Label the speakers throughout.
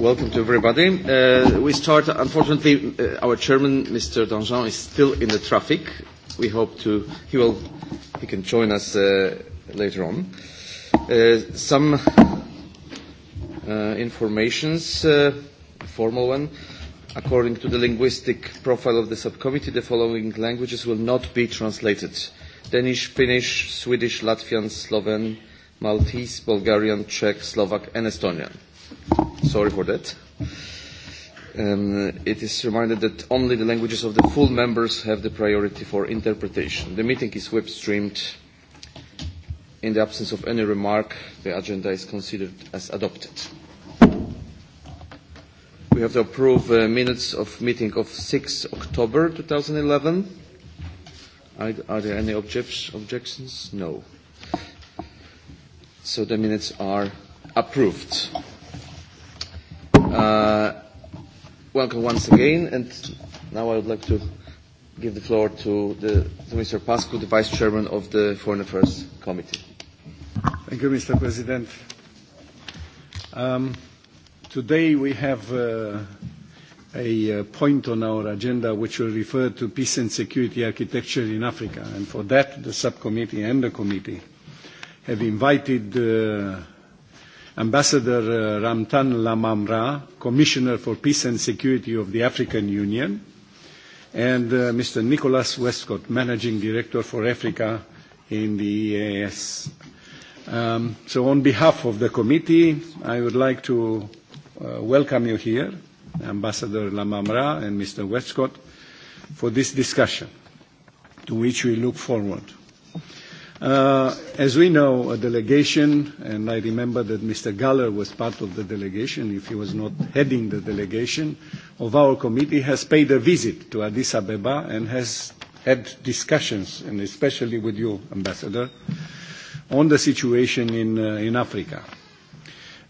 Speaker 1: Welcome to everybody. Uh, we start, unfortunately, uh, our chairman, Mr. Danjean, is still in the traffic. We hope to, he will, he can join us uh, later on. Uh, some uh, informations, uh, formal one. According to the linguistic profile of the subcommittee, the following languages will not be translated. Danish, Finnish, Swedish, Latvian, Sloven, Maltese, Bulgarian, Czech, Slovak, and Estonian. Sorry for that. Um, it is reminded that only the languages of the full members have the priority for interpretation. The meeting is web streamed. In the absence of any remark, the agenda is considered as adopted. We have to approve uh, minutes of meeting of 6 October 2011. Are, are there any object, objections? No. So the minutes are approved. Uh, welcome once again, and now I would like to give the floor to, the, to Mr. Pascu, the Vice Chairman of the Foreign Affairs Committee. Thank
Speaker 2: you, Mr. President. Um, today we have uh, a point on our agenda which will refer to peace and security architecture in Africa. And for that, the subcommittee and the committee have invited uh, Ambassador Ramtan Lamamra, Commissioner for Peace and Security of the African Union, and Mr. Nicholas Westcott, Managing Director for Africa in the EAS. so on behalf of the committee, I would like to welcome you here, Ambassador Lamamra and Mr. Westcott, for this discussion to which we look forward. As we know, a delegation, and I remember that Mr. Galler was part of the delegation, if he was not heading the delegation, of our committee, has paid a visit to Addis Ababa and has had discussions, and especially with you, Ambassador, on the situation in, uh, in Africa.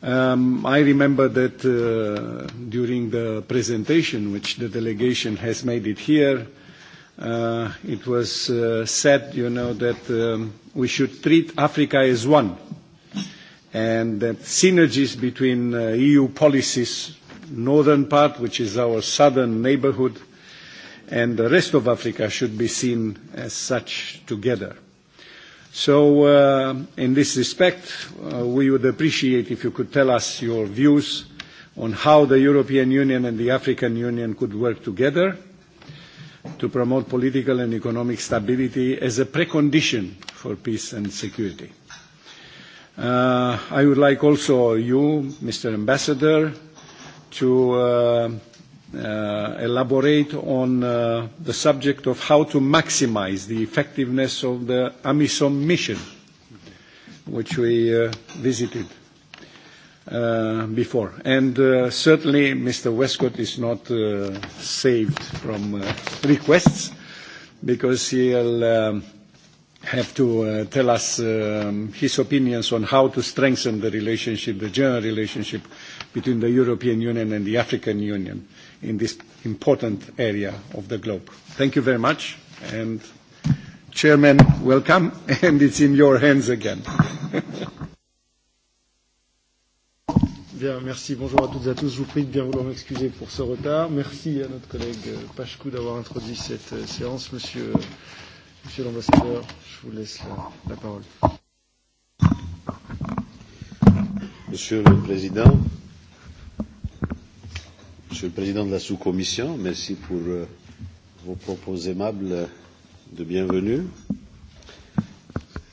Speaker 2: Um, I remember that uh, during the presentation which the delegation has made it here, it was said, you know, that we should treat Africa as one, and that synergies between EU policies, northern part, which is our southern neighbourhood, and the rest of Africa should be seen as such together. So, in this respect, we would appreciate if you could tell us your views on how the European Union and the African Union could work together to promote political and economic stability as a precondition for peace and security. Uh, I would like also you, Mr. Ambassador, to uh, uh, elaborate on uh, the subject of how to maximize the effectiveness of the AMISOM mission, which we uh, visited before. And certainly, Mr. Westcott is not saved from requests because he'll have to tell us his opinions on how to strengthen the relationship, the general relationship between the European Union and the African Union in this important area of the globe. Thank you very much, and Chairman, welcome, and it's in your hands again.
Speaker 3: Bien, merci. Bonjour à toutes et à tous. Je vous prie de bien vouloir m'excuser pour ce retard. Merci à notre collègue Pachkou d'avoir introduit cette séance. Monsieur, monsieur l'ambassadeur, je vous laisse la, la parole.
Speaker 4: Monsieur le Président, Monsieur le Président de la sous-commission, merci pour euh, vos propos aimables de bienvenue.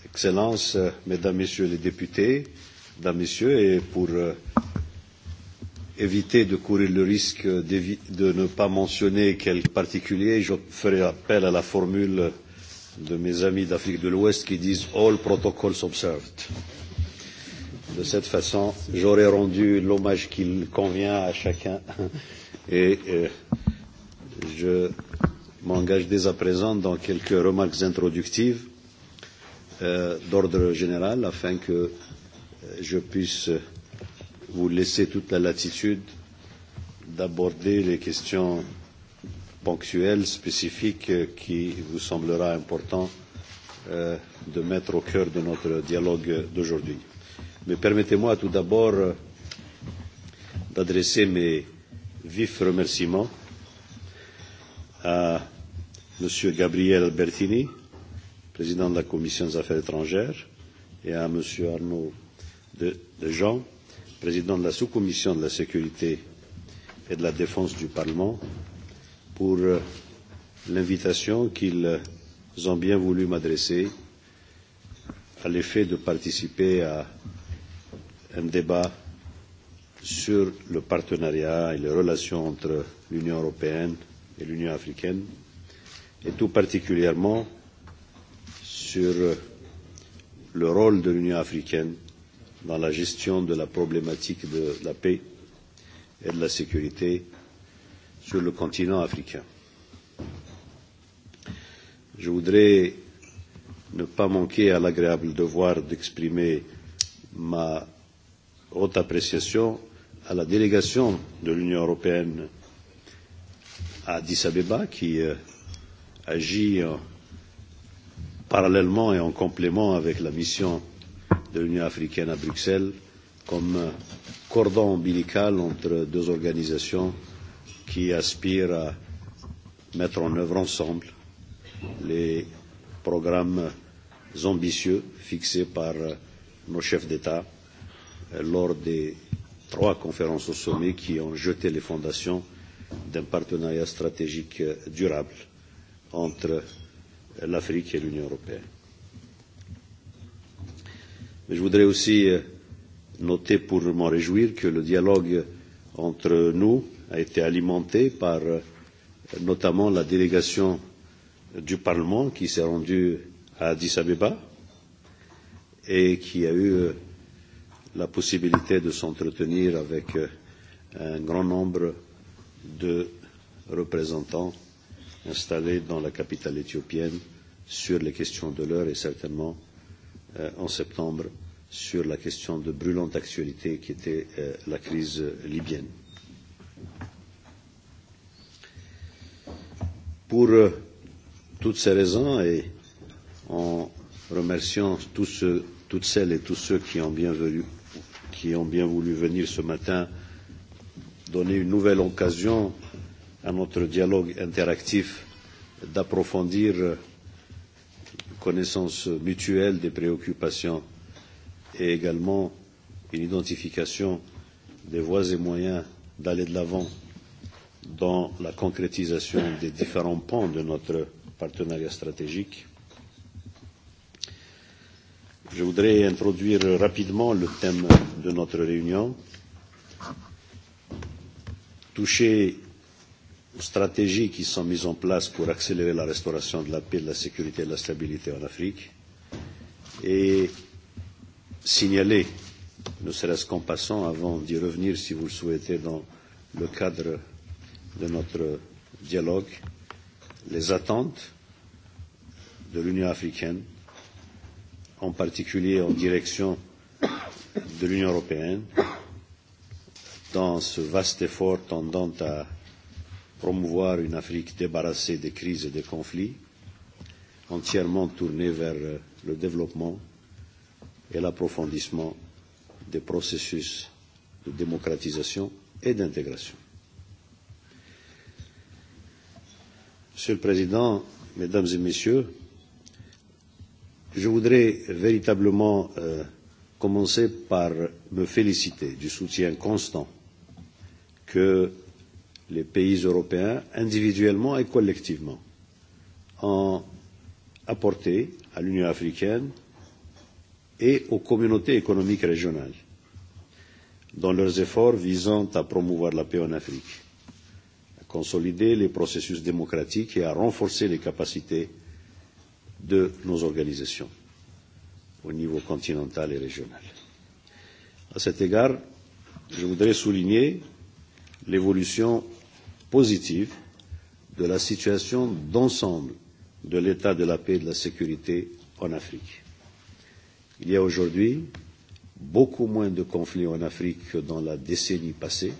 Speaker 4: Excellences, Mesdames, Messieurs les députés, d'ambitieux et pour éviter de courir le risque de ne pas mentionner quelques particuliers, je ferai appel à la formule de mes amis d'Afrique de l'Ouest qui disent All protocols observed. De cette façon, j'aurai rendu l'hommage qu'il convient à chacun et je m'engage dès à présent dans quelques remarques introductives d'ordre général afin que je puisse vous laisser toute la latitude d'aborder les questions ponctuelles, spécifiques, qui vous semblera important de mettre au cœur de notre dialogue d'aujourd'hui. Mais permettez-moi tout d'abord d'adresser mes vifs remerciements à M. Gabriel Bertini, président de la Commission des affaires étrangères, et à M. Arnaud de, de Jean, président de la sous-commission de la sécurité et de la défense du Parlement, pour l'invitation qu'ils ont bien voulu m'adresser à l'effet de participer à un débat sur le partenariat et les relations entre l'Union européenne et l'Union africaine, et tout particulièrement sur le rôle de l'Union africaine dans la gestion de la problématique de la paix et de la sécurité sur le continent africain. Je voudrais ne pas manquer à l'agréable devoir d'exprimer ma haute appréciation à la délégation de l'Union européenne à Addis Abeba qui agit parallèlement et en complément avec la mission de l'Union africaine à Bruxelles comme cordon ombilical entre deux organisations qui aspirent à mettre en œuvre ensemble les programmes ambitieux fixés par nos chefs d'État lors des trois conférences au sommet qui ont jeté les fondations d'un partenariat stratégique durable entre l'Afrique et l'Union européenne. Je voudrais aussi noter pour m'en réjouir que le dialogue entre nous a été alimenté par notamment la délégation du Parlement qui s'est rendue à Addis Abeba et qui a eu la possibilité de s'entretenir avec un grand nombre de représentants installés dans la capitale éthiopienne sur les questions de l'heure et certainement en septembre sur la question de brûlante actualité qui était la crise libyenne. Pour toutes ces raisons et en remerciant tous ceux, toutes celles et tous ceux qui ont bien voulu, qui ont bien voulu venir ce matin donner une nouvelle occasion à notre dialogue interactif d'approfondir connaissance mutuelle des préoccupations et également une identification des voies et moyens d'aller de l'avant dans la concrétisation des différents pans de notre partenariat stratégique. Je voudrais introduire rapidement le thème de notre réunion. Toucher aux stratégies qui sont mises en place pour accélérer la restauration de la paix, de la sécurité et de la stabilité en Afrique et signaler, ne serait-ce qu'en passant, avant d'y revenir si vous le souhaitez dans le cadre de notre dialogue, les attentes de l'Union africaine, en particulier en direction de l'Union européenne, dans ce vaste effort tendant à promouvoir une Afrique débarrassée des crises et des conflits, entièrement tournée vers le développement et l'approfondissement des processus de démocratisation et d'intégration. Monsieur le Président, Mesdames et Messieurs, je voudrais véritablement commencer par me féliciter du soutien constant que les pays européens individuellement et collectivement ont apporté à l'Union africaine et aux communautés économiques régionales dans leurs efforts visant à promouvoir la paix en Afrique, à consolider les processus démocratiques et à renforcer les capacités de nos organisations au niveau continental et régional. À cet égard, je voudrais souligner l'évolution positive de la situation d'ensemble de l'état de la paix et de la sécurité en Afrique. Il y a aujourd'hui beaucoup moins de conflits en Afrique que dans la décennie passée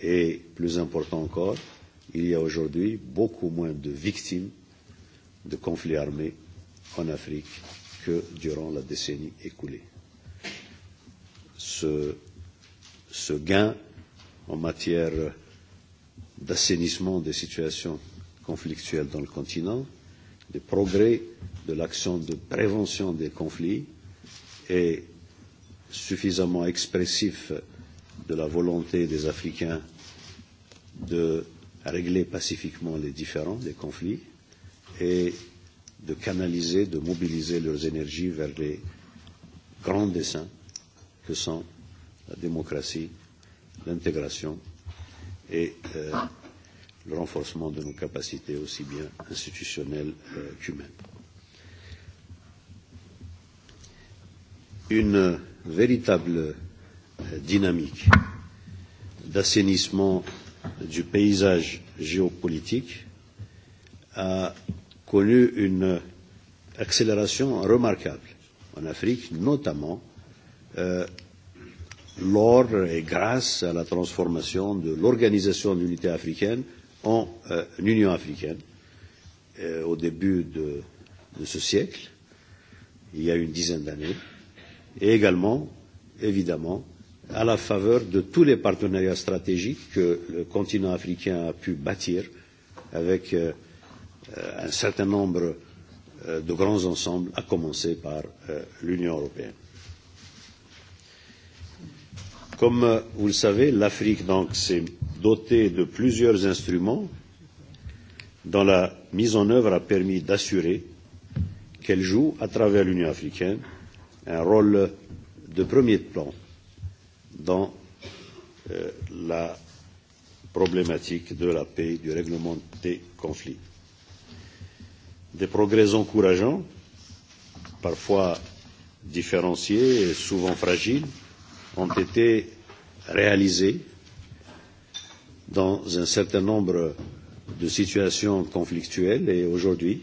Speaker 4: et, plus important encore, il y a aujourd'hui beaucoup moins de victimes de conflits armés en Afrique que durant la décennie écoulée. Ce, gain en matière d'assainissement des situations conflictuelles dans le continent, des progrès de l'action de prévention des conflits et suffisamment expressif de la volonté des Africains de régler pacifiquement les différends des conflits et de canaliser, de mobiliser leurs énergies vers les grands desseins que sont la démocratie, l'intégration et le renforcement de nos capacités aussi bien institutionnelles qu'humaines. Une véritable dynamique d'assainissement du paysage géopolitique a connu une accélération remarquable en Afrique, notamment lors et grâce à la transformation de l'Organisation de l'Unité africaine en Union africaine au début de, ce siècle, il y a une dizaine d'années, et également, évidemment, à la faveur de tous les partenariats stratégiques que le continent africain a pu bâtir avec un certain nombre de grands ensembles, à commencer par l'Union européenne. Comme vous le savez, l'Afrique s'est dotée de plusieurs instruments dont la mise en œuvre a permis d'assurer qu'elle joue, à travers l'Union africaine, un rôle de premier plan dans la problématique de la paix et du règlement des conflits. Des progrès encourageants, parfois différenciés et souvent fragiles, ont été réalisées dans un certain nombre de situations conflictuelles et aujourd'hui,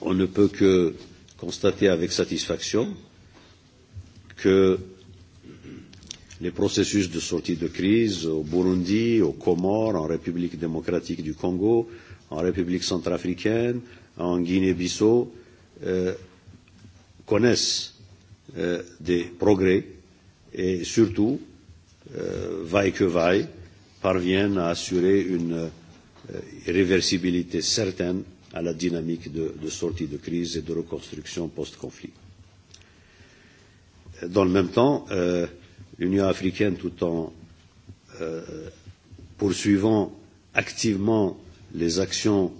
Speaker 4: on ne peut que constater avec satisfaction que les processus de sortie de crise au Burundi, aux Comores, en République démocratique du Congo, en République centrafricaine, en Guinée-Bissau, connaissent des progrès et surtout, vaille que vaille, parviennent à assurer une réversibilité certaine à la dynamique de, sortie de crise et de reconstruction post-conflit. Dans le même temps, l'Union africaine, tout en poursuivant activement les actions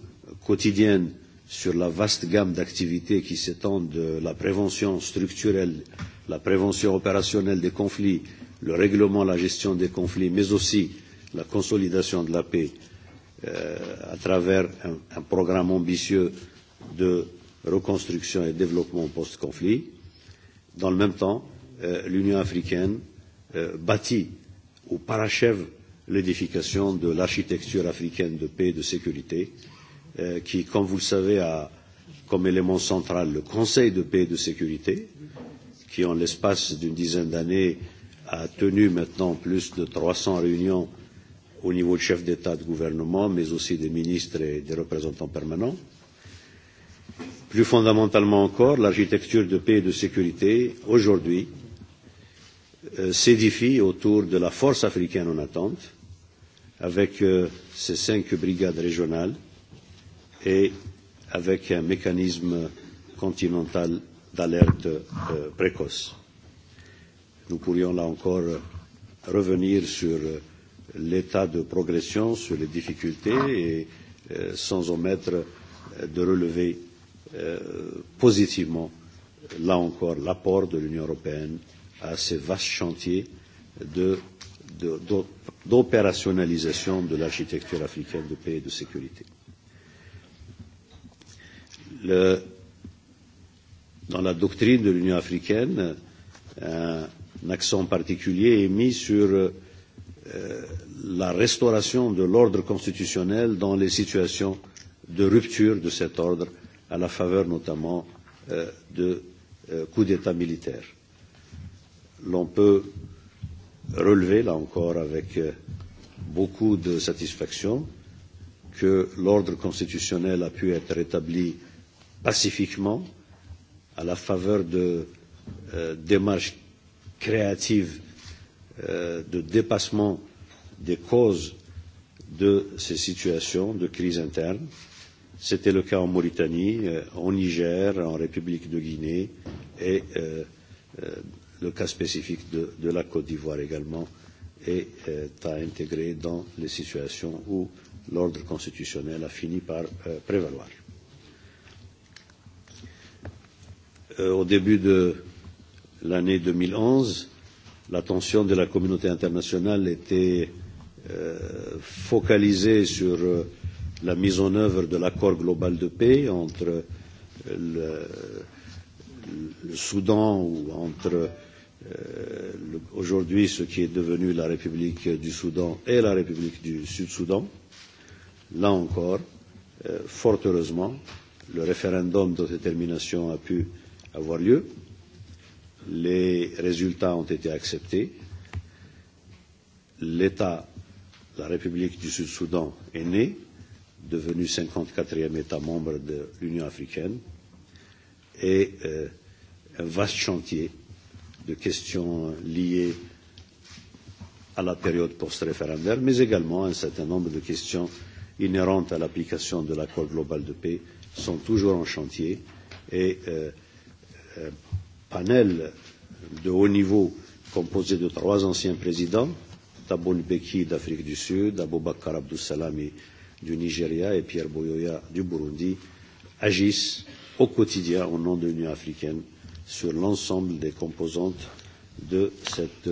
Speaker 4: quotidiennes sur la vaste gamme d'activités qui s'étendent de la prévention structurelle, la prévention opérationnelle des conflits, le règlement, la gestion des conflits, mais aussi la consolidation de la paix à travers un, programme ambitieux de reconstruction et développement post-conflit. Dans le même temps, l'Union africaine bâtit ou parachève l'édification de l'architecture africaine de paix et de sécurité qui, comme vous le savez, a comme élément central le Conseil de paix et de sécurité, qui, en l'espace d'une dizaine d'années, a tenu maintenant plus de trois cents réunions au niveau de chefs d'État, de gouvernement, mais aussi des ministres et des représentants permanents. Plus fondamentalement encore, l'architecture de paix et de sécurité, aujourd'hui, s'édifie autour de la force africaine en attente, avec ses cinq brigades régionales, et avec un mécanisme continental d'alerte précoce. Nous pourrions là encore revenir sur l'état de progression, sur les difficultés et sans omettre de relever positivement là encore l'apport de l'Union européenne à ces vastes chantiers d'opérationnalisation de l'architecture africaine de paix et de sécurité le, dans la doctrine de l'Union africaine, un accent particulier est mis sur la restauration de l'ordre constitutionnel dans les situations de rupture de cet ordre, à la faveur notamment de coups d'État militaires. L'on peut relever, là encore, avec beaucoup de satisfaction, que l'ordre constitutionnel a pu être rétabli pacifiquement à la faveur de démarches créatives de dépassement des causes de ces situations de crise interne. C'était le cas en Mauritanie, au Niger, en République de Guinée et le cas spécifique de, la Côte d'Ivoire également est à intégrer dans les situations où l'ordre constitutionnel a fini par prévaloir. au début de l'année deux mille onze, l'attention de la communauté internationale était focalisée sur la mise en œuvre de l'accord global de paix entre le, Soudan ou entre aujourd'hui ce qui est devenu la République du Soudan et la République du Sud-Soudan. Là encore, fort heureusement, le référendum d'autodétermination a pu avoir lieu. Les résultats ont été acceptés. L'État, la République du Sud-Soudan, est né, devenu 54e État membre de l'Union africaine, et un vaste chantier de questions liées à la période post-référendaire, mais également un certain nombre de questions inhérentes à l'application de l'accord global de paix sont toujours en chantier et panel de haut niveau composé de trois anciens présidents, Thabo Mbeki d'Afrique du Sud, Aboubakar Abdoussalami du Nigeria et Pierre Boyoya du Burundi, agissent au quotidien au nom de l'Union africaine sur l'ensemble des composantes de cette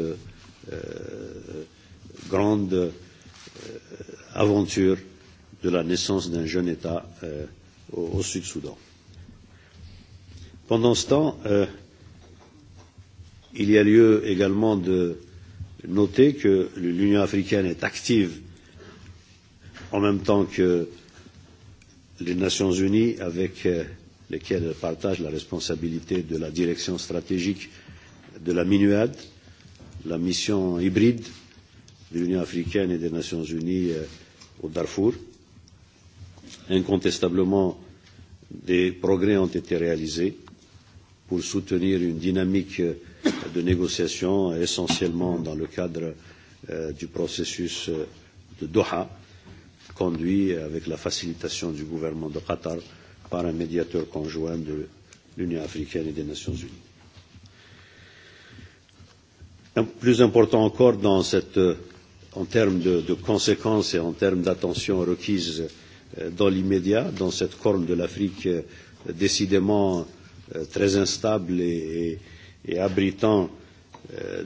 Speaker 4: grande aventure de la naissance d'un jeune État au Sud-Soudan. Pendant ce temps, il y a lieu également de noter que l'Union africaine est active en même temps que les Nations unies avec lesquelles elle partage la responsabilité de la direction stratégique de la MINUAD, la mission hybride de l'Union africaine et des Nations unies au Darfour. Incontestablement, des progrès ont été réalisés pour soutenir une dynamique de négociation, essentiellement dans le cadre du processus de Doha, conduit avec la facilitation du gouvernement de Qatar par un médiateur conjoint de l'Union africaine et des Nations unies. Plus important encore dans cette en termes de, conséquences et en termes d'attention requise dans l'immédiat, dans cette corne de l'Afrique décidément très instable et, abritant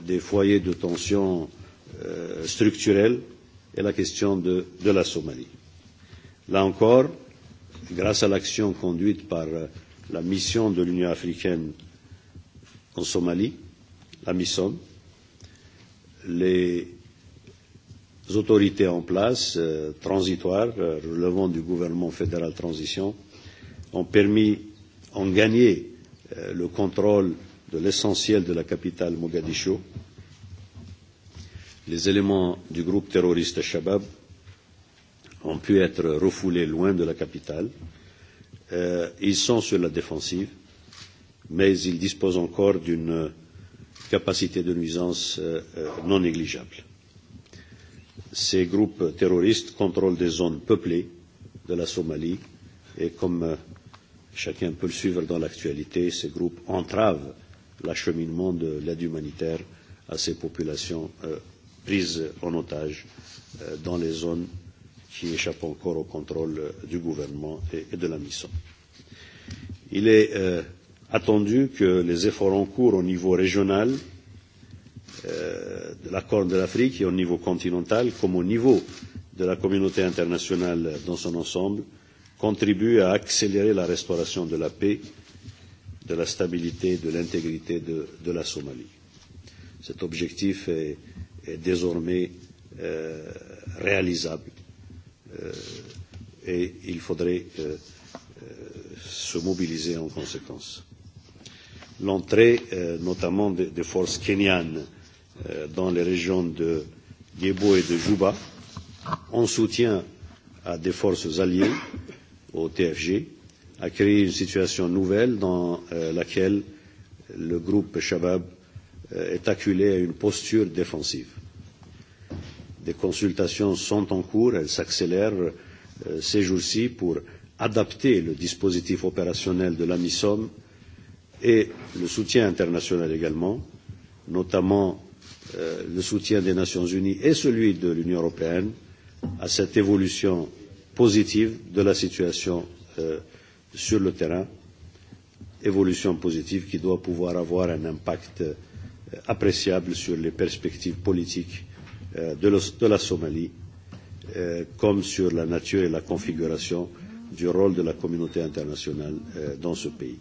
Speaker 4: des foyers de tension structurelle est la question de, la Somalie. Là encore, grâce à l'action conduite par la mission de l'Union africaine en Somalie, la MISOM, les autorités en place, transitoires, relevant du gouvernement fédéral transition, ont permis, ont gagné le contrôle de l'essentiel de la capitale Mogadiscio. Les éléments du groupe terroriste Shabab ont pu être refoulés loin de la capitale. ils sont sur la défensive, mais ils disposent encore d'une capacité de nuisance non négligeable. Ces groupes terroristes contrôlent des zones peuplées de la Somalie et comme chacun peut le suivre dans l'actualité, ces groupes entravent l'acheminement de l'aide humanitaire à ces populations prises en otage dans les zones qui échappent encore au contrôle du gouvernement et de la mission. Il est attendu que les efforts en cours au niveau régional de la Corne de l'Afrique et au niveau continental comme au niveau de la communauté internationale dans son ensemble contribue à accélérer la restauration de la paix, de la stabilité et de l'intégrité de, la Somalie. Cet objectif est, désormais réalisable et il faudrait se mobiliser en conséquence. L'entrée notamment des forces kenyanes dans les régions de Yebo et de Juba en soutien à des forces alliées au TFG, a créé une situation nouvelle dans laquelle le groupe Shabab est acculé à une posture défensive. Des consultations sont en cours, elles s'accélèrent ces jours-ci pour adapter le dispositif opérationnel de la MISOM et le soutien international également, notamment le soutien des Nations Unies et celui de l'Union européenne à cette évolution positive de la situation sur le terrain, évolution positive qui doit pouvoir avoir un impact appréciable sur les perspectives politiques de la Somalie, comme sur la nature et la configuration du rôle de la communauté internationale dans ce pays.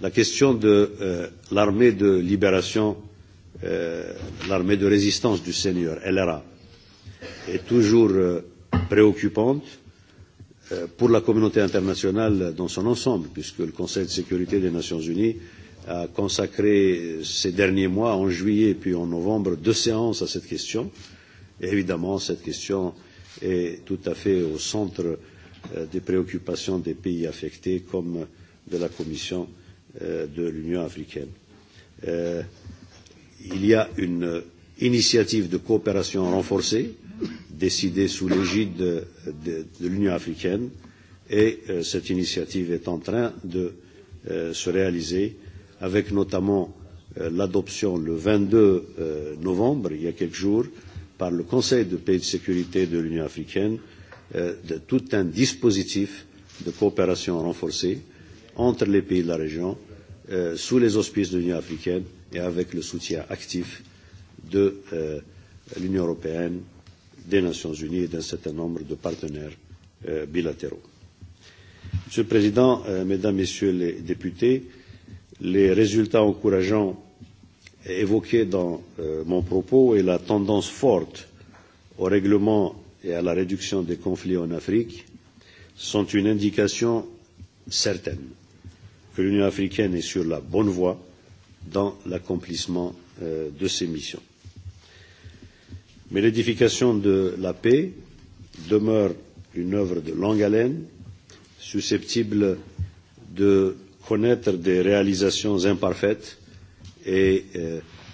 Speaker 4: La question de l'armée de libération, l'armée de résistance du Seigneur, LRA, est toujours préoccupante pour la communauté internationale dans son ensemble, puisque le Conseil de sécurité des Nations unies a consacré ces derniers mois, en juillet puis en novembre, deux séances à cette question. Et évidemment, cette question est tout à fait au centre des préoccupations des pays affectés comme de la Commission de l'Union africaine. il y a une initiative de coopération renforcée décidée sous l'égide de, de, de l'Union africaine et euh, cette initiative est en train de euh, se réaliser avec notamment euh, l'adoption le 22 euh, novembre, il y a quelques jours, par le Conseil de paix et de sécurité de l'Union africaine euh, de tout un dispositif de coopération renforcée entre les pays de la région euh, sous les auspices de l'Union africaine et avec le soutien actif de euh, l'Union européenne des Nations Unies et d'un certain nombre de partenaires bilatéraux. Monsieur le Président, Mesdames, Messieurs les députés, les résultats encourageants évoqués dans mon propos et la tendance forte au règlement et à la réduction des conflits en Afrique sont une indication certaine que l'Union africaine est sur la bonne voie dans l'accomplissement de ses missions. Mais l'édification de la paix demeure une œuvre de longue haleine, susceptible de connaître des réalisations imparfaites et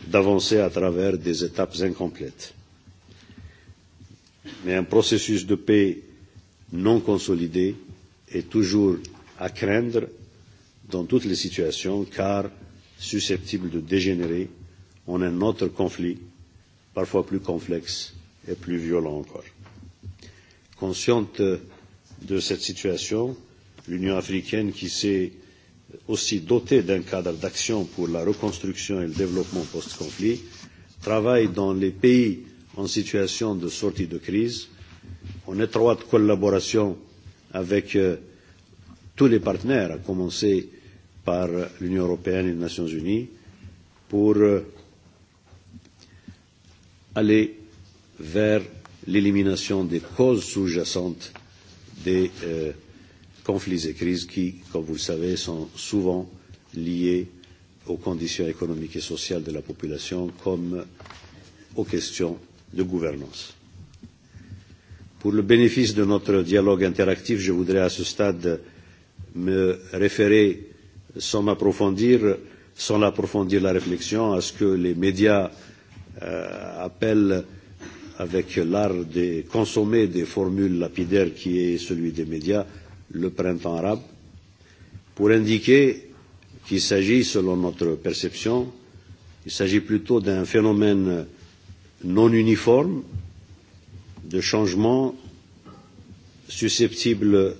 Speaker 4: d'avancer à travers des étapes incomplètes. Mais un processus de paix non consolidé est toujours à craindre dans toutes les situations car susceptible de dégénérer en un autre conflit parfois plus complexe et plus violent encore. Consciente de cette situation, l'Union africaine, qui s'est aussi dotée d'un cadre d'action pour la reconstruction et le développement post-conflit, travaille dans les pays en situation de sortie de crise, en étroite collaboration avec tous les partenaires, à commencer par l'Union européenne et les Nations unies, pour aller vers l'élimination des causes sous-jacentes des conflits et crises qui, comme vous le savez, sont souvent liées aux conditions économiques et sociales de la population comme aux questions de gouvernance. Pour le bénéfice de notre dialogue interactif, je voudrais à ce stade me référer sans approfondir la réflexion à ce que les médias euh, appelle avec l'art de consommer des formules lapidaires qui est celui des médias, le printemps arabe, pour indiquer qu'il s'agit, selon notre perception, il s'agit plutôt d'un phénomène non uniforme de changement susceptible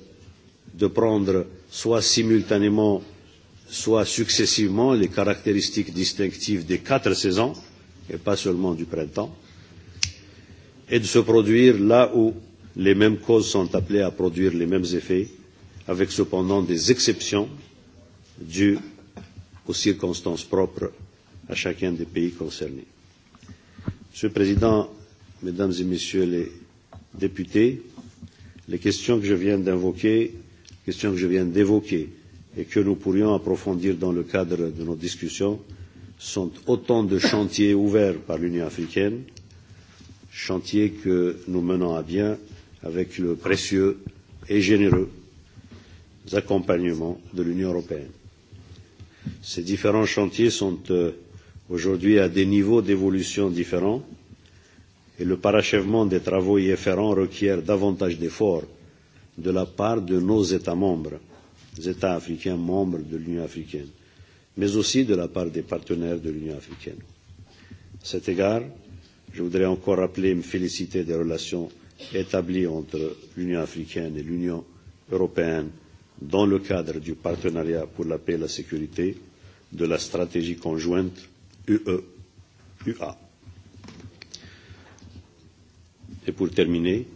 Speaker 4: de prendre soit simultanément, soit successivement les caractéristiques distinctives des quatre saisons, et pas seulement du printemps, et de se produire là où les mêmes causes sont appelées à produire les mêmes effets, avec cependant des exceptions dues aux circonstances propres à chacun des pays concernés. Monsieur le Président, Mesdames et Messieurs les députés, les questions que je viens d'invoquer, les questions que je viens d'évoquer et que nous pourrions approfondir dans le cadre de nos discussions sont autant de chantiers ouverts par l'Union africaine, chantiers que nous menons à bien avec le précieux et généreux accompagnement de l'Union européenne. Ces différents chantiers sont aujourd'hui à des niveaux d'évolution différents et le parachèvement des travaux y afférents requiert davantage d'efforts de la part de nos États membres, les États africains membres de l'Union africaine mais aussi de la part des partenaires de l'Union africaine. À cet égard, je voudrais encore rappeler et me féliciter des relations établies entre l'Union africaine et l'Union européenne dans le cadre du partenariat pour la paix et la sécurité de la stratégie conjointe UE-UA. Et pour terminer,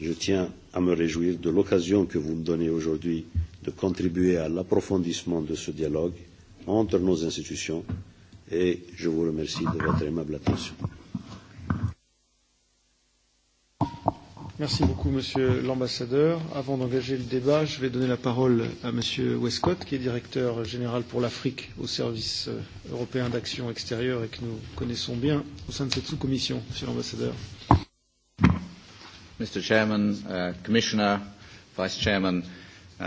Speaker 4: je tiens à me réjouir de l'occasion que vous me donnez aujourd'hui de contribuer à l'approfondissement de ce dialogue entre nos institutions et je vous remercie de votre aimable attention.
Speaker 3: Merci beaucoup, Monsieur l'Ambassadeur. Avant d'engager le débat, je vais donner la parole à Monsieur Westcott, qui est directeur général pour l'Afrique au service européen d'action extérieure et que nous connaissons bien au sein de cette sous-commission, Monsieur l'Ambassadeur.
Speaker 5: Mr. Chairman, uh, Commissioner, Vice Chairman, uh,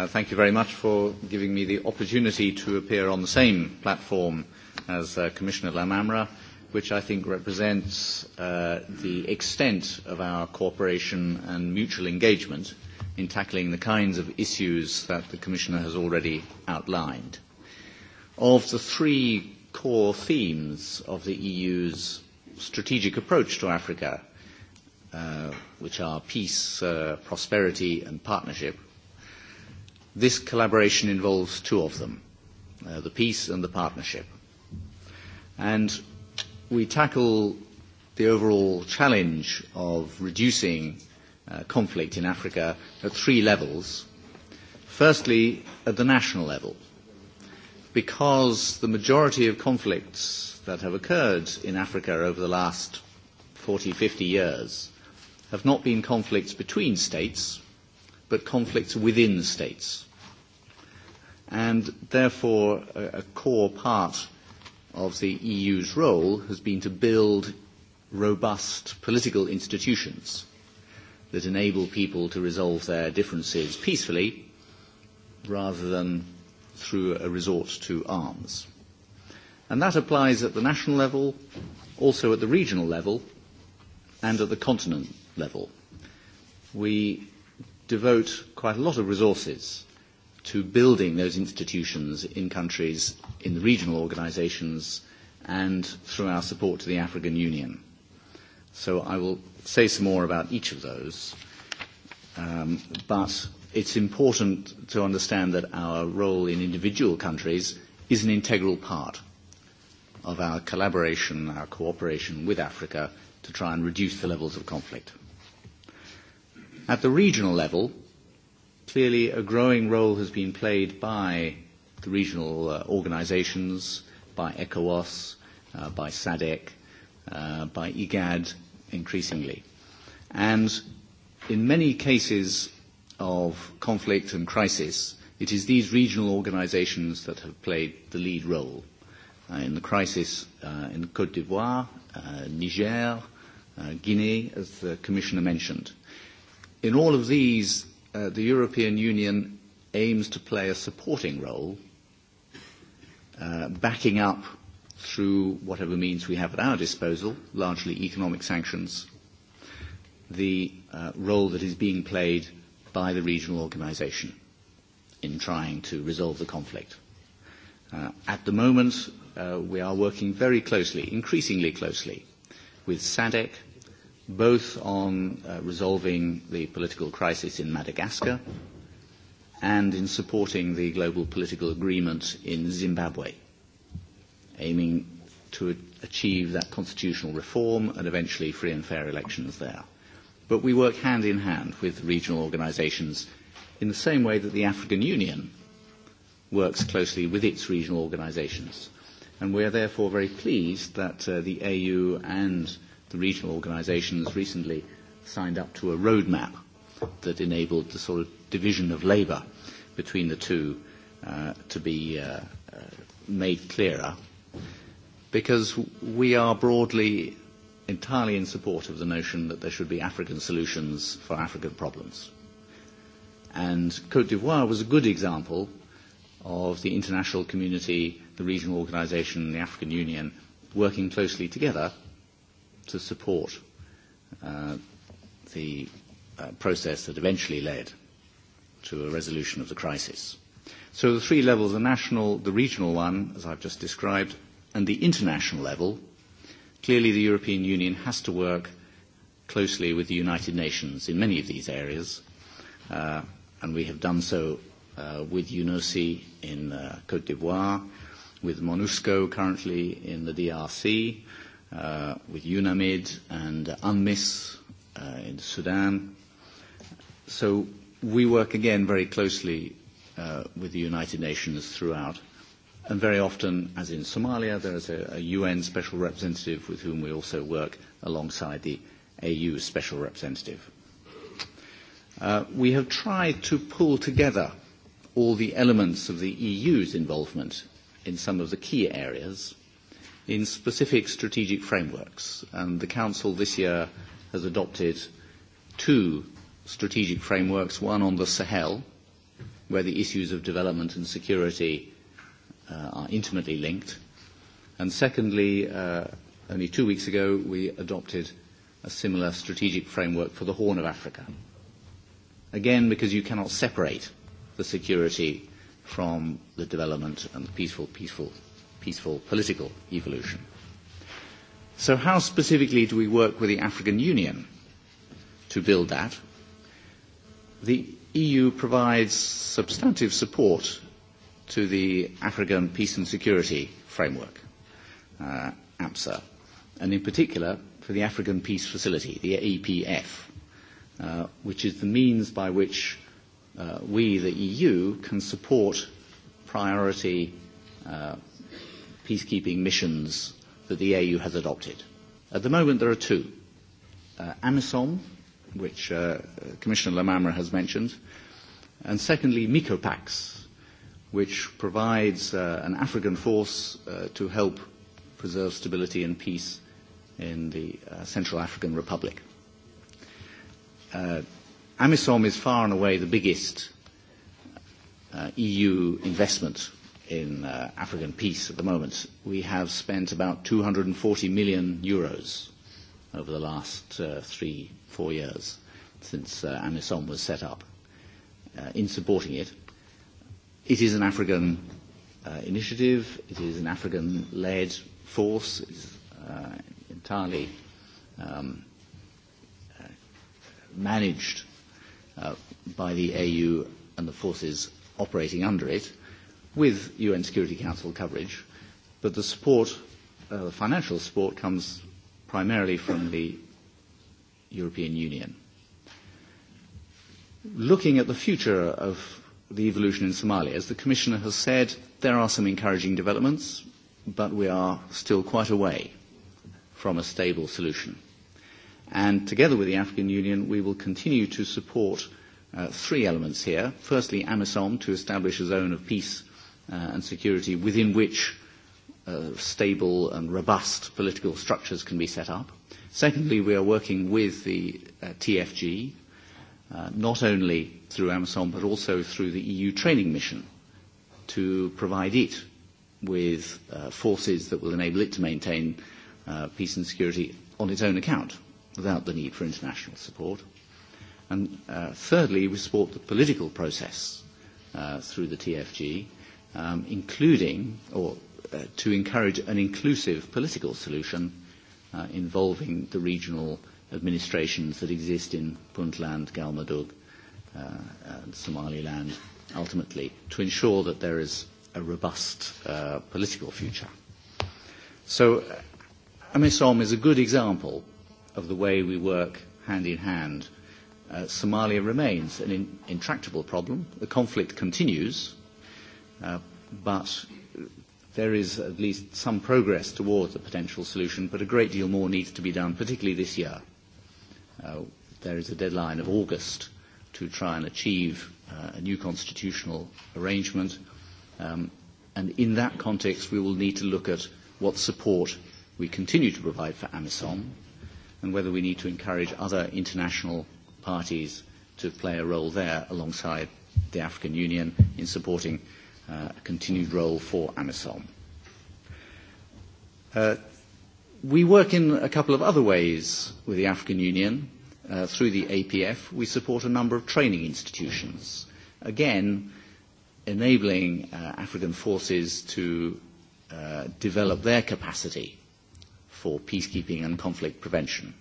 Speaker 5: thank you very much for giving me the opportunity to appear on the same platform as Commissioner Lamamra, which I think represents the extent of our cooperation and mutual engagement in tackling the kinds of issues that the Commissioner has already outlined. Of the three core themes of the EU's strategic approach to Africa, which are peace, prosperity, and partnership, This collaboration involves two of them, uh, the peace and the partnership. And we tackle the overall challenge of reducing uh, conflict in Africa at three levels. Firstly, at the national level, because the majority of conflicts that have occurred in Africa over the last 40, 50 years have not been conflicts between states, but conflicts within states. And therefore, a, a core part of the EU's role has been to build robust political institutions that enable people to resolve their differences peacefully rather than through a resort to arms. And that applies at the national level, also at the regional level, and at the continent level. We devote quite a lot of resources to building those institutions in countries, in the regional organisations, and through our support to the African Union. So I will say some more about each of those. Um, but it's important to understand that our role in individual countries is an integral part of our collaboration, our cooperation with Africa to try and reduce the levels of conflict. At the regional level, clearly a growing role has been played by the regional uh, organizations, by ECOWAS, uh, by SADC, uh, by IGAD increasingly. And in many cases of conflict and crisis, it is these regional organizations that have played the lead role. Uh, in the crisis uh, in Cote d'Ivoire, uh, Niger, uh, Guinea, as the Commissioner mentioned – In all of these, uh, the European Union aims to play a supporting role, uh, backing up through whatever means we have at our disposal, largely economic sanctions, the uh, role that is being played by the regional organization in trying to resolve the conflict. Uh, at the moment, uh, we are working very closely, increasingly closely, with SADC, both on uh, resolving the political crisis in Madagascar and in supporting the global political agreement in Zimbabwe, aiming to achieve that constitutional reform and eventually free and fair elections there. But we work hand in hand with regional organisations in the same way that the African Union works closely with its regional organisations. And we are therefore very pleased that uh, the AU and uh, the regional organisations recently signed up to a roadmap that enabled the sort of division of labour between the two uh, to be uh, uh, made clearer because we are broadly entirely in support of the notion that there should be African solutions for African problems. And Cote d'Ivoire was a good example of the international community, the regional organisation, the African Union working closely together to support uh, the uh, process that eventually led to a resolution of the crisis. So the three levels, the national, the regional one, as I've just described, and the international level, clearly the European Union has to work closely with the United Nations in many of these areas, uh, and we have done so uh, with UNOSI in uh, Cote d'Ivoire, with MONUSCO currently in the DRC, uh, with UNAMID and UNMIS uh, in Sudan. So we work again very closely uh, with the United Nations throughout. And very often, as in Somalia, there is a, a UN special representative with whom we also work alongside the AU special representative. Uh, we have tried to pull together all the elements of the EU's involvement in some of the key areas in specific strategic frameworks. And the Council this year has adopted two strategic frameworks, one on the Sahel, where the issues of development and security uh, are intimately linked. And secondly, uh, only two weeks ago, we adopted a similar strategic framework for the Horn of Africa. Again, because you cannot separate the security from the development and the peaceful, peaceful peaceful political evolution. So how specifically do we work with the African Union to build that? The EU provides substantive support to the African Peace and Security Framework, uh, APSA, and in particular for the African Peace Facility, the APF, uh, which is the means by which uh, we, the EU, can support priority uh, peacekeeping missions that the AU has adopted. At the moment, there are two. Uh, AMISOM, which uh, Commissioner Lamamra has mentioned, and secondly, MICOPAX, which provides uh, an African force uh, to help preserve stability and peace in the uh, Central African Republic. Uh, AMISOM is far and away the biggest uh, EU investment in uh, African peace at the moment, we have spent about 240 million euros over the last uh, three, four years since uh, AMISOM was set up uh, in supporting it. It is an African uh, initiative. It is an African-led force. It is uh, entirely um, uh, managed uh, by the AU and the forces operating under it with UN Security Council coverage, but the support, uh, the financial support, comes primarily from the European Union. Looking at the future of the evolution in Somalia, as the Commissioner has said, there are some encouraging developments, but we are still quite away from a stable solution. And together with the African Union, we will continue to support uh, three elements here. Firstly, AMISOM to establish a zone of peace and security within which stable and robust political structures can be set up. Secondly, we are working with the TFG, not only through Amazon, but also through the EU training mission to provide it with forces that will enable it to maintain peace and security on its own account without the need for international support. And thirdly, we support the political process through the TFG um, including or uh, to encourage an inclusive political solution uh, involving the regional administrations that exist in Puntland, Galmadug uh, and Somaliland, ultimately, to ensure that there is a robust uh, political future. So MSOM is a good example of the way we work hand in hand. Uh, Somalia remains an in- intractable problem. The conflict continues, but there is at least some progress towards a potential solution, but a great deal more needs to be done, particularly this year. There is a deadline of August to try and achieve a new constitutional arrangement. And in that context, we will need to look at what support we continue to provide for AMISOM and whether we need to encourage other international parties to play a role there alongside the African Union in supporting a continued role for AMISOM. we work in a couple of other ways with the African Union. through the APF, we support a number of training institutions, again, enabling African forces to develop their capacity for peacekeeping and conflict prevention.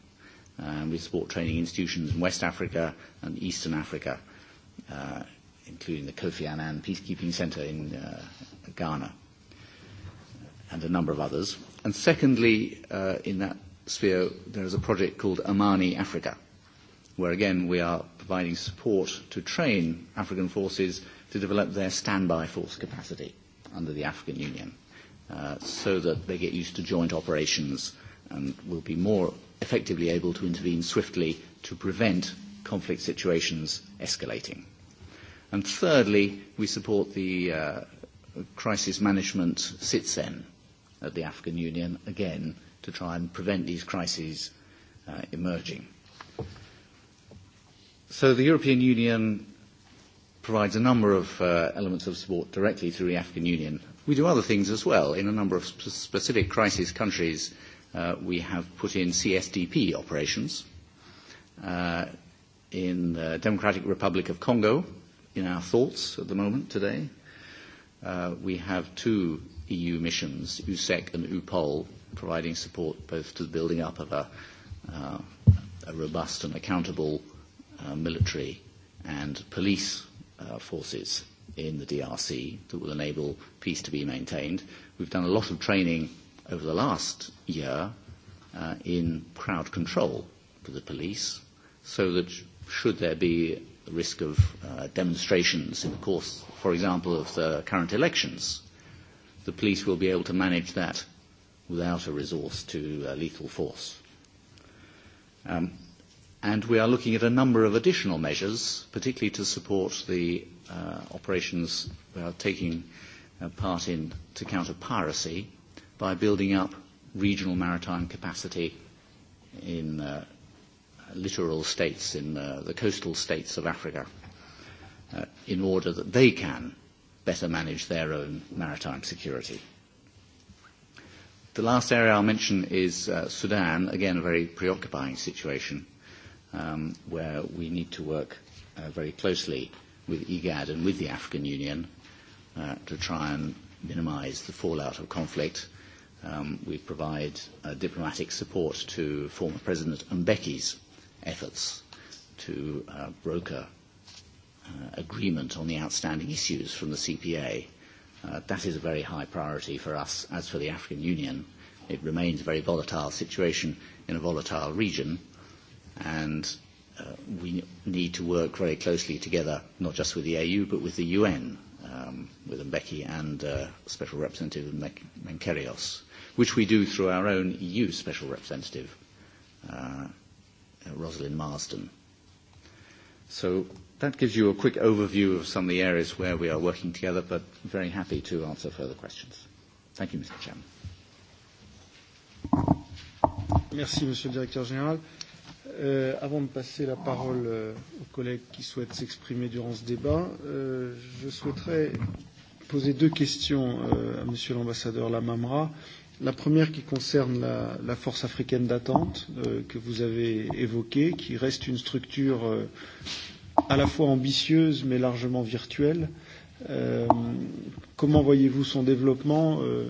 Speaker 5: we support training institutions in West Africa and Eastern Africa including the Kofi Annan Peacekeeping Center in uh, Ghana and a number of others. And secondly, uh, in that sphere, there is a project called Amani Africa, where again we are providing support to train African forces to develop their standby force capacity under the African Union uh, so that they get used to joint operations and will be more effectively able to intervene swiftly to prevent conflict situations escalating. And thirdly, we support the uh, crisis management sitsen at the African Union, again, to try and prevent these crises uh, emerging. So the European Union provides a number of uh, elements of support directly through the African Union. We do other things as well. In a number of sp- specific crisis countries, uh, we have put in CSDP operations. Uh, in the Democratic Republic of Congo, in our thoughts at the moment today. Uh, we have two EU missions, USEC and UPOL, providing support both to the building up of a, uh, a robust and accountable uh, military and police uh, forces in the DRC that will enable peace to be maintained. We've done a lot of training over the last year uh, in crowd control for the police so that should there be the risk of uh, demonstrations in the course, for example, of the current elections, the police will be able to manage that without a resource to uh, lethal force. Um, and we are looking at a number of additional measures, particularly to support the uh, operations we are taking uh, part in to counter piracy by building up regional maritime capacity in uh, littoral states, in uh, the coastal states of Africa, uh, in order that they can better manage their own maritime security. The last area I'll mention is uh, Sudan, again a very preoccupying situation um, where we need to work uh, very closely with IGAD and with the African Union uh, to try and minimize the fallout of conflict. Um, we provide uh, diplomatic support to former President Mbeki's efforts to uh, broker uh, agreement on the outstanding issues from the CPA. Uh, that is a very high priority for us. As for the African Union, it remains a very volatile situation in a volatile region, and uh, we need to work very closely together, not just with the AU, but with the UN, um, with Mbeki and uh, Special Representative Menkerios, which we do through our own EU Special Representative. Uh, Rosalind Marsden. So that gives you a quick overview of some of the areas where we are working together, but very happy to answer further questions. Thank you, Mr. Chairman.
Speaker 3: Merci, Monsieur le Directeur Général. Euh, avant de passer la parole euh, aux collègues qui souhaitent s'exprimer durant ce débat, euh, je souhaiterais poser deux questions euh, à Monsieur l'ambassadeur Lamamra. Euh, La première qui concerne la, la force africaine d'attente euh, que vous avez évoquée, qui reste une structure euh, à la fois ambitieuse mais largement virtuelle. Euh, comment voyez-vous son développement euh,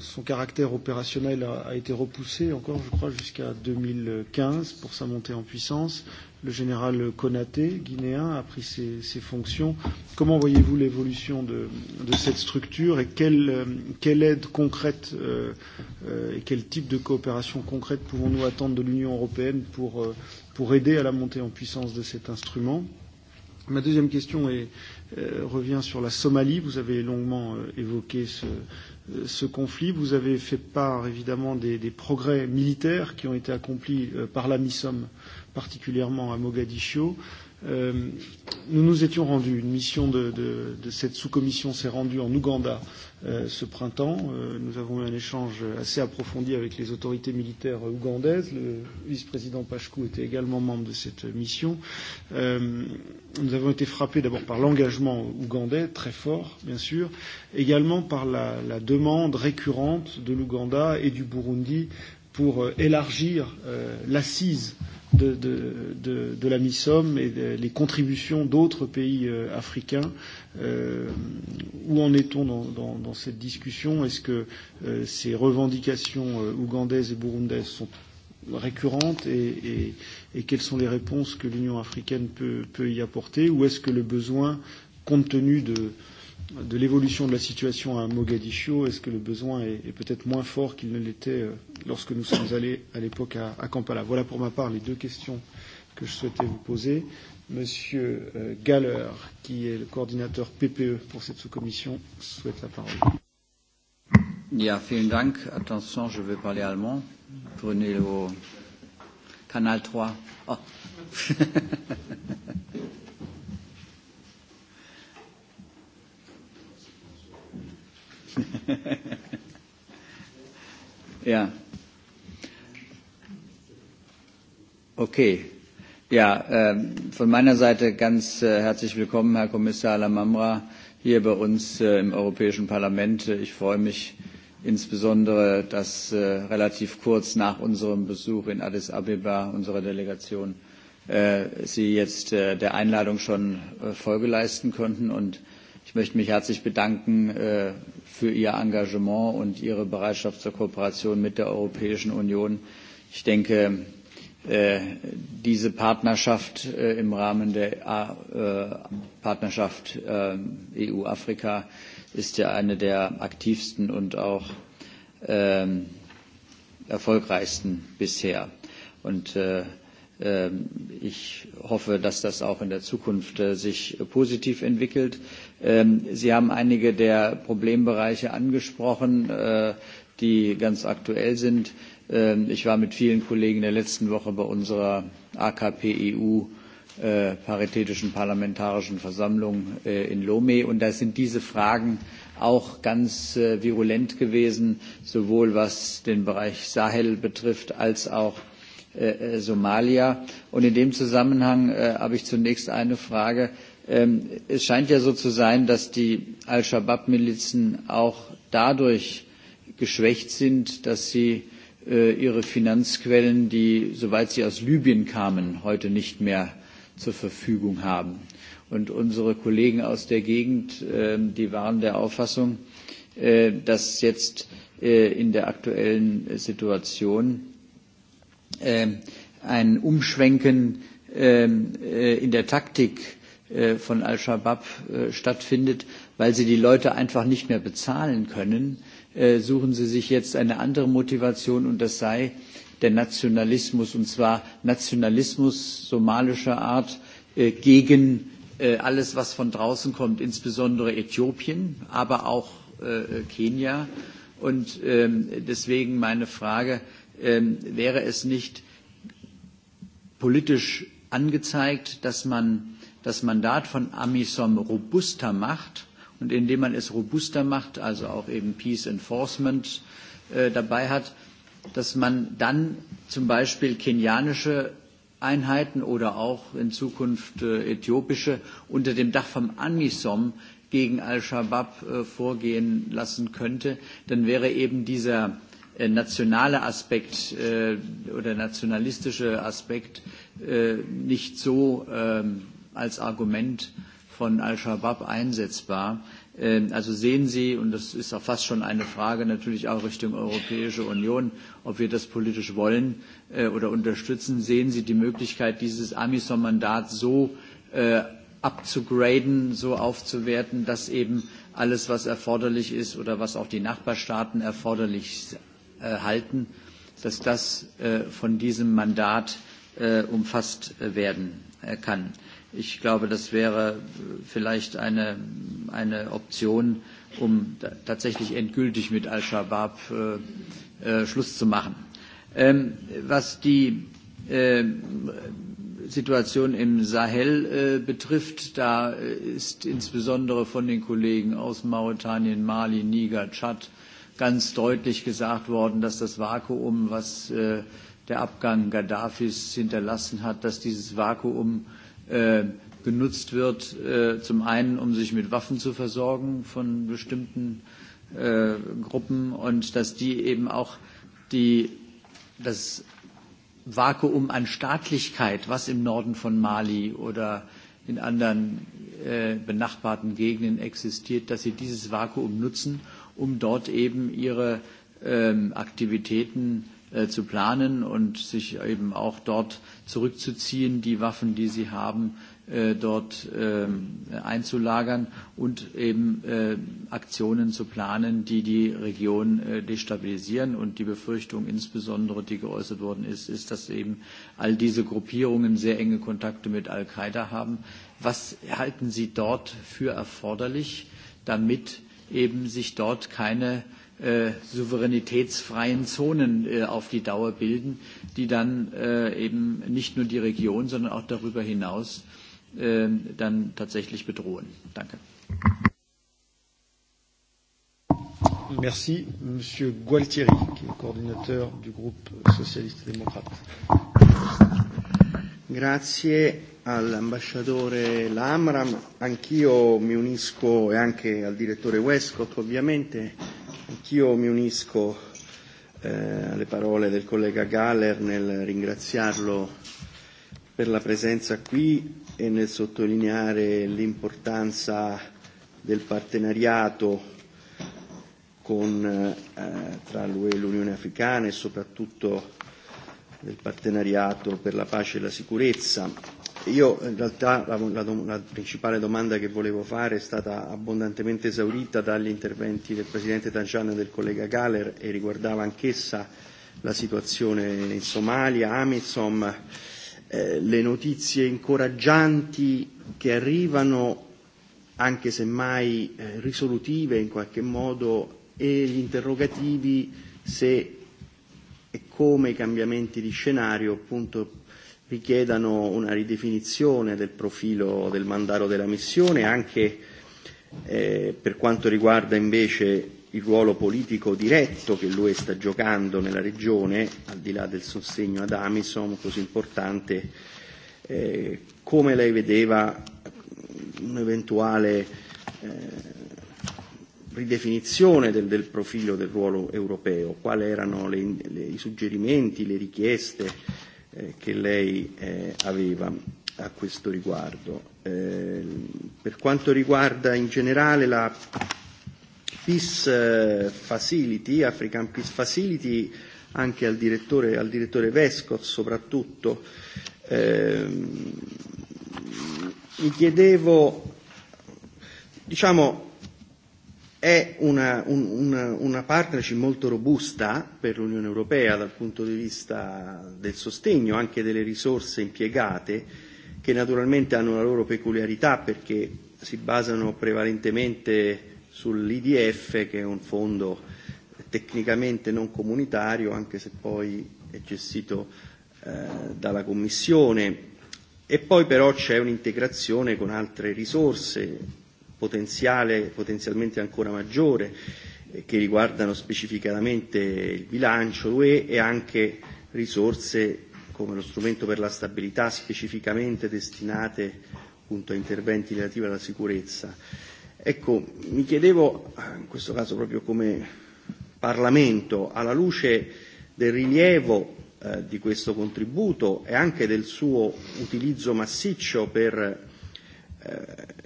Speaker 3: son caractère opérationnel a, a été repoussé encore, je crois, jusqu'à 2015 pour sa montée en puissance le général Konaté, guinéen, a pris ses, ses fonctions. Comment voyez-vous l'évolution de, de cette structure et quelle, quelle aide concrète euh, euh, et quel type de coopération concrète pouvons-nous attendre de l'Union européenne pour, euh, pour aider à la montée en puissance de cet instrument Ma deuxième question est, euh, revient sur la Somalie. Vous avez longuement euh, évoqué ce, euh, ce conflit. Vous avez fait part évidemment des, des progrès militaires qui ont été accomplis euh, par la MISOM euh, particulièrement à Mogadiscio. Euh, nous nous étions rendus, une mission de, de, de cette sous-commission s'est rendue en Ouganda euh, ce printemps. Euh, nous avons eu un échange assez approfondi avec les autorités militaires ougandaises. Le vice-président Pachkou était également membre de cette mission. Euh, nous avons été frappés d'abord par l'engagement ougandais, très fort bien sûr, également par la, la demande récurrente de l'Ouganda et du Burundi pour élargir l'assise de, de, de, de la MISOM et de, les contributions d'autres pays euh, africains. Euh, où en est-on dans, dans, dans cette discussion Est-ce que euh, ces revendications euh, ougandaises et burundaises sont récurrentes et, et, et quelles sont les réponses que l'Union africaine peut, peut y apporter Ou est-ce que le besoin, compte tenu de, euh, de l'évolution de la situation à Mogadiscio, est-ce que le besoin est, est peut-être moins fort qu'il ne l'était lorsque nous sommes allés à l'époque à, à Kampala Voilà pour ma part les deux questions que je souhaitais vous poser. Monsieur euh, Galler, qui est le coordinateur PPE pour cette sous-commission, souhaite la parole.
Speaker 6: Ja, vielen Dank. Attention, je vais parler allemand. Prenez le canal 3. Oh. ja. Okay. Ja, von meiner Seite ganz herzlich willkommen, Herr Kommissar Lamamra, hier bei uns im Europäischen Parlament. Ich freue mich insbesondere, dass relativ kurz nach unserem Besuch in Addis Abeba unserer Delegation Sie jetzt der Einladung schon Folge leisten konnten. Und ich möchte mich herzlich bedanken für ihr Engagement und ihre Bereitschaft zur Kooperation mit der Europäischen Union. Ich denke, diese Partnerschaft im Rahmen der Partnerschaft EU-Afrika ist ja eine der aktivsten und auch erfolgreichsten bisher. Und ich hoffe, dass das auch in der Zukunft sich positiv entwickelt. Sie haben einige der Problembereiche angesprochen, die ganz aktuell sind. Ich war mit vielen Kollegen in der letzten Woche bei unserer AKP EU Paritätischen Parlamentarischen Versammlung in Lomé und da sind diese Fragen auch ganz virulent gewesen, sowohl was den Bereich Sahel betrifft als auch Somalia. Und in dem Zusammenhang habe ich zunächst eine Frage es scheint ja so zu sein, dass die Al-Shabaab-Milizen auch dadurch geschwächt sind, dass sie ihre Finanzquellen, die, soweit sie aus Libyen kamen, heute nicht mehr zur Verfügung haben. Und unsere Kollegen aus der Gegend, waren der Auffassung, dass jetzt in der aktuellen Situation ein Umschwenken in der Taktik von Al-Shabaab stattfindet, weil sie die Leute einfach nicht mehr bezahlen können, suchen sie sich jetzt eine andere Motivation und das sei der Nationalismus, und zwar Nationalismus somalischer Art gegen alles, was von draußen kommt, insbesondere Äthiopien, aber auch Kenia. Und deswegen meine Frage, wäre es nicht politisch angezeigt, dass man das Mandat von AMISOM robuster macht und indem man es robuster macht, also auch eben Peace Enforcement dabei hat, dass man dann zum Beispiel kenianische Einheiten oder auch in Zukunft äthiopische unter dem Dach vom AMISOM gegen Al-Shabaab vorgehen lassen könnte, dann wäre eben dieser nationale Aspekt oder nationalistische Aspekt nicht so als Argument von Al-Shabaab einsetzbar. Also sehen Sie, und das ist auch fast schon eine Frage natürlich auch Richtung Europäische Union, ob wir das politisch wollen oder unterstützen, sehen Sie die Möglichkeit, dieses AMISOM-Mandat so abzugraden, so aufzuwerten, dass eben alles, was erforderlich ist oder was auch die Nachbarstaaten erforderlich halten, dass das von diesem Mandat umfasst werden kann. Ich glaube, das wäre vielleicht eine, eine Option, um tatsächlich endgültig mit Al-Shabaab äh, äh, Schluss zu machen. Ähm, was die äh, Situation im Sahel äh, betrifft, da ist insbesondere von den Kollegen aus Mauretanien, Mali, Niger, Tschad ganz deutlich gesagt worden, dass das Vakuum, was äh, der Abgang Gaddafis hinterlassen hat, dass dieses Vakuum äh, genutzt wird, zum einen, um sich mit Waffen zu versorgen von bestimmten Gruppen und dass die eben auch die, das Vakuum an Staatlichkeit, was im Norden von Mali oder in anderen benachbarten Gegenden existiert, dass sie dieses Vakuum nutzen, um dort eben ihre Aktivitäten zu planen und sich eben auch dort zurückzuziehen, die Waffen, die sie haben, dort einzulagern und eben Aktionen zu planen, die die Region destabilisieren. Und die Befürchtung insbesondere, die geäußert worden ist, ist, dass eben all diese Gruppierungen sehr enge Kontakte mit Al-Qaida haben. Was halten Sie dort für erforderlich, damit eben sich dort keine souveränitätsfreien Zonen auf die Dauer bilden, die dann eben nicht nur die Region, sondern auch darüber hinaus dann tatsächlich bedrohen. Danke.
Speaker 3: Merci. Monsieur Gualtieri, qui est coordinateur du groupe socialiste démocrate.
Speaker 7: Grazie all'ambasciatore Lamram. Anch'io mi unisco e anche al direttore Westcott ovviamente Anch'io mi unisco eh, alle parole del collega Galler nel ringraziarlo per la presenza qui e nel sottolineare l'importanza del partenariato con, eh, tra l'UE e l'Unione Africana e soprattutto del partenariato per la pace e la sicurezza Io in realtà la, la, la principale domanda che volevo fare è stata abbondantemente esaurita dagli interventi del Presidente Tajan e del collega Galler e riguardava anch'essa la situazione in Somalia, Amisom, eh, le notizie incoraggianti che arrivano, anche se mai eh, risolutive in qualche modo, e gli interrogativi se e come i cambiamenti di scenario appunto richiedano una ridefinizione del profilo del mandato della missione, anche eh, per quanto riguarda invece il ruolo politico diretto che l'UE sta giocando nella regione, al di là del sostegno ad Amisom così importante, eh, come lei vedeva un'eventuale eh, ridefinizione del, del profilo del ruolo europeo, quali erano le, le, i suggerimenti, le richieste che lei eh, aveva a questo riguardo. Eh, per quanto riguarda in generale la Peace Facility, African Peace Facility, anche al direttore, al direttore Vescov soprattutto, eh, mi chiedevo, diciamo, è una, un, una, una partnership molto robusta per l'Unione Europea dal punto di vista del sostegno, anche delle risorse impiegate, che naturalmente hanno la loro peculiarità perché si basano prevalentemente sull'IDF, che è un fondo tecnicamente non comunitario, anche se poi è gestito eh, dalla Commissione. E poi però c'è un'integrazione con altre risorse, potenziale, potenzialmente ancora maggiore eh, che riguardano specificatamente il bilancio UE e anche risorse come lo strumento per la stabilità specificamente destinate appunto, a interventi relativi alla sicurezza. Ecco, mi chiedevo, in questo caso proprio come Parlamento, alla luce del rilievo eh, di questo contributo e anche del suo utilizzo massiccio per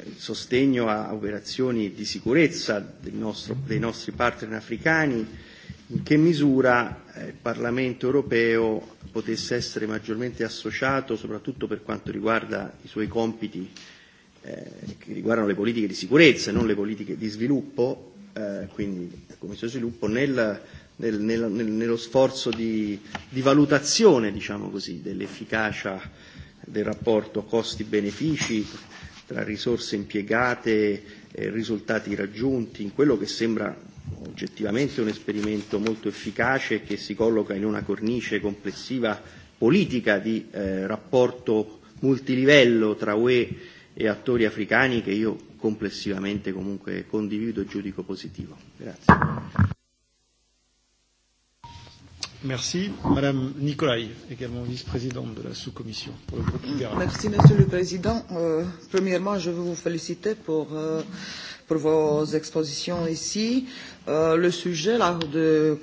Speaker 7: il sostegno a operazioni di sicurezza del nostro, dei nostri partner africani, in che misura il Parlamento europeo potesse essere maggiormente associato, soprattutto per quanto riguarda i suoi compiti eh, che riguardano le politiche di sicurezza e non le politiche di sviluppo, eh, quindi la Commissione sviluppo, nel, nel, nel, nello sforzo di, di valutazione diciamo così, dell'efficacia del rapporto costi-benefici tra risorse impiegate e risultati raggiunti in quello che sembra oggettivamente un esperimento molto efficace che si colloca in una cornice complessiva politica di eh, rapporto multilivello tra UE e attori africani che io complessivamente comunque condivido e giudico positivo. Grazie.
Speaker 3: Merci. Madame Nicolai, également vice-présidente de la sous-commission pour le groupe libéral. Merci,
Speaker 8: Monsieur le Président. Euh, premièrement, je veux vous féliciter pour, euh, pour vos expositions ici. Euh, le sujet là, de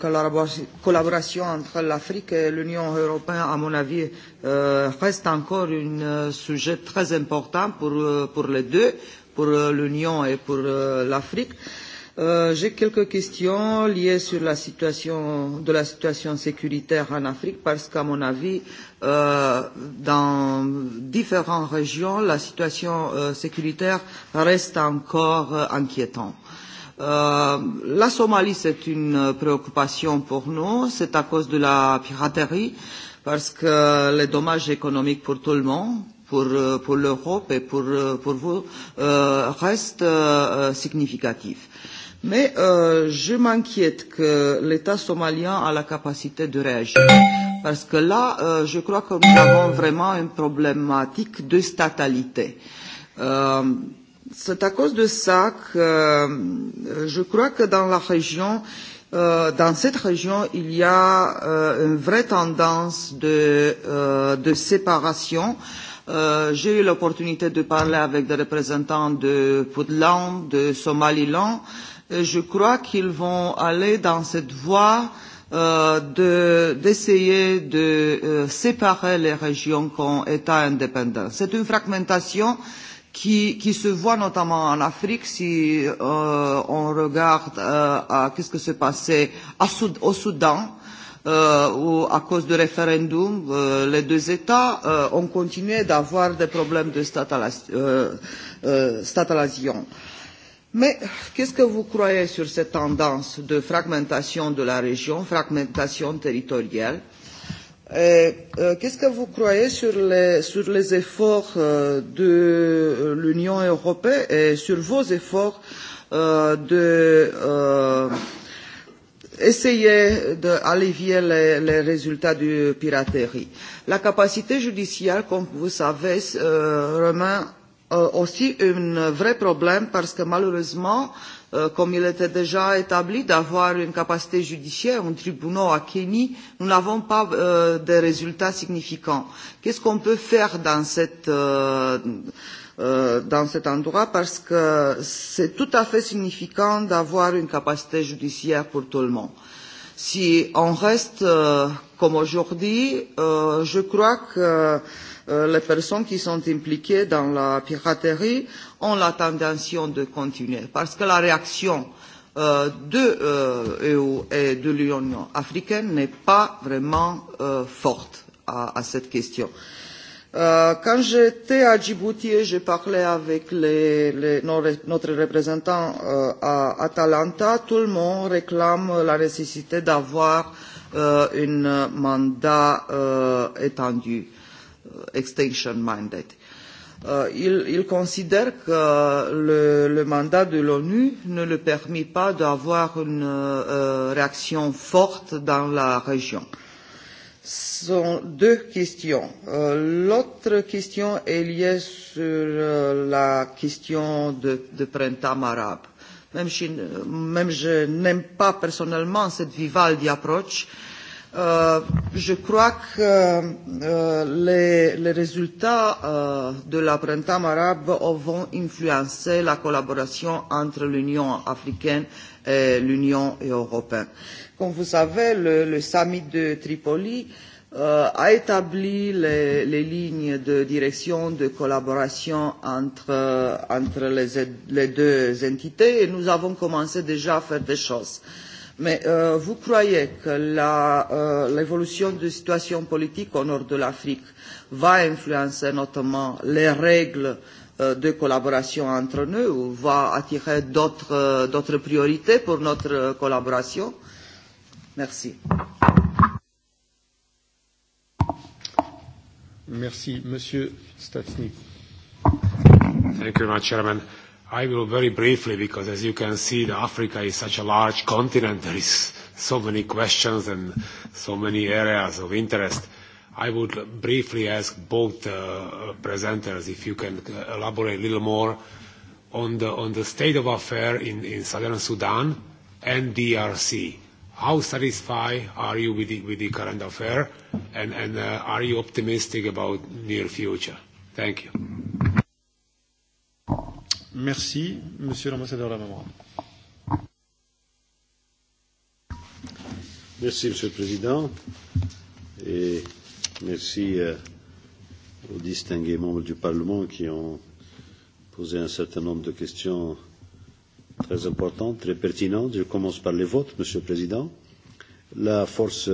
Speaker 8: collaboration entre l'Afrique et l'Union européenne, à mon avis, euh, reste encore un sujet très important pour, pour les deux, pour l'Union et pour euh, l'Afrique. Euh, J'ai quelques questions liées sur la situation de la situation sécuritaire en Afrique parce qu'à mon avis, euh, dans différentes régions, la situation euh, sécuritaire reste encore euh, inquiétante la Somalie, c'est une préoccupation pour nous. C'est à cause de la piraterie, parce que les dommages économiques pour tout le monde, pour, pour l'Europe et pour, pour vous, euh, restent euh, significatifs. Mais euh, je m'inquiète que l'État somalien a la capacité de réagir. Parce que là, euh, je crois que nous avons vraiment une problématique de statalité. Euh, c'est à cause de ça que je crois que dans la région, euh, dans cette région, il y a euh, une vraie tendance de, euh, de séparation. Euh, J'ai eu l'opportunité de parler avec des représentants de Poudlan, de Somaliland. Euh, je crois qu'ils vont aller dans cette voie d'essayer de, euh, séparer les régions comme États indépendants. C'est une fragmentation qui, qui se voit notamment en Afrique si euh, on regarde euh, à qu ce qui s'est passé à Soud au Soudan euh, où à cause du référendum euh, les deux États euh, ont continué d'avoir des problèmes de statalisation. Euh, euh, Mais qu'est-ce que vous croyez sur cette tendance de fragmentation de la région, fragmentation territoriale euh, Qu'est-ce que vous croyez sur les, sur les efforts de l'Union européenne et sur vos efforts euh, de euh, essayer d'allévier les, les résultats de piraterie. La capacité judiciaire, comme vous savez, euh, remet aussi un vrai problème parce que malheureusement, comme il était déjà établi d'avoir une capacité judiciaire, un tribunal à Kenya, nous n'avons pas de résultats significants. Qu'est-ce qu'on peut faire dans cette dans cet endroit parce que c'est tout à fait significant d'avoir une capacité judiciaire pour tout le monde. Si on reste comme aujourd'hui, je crois que les personnes qui sont impliquées dans la piraterie ont la tendance de continuer parce que la réaction de l'EU et de l'Union africaine n'est pas vraiment forte à, cette question. quand j'étais à Djibouti et j'ai parlé avec notre représentant à Atalanta, tout le monde réclame la nécessité d'avoir un mandat étendu extinction mandate. Euh, il, il considère que le, le mandat de l'ONU ne le permet pas d'avoir une euh, réaction forte dans la région. Ce sont deux questions. Euh, L'autre question est liée sur euh, la question de, de printemps arabe. Même, si, même je n'aime pas personnellement cette vivaldi approche, euh, je crois que euh, les, les résultats euh, de la printemps arabe vont influencer la collaboration entre l'Union africaine et l'Union européenne. Comme vous savez, le, le summit de Tripoli euh, a établi les, les lignes de direction de collaboration entre, entre les, les deux entités et nous avons commencé déjà à faire des choses. Euh, Mais euh, vous croyez que l'évolution euh, de la situation politique au nord de l'Afrique va influencer notamment les règles euh, de collaboration entre nous ou va attirer d'autres euh, priorités pour notre collaboration Merci.
Speaker 3: Merci.
Speaker 2: Monsieur Thank you very much, Chairman. I will very briefly, because as you can see, Africa is such a large continent. There is so many questions and so many areas of interest. I would briefly ask both presenters if you can elaborate a little more on the state of affair in in southern Sudan and DRC. How satisfied are you with the current affair, and are you optimistic about near future? Thank you.
Speaker 3: Merci, Monsieur l'ambassadeur Lamamra.
Speaker 4: Merci, Monsieur le Président, et merci aux distingués membres du Parlement qui ont posé un certain nombre de questions très importantes, très pertinentes. Je commence par les votes, Monsieur le Président. La force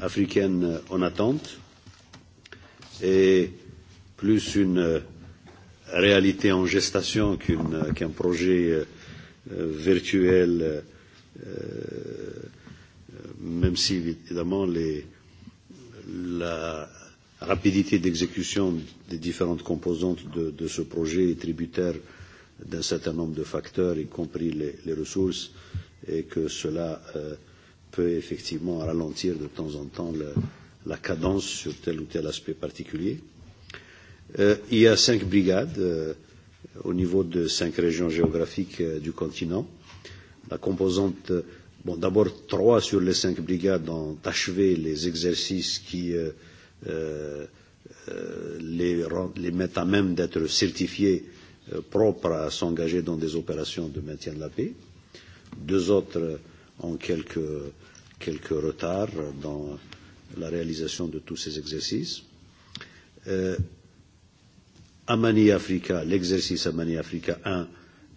Speaker 4: africaine en attente et plus une réalité en gestation qu'un projet virtuel, même si évidemment la rapidité d'exécution des différentes composantes de, ce projet est tributaire d'un certain nombre de facteurs, y compris les, ressources, et que cela peut effectivement ralentir de temps en temps la cadence sur tel ou tel aspect particulier il y a cinq brigades au niveau de cinq régions géographiques du continent. La composante, bon, d'abord trois sur les cinq brigades ont achevé les exercices qui les, les mettent à même d'être certifiés propres à s'engager dans des opérations de maintien de la paix. Deux autres ont quelques, quelques retards dans la réalisation de tous ces exercices. Amani Africa, l'exercice Amani Africa 1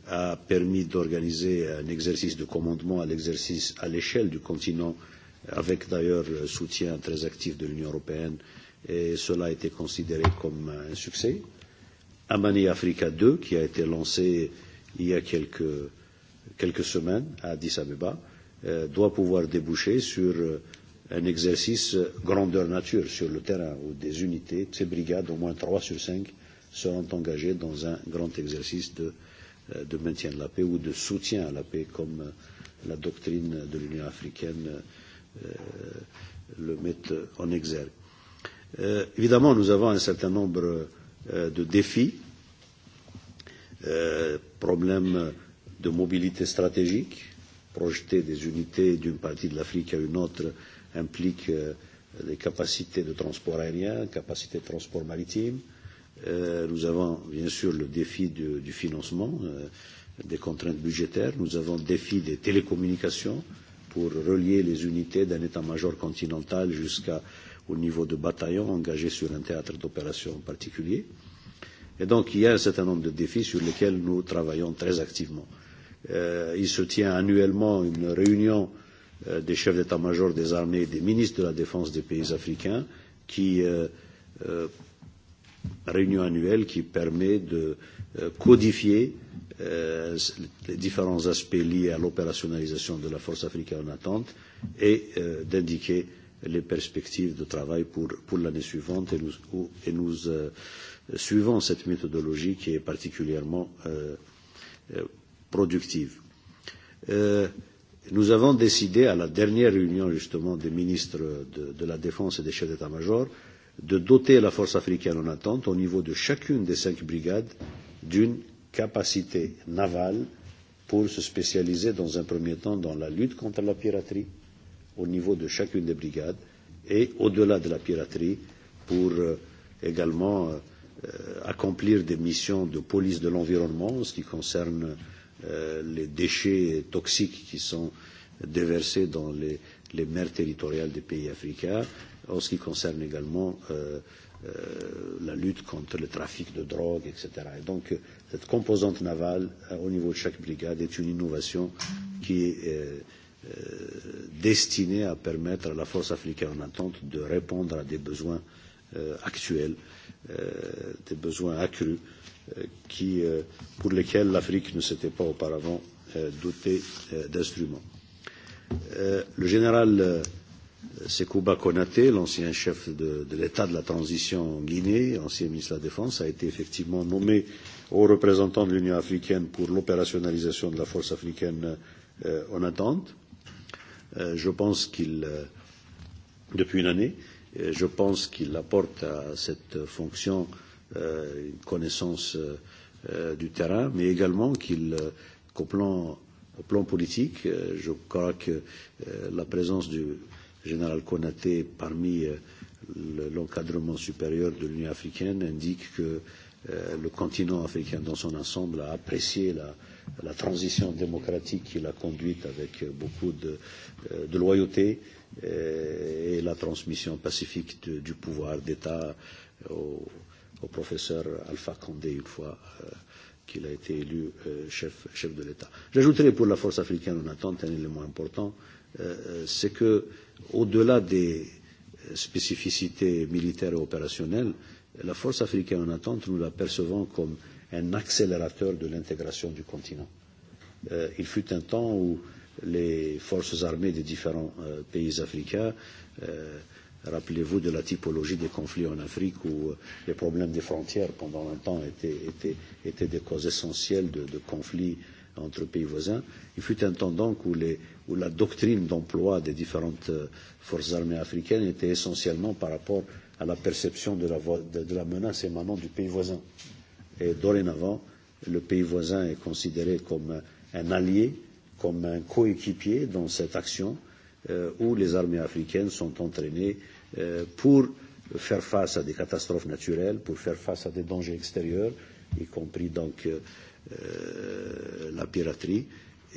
Speaker 4: a permis d'organiser un exercice de commandement à l'exercice à l'échelle du continent, avec d'ailleurs le soutien très actif de l'Union européenne, et cela a été considéré comme un succès. Amani Africa 2, qui a été lancé il y a quelques, quelques semaines à Addis Abeba, doit pouvoir déboucher sur un exercice grandeur nature sur le terrain, où des unités, ces brigades, au moins trois sur cinq, seront engagés dans un grand exercice de, de maintien de la paix ou de soutien à la paix, comme la doctrine de l'Union africaine le met en exergue. évidemment, nous avons un certain nombre de défis, problèmes de mobilité stratégique, projeter des unités d'une partie de l'Afrique à une autre implique des capacités de transport aérien, capacités de transport maritime, euh, nous avons bien sûr le défi du, financement, des contraintes budgétaires. Nous avons le défi des télécommunications pour relier les unités d'un état-major continental jusqu'au niveau de bataillon engagé sur un théâtre d'opération particulier. Et donc il y a un certain nombre de défis sur lesquels nous travaillons très activement. il se tient annuellement une réunion des chefs d'état-major des armées et des ministres de la défense des pays africains qui réunion annuelle qui permet de codifier les différents aspects liés à l'opérationnalisation de la force africaine en attente et d'indiquer les perspectives de travail pour, l'année suivante. Et nous, suivons cette méthodologie qui est particulièrement productive. nous avons décidé à la dernière réunion justement des ministres de, la Défense et des chefs d'état-major de doter la force africaine en attente au niveau de chacune des cinq brigades d'une capacité navale pour se spécialiser dans un premier temps dans la lutte contre la piraterie au niveau de chacune des brigades et au-delà de la piraterie pour également accomplir des missions de police de l'environnement en ce qui concerne les déchets toxiques qui sont déversés dans les, mers territoriales des pays africains en ce qui concerne également euh, la lutte contre le trafic de drogue, etc. Et donc, cette composante navale au niveau de chaque brigade est une innovation qui est destinée à permettre à la force africaine en attente de répondre à des besoins actuels, des besoins accrus, qui, pour lesquels l'Afrique ne s'était pas auparavant dotée d'instruments. le général Sekouba Konaté, l'ancien chef de, de l'État de la transition en Guinée, ancien ministre de la Défense, a été effectivement nommé haut représentant de l'Union africaine pour l'opérationnalisation de la force africaine euh, en attente. Euh, je pense qu'il, euh, depuis une année, euh, je pense qu'il apporte à cette fonction euh, une connaissance euh, du terrain, mais également qu'il, euh, qu'au plan, au plan politique, euh, je crois que euh, la présence du général Konaté parmi l'encadrement supérieur de l'Union africaine indique que le continent africain dans son ensemble a apprécié la, la transition démocratique qu'il a conduite avec beaucoup de, de loyauté et la transmission pacifique de, du pouvoir d'État au, au professeur Alpha Condé une fois qu'il a été élu chef, chef de l'État. J'ajouterai pour la force africaine en attente un élément important, c'est que au-delà des spécificités militaires et opérationnelles, la force africaine en attente, nous la percevons comme un accélérateur de l'intégration du continent. il fut un temps où les forces armées des différents pays africains Rappelez-vous de la typologie des conflits en Afrique où les problèmes des frontières pendant longtemps étaient, étaient, étaient des causes essentielles de, de conflits entre pays voisins. Il fut un temps donc où les où la doctrine d'emploi des différentes forces armées africaines était essentiellement par rapport à la perception de la, de, de la menace émanant du pays voisin. Et dorénavant, le pays voisin est considéré comme un allié, comme un coéquipier dans cette action euh, où les armées africaines sont entraînées euh, pour faire face à des catastrophes naturelles, pour faire face à des dangers extérieurs, y compris donc euh, la piraterie,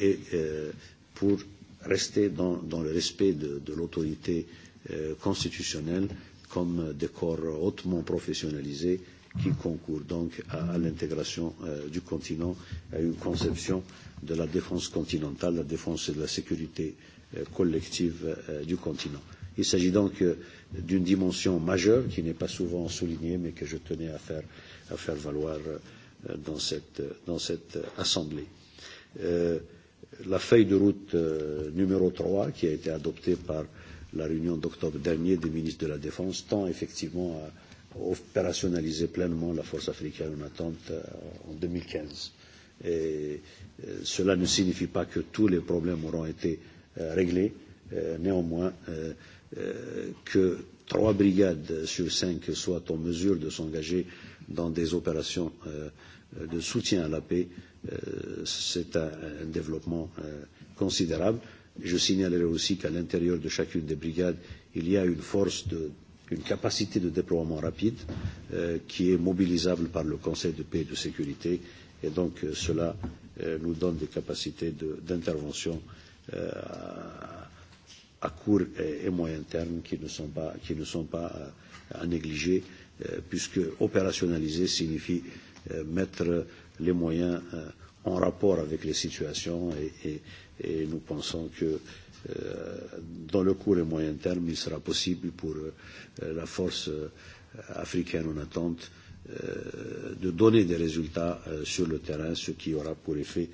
Speaker 4: et euh, pour rester dans, dans le respect de, de l'autorité euh, constitutionnelle comme des corps hautement professionnalisés qui concourent donc à, à l'intégration euh, du continent, à une conception de la défense continentale, la défense et de la sécurité euh, collective euh, du continent. Il s'agit donc d'une dimension majeure qui n'est pas souvent soulignée, mais que je tenais à faire, à faire valoir dans cette, dans cette assemblée. Euh, la feuille de route numéro trois qui a été adoptée par la réunion d'octobre dernier des ministres de la Défense tend effectivement à opérationnaliser pleinement la force africaine en attente en deux mille quinze. cela ne signifie pas que tous les problèmes auront été réglés. néanmoins, que trois brigades sur cinq soient en mesure de s'engager dans des opérations de soutien à la paix c'est un, développement considérable. Je signalerai aussi qu'à l'intérieur de chacune des brigades, il y a une force de une capacité de déploiement rapide qui est mobilisable par le Conseil de paix et de sécurité. Et donc cela nous donne des capacités d'intervention à court et moyen terme qui ne sont pas, qui ne sont pas à, négliger, puisque opérationnaliser signifie mettre les moyens en rapport avec les situations et, et, et nous pensons que dans le court et moyen terme, il sera possible pour la force africaine en attente de donner des résultats sur le terrain, ce qui aura pour effet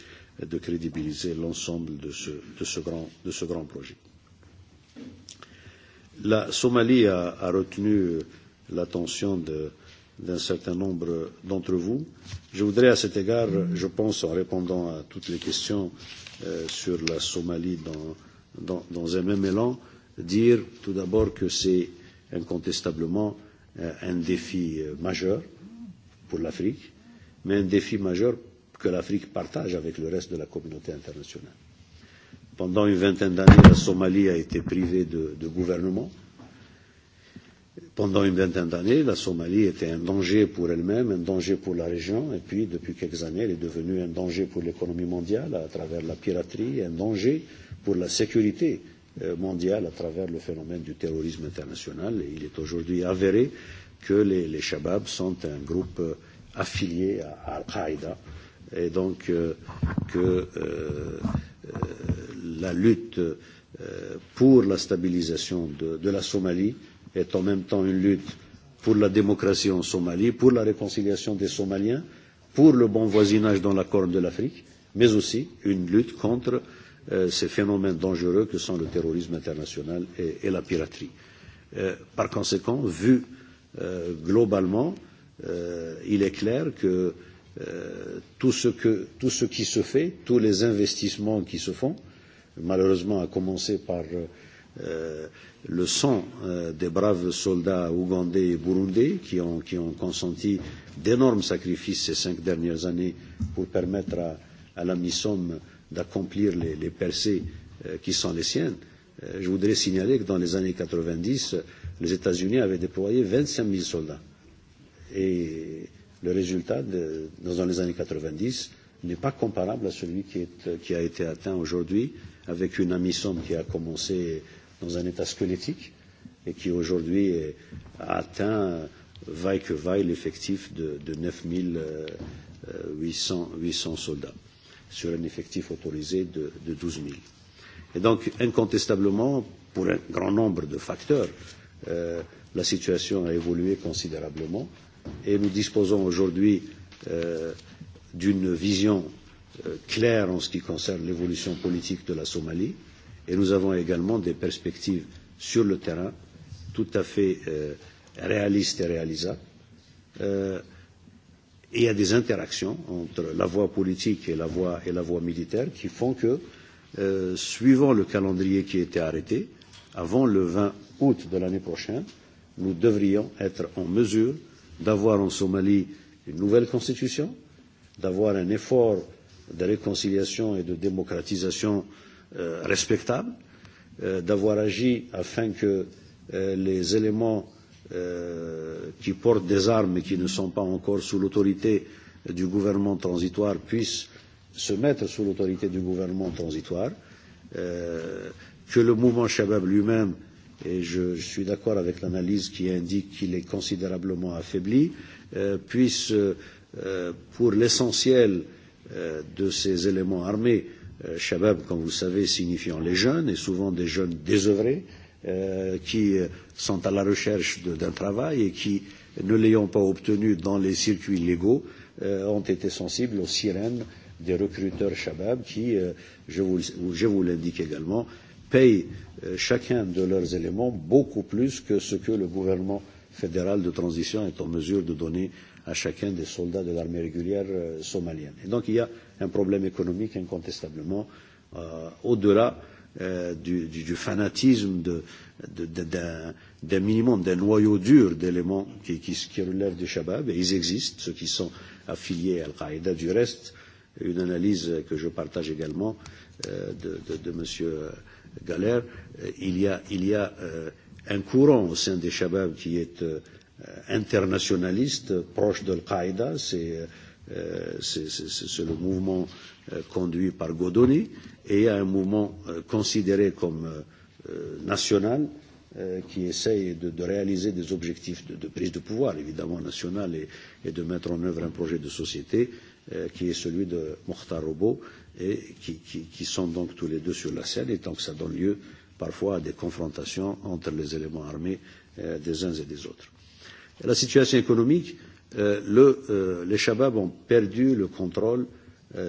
Speaker 4: de crédibiliser l'ensemble de ce, de, ce grand, de ce grand projet. La Somalie a, a retenu l'attention de, euh, d'un certain nombre d'entre vous. Je voudrais à cet égard, je pense, en répondant à toutes les questions sur la Somalie dans, un même élan, dire tout d'abord que c'est incontestablement un défi majeur pour l'Afrique, mais un défi majeur que l'Afrique partage avec le reste de la communauté internationale. Pendant une vingtaine d'années, la Somalie a été privée de gouvernement pendant une vingtaine d'années, la Somalie était un danger pour elle-même, un danger pour la région, et puis depuis quelques années, elle est devenue un danger pour l'économie mondiale à travers la piraterie, un danger pour la sécurité mondiale à travers le phénomène du terrorisme international. Et il est aujourd'hui avéré que les, les Shabab sont un groupe affilié à Al-Qaïda, et donc euh, que euh, euh, la lutte euh, pour la stabilisation de, de la Somalie euh, est en même temps une lutte pour la démocratie en Somalie, pour la réconciliation des Somaliens, pour le bon voisinage dans la Corne de l'Afrique, mais aussi une lutte contre ces phénomènes dangereux que sont le terrorisme international et, la piraterie. par conséquent, vu globalement, il est clair que tout, ce qui se fait, tous les investissements qui se font, malheureusement à commencer par le sang des braves soldats ougandais et burundais qui ont, consenti d'énormes sacrifices ces cinq dernières années pour permettre à, la MISOM d'accomplir les, percées qui sont les siennes. Je voudrais signaler que dans les années quatre-vingt dix, les États-Unis avaient déployé vingt cinq 000 soldats. Et le résultat dans les années quatre-vingt dix n'est pas comparable à celui qui, a été atteint aujourd'hui avec une AMISOM qui a commencé dans un état squelettique et qui aujourd'hui a atteint vaille que vaille l'effectif de, de 9800 800 soldats sur un effectif autorisé de, de 12 000. Et donc, incontestablement, pour un grand nombre de facteurs, euh, la situation a évolué considérablement et nous disposons aujourd'hui euh, d'une vision euh, claire en ce qui concerne l'évolution politique de la Somalie. Euh, Et nous avons également des perspectives sur le terrain tout à fait réalistes et réalisables. Et il y a des interactions entre la voie politique et la voie, et la voie militaire qui font que, suivant le calendrier qui a été arrêté, avant le vingt août de l'année prochaine, nous devrions être en mesure d'avoir en Somalie une nouvelle constitution, d'avoir un effort de réconciliation et de démocratisation respectable d'avoir agi afin que les éléments qui portent des armes et qui ne sont pas encore sous l'autorité du gouvernement transitoire puissent se mettre sous l'autorité du gouvernement transitoire, que le mouvement Shabab lui-même, et je, suis d'accord avec l'analyse qui indique qu'il est considérablement affaibli, puisse, pour l'essentiel de ces éléments armés, Shabab, comme vous le savez, signifiant les jeunes, et souvent des jeunes désœuvrés, qui sont à la recherche d'un travail et qui, ne l'ayant pas obtenu dans les circuits légaux, ont été sensibles aux sirènes des recruteurs Shabab qui, je vous l'indique également, payent chacun de leurs éléments beaucoup plus que ce que le gouvernement fédéral de transition est en mesure de donner à chacun des soldats de l'armée régulière somalienne. Et donc il y a un problème économique incontestablement au-delà du, fanatisme d'un minimum, d'un noyau dur d'éléments qui, qui, relèvent du Shabab, et ils existent, ceux qui sont affiliés à Al-Qaïda. Du reste, une analyse que je partage également de, de, M. Galère, il y a, un courant au sein des Shabab qui est internationaliste proche d'Al-Qaïda, c'est le mouvement conduit par Godoni, et il y a un mouvement considéré comme national qui essaye de, réaliser des objectifs de, prise de pouvoir, évidemment national, et, de mettre en œuvre un projet de société qui est celui de Mokhtar Robo, et qui, sont donc tous les deux sur la scène, et donc ça donne lieu parfois à des confrontations entre les éléments armés des uns et des autres la situation économique, les Shabab ont perdu le contrôle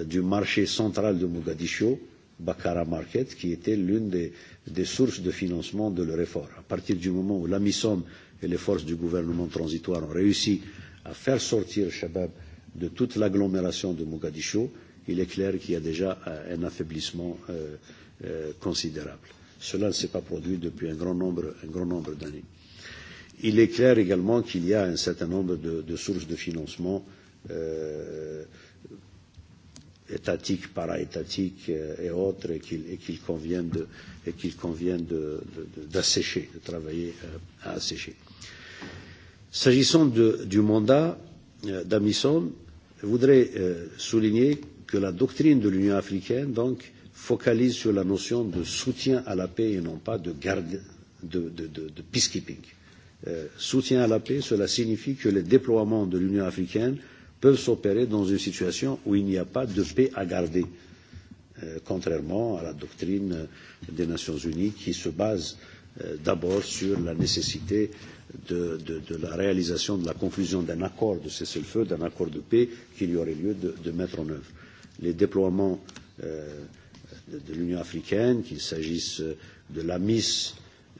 Speaker 4: du marché central de Mogadiscio, Bakara Market, qui était l'une des, sources de financement de leur effort. À partir du moment où l'AMISOM et les forces du gouvernement transitoire ont réussi à faire sortir Shabab de toute l'agglomération de Mogadiscio, il est clair qu'il y a déjà un affaiblissement considérable. Cela ne s'est pas produit depuis un grand nombre, d'années. Il est clair également qu'il y a un certain nombre de, de sources de financement euh, étatiques, paraétatiques et autres, et qu'il convient de et convient de, de, de, d'assécher, de travailler à assécher. S'agissant du mandat d'Amison, je voudrais euh, souligner que la doctrine de l'Union africaine donc focalise sur la notion de soutien à la paix et non pas de garde de, de, de, de peacekeeping soutien à la paix, cela signifie que les déploiements de l'Union africaine peuvent s'opérer dans une situation où il n'y a pas de paix à garder, contrairement à la doctrine des Nations Unies qui se base d'abord sur la nécessité de, la réalisation de la conclusion d'un accord de cessez-le-feu, d'un accord de paix qu'il y aurait lieu de, mettre en œuvre. Les déploiements de l'Union africaine, qu'il s'agisse de la MIS,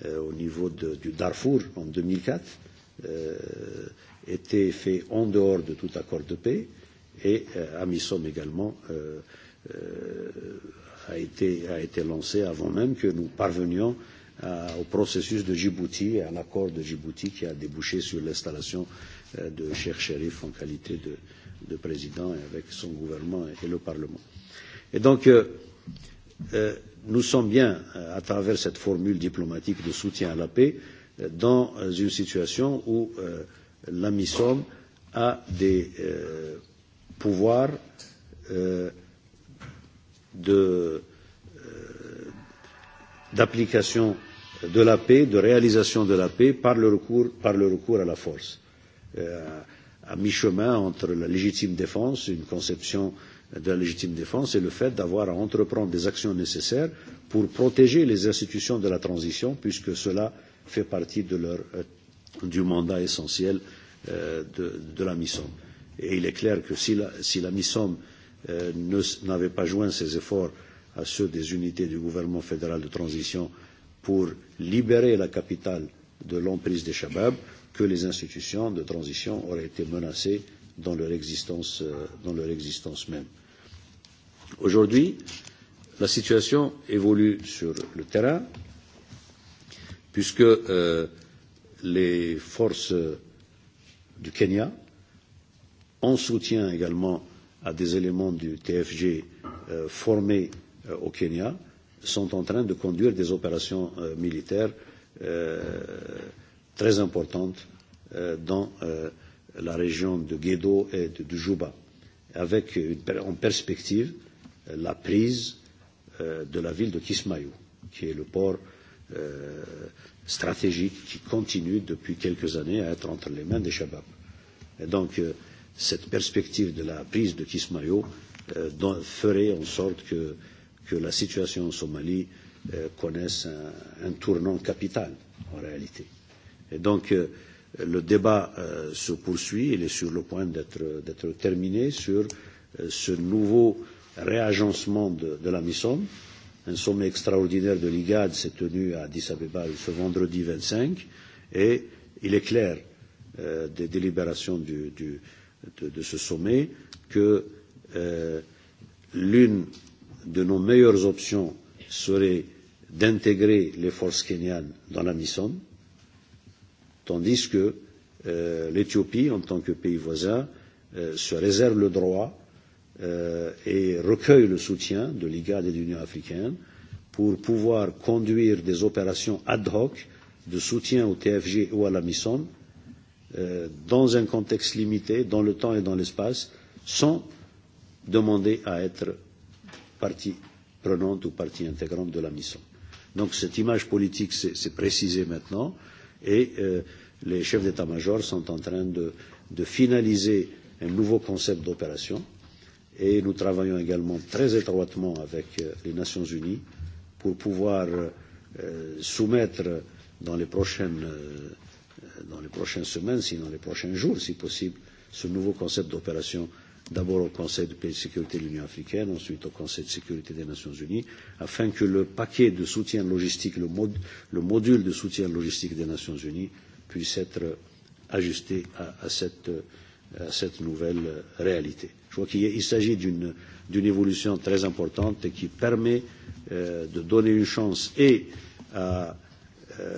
Speaker 4: euh, au niveau de, du Darfour en 2004 euh, était fait en dehors de tout accord de paix et euh, Amisom également euh, euh, a, été, a été lancé avant même que nous parvenions à, au processus de Djibouti et à l'accord de Djibouti qui a débouché sur l'installation euh, de Cheikh Sherif en qualité de, de président et avec son gouvernement et, et le Parlement. Et donc, euh, euh, nous sommes bien, à travers cette formule diplomatique de soutien à la paix, dans une situation où la MISOM a des pouvoirs d'application de la paix, de réalisation de la paix par le recours, à la force. à mi-chemin entre la légitime défense, une conception euh, de la légitime défense est le fait d'avoir à entreprendre des actions nécessaires pour protéger les institutions de la transition, puisque cela fait partie de leur, du mandat essentiel de, de la MISOM. Et il est clair que si la, si la MISOM n'avait pas joint ses efforts à ceux des unités du gouvernement fédéral de transition pour libérer la capitale de l'emprise des Shabab, que les institutions de transition auraient été menacées dans leur existence, dans leur existence même. Aujourd'hui, la situation évolue sur le terrain, puisque les forces du Kenya, en soutien également à des éléments du TFG formés au Kenya, sont en train de conduire des opérations militaires très importantes dans la région de Guédo et de Djouba, avec une, en perspective la prise de la ville de Kismayou, qui est le port euh, stratégique qui continue depuis quelques années à être entre les mains des Shabab. Et donc, euh, cette perspective de la prise de Kismayou euh, ferait en sorte que, que la situation en Somalie euh, connaisse un, un tournant capital, en réalité. Et donc, euh, Le débat se poursuit, il est sur le point d'être terminé sur ce nouveau réagencement de, la mission. Un sommet extraordinaire de l'IGAD s'est tenu à Addis Abeba ce vendredi vingt cinq et il est clair des délibérations de, ce sommet que l'une de nos meilleures options serait d'intégrer les forces kenyanes dans la MISOM tandis que l'Éthiopie, en tant que pays voisin, se réserve le droit et recueille le soutien de l'IGAD et de l'Union africaine pour pouvoir conduire des opérations ad hoc de soutien au TFG ou à la MISOM dans un contexte limité, dans le temps et dans l'espace, sans demander à être partie prenante ou partie intégrante de la mission. Donc cette image politique s'est précisée maintenant. Et les chefs d'état-major sont en train de, finaliser un nouveau concept d'opération. Et nous travaillons également très étroitement avec les Nations Unies pour pouvoir soumettre dans les prochaines, dans les prochaines semaines, sinon les prochains jours, si possible, ce nouveau concept d'opération euh, d'abord au Conseil de paix et de sécurité de l'Union africaine, ensuite au Conseil de sécurité des Nations unies, afin que le paquet de soutien logistique, le, module de soutien logistique des Nations unies puisse être ajusté à, cette, nouvelle réalité. Je crois qu'il s'agit d'une évolution très importante qui permet de donner une chance et à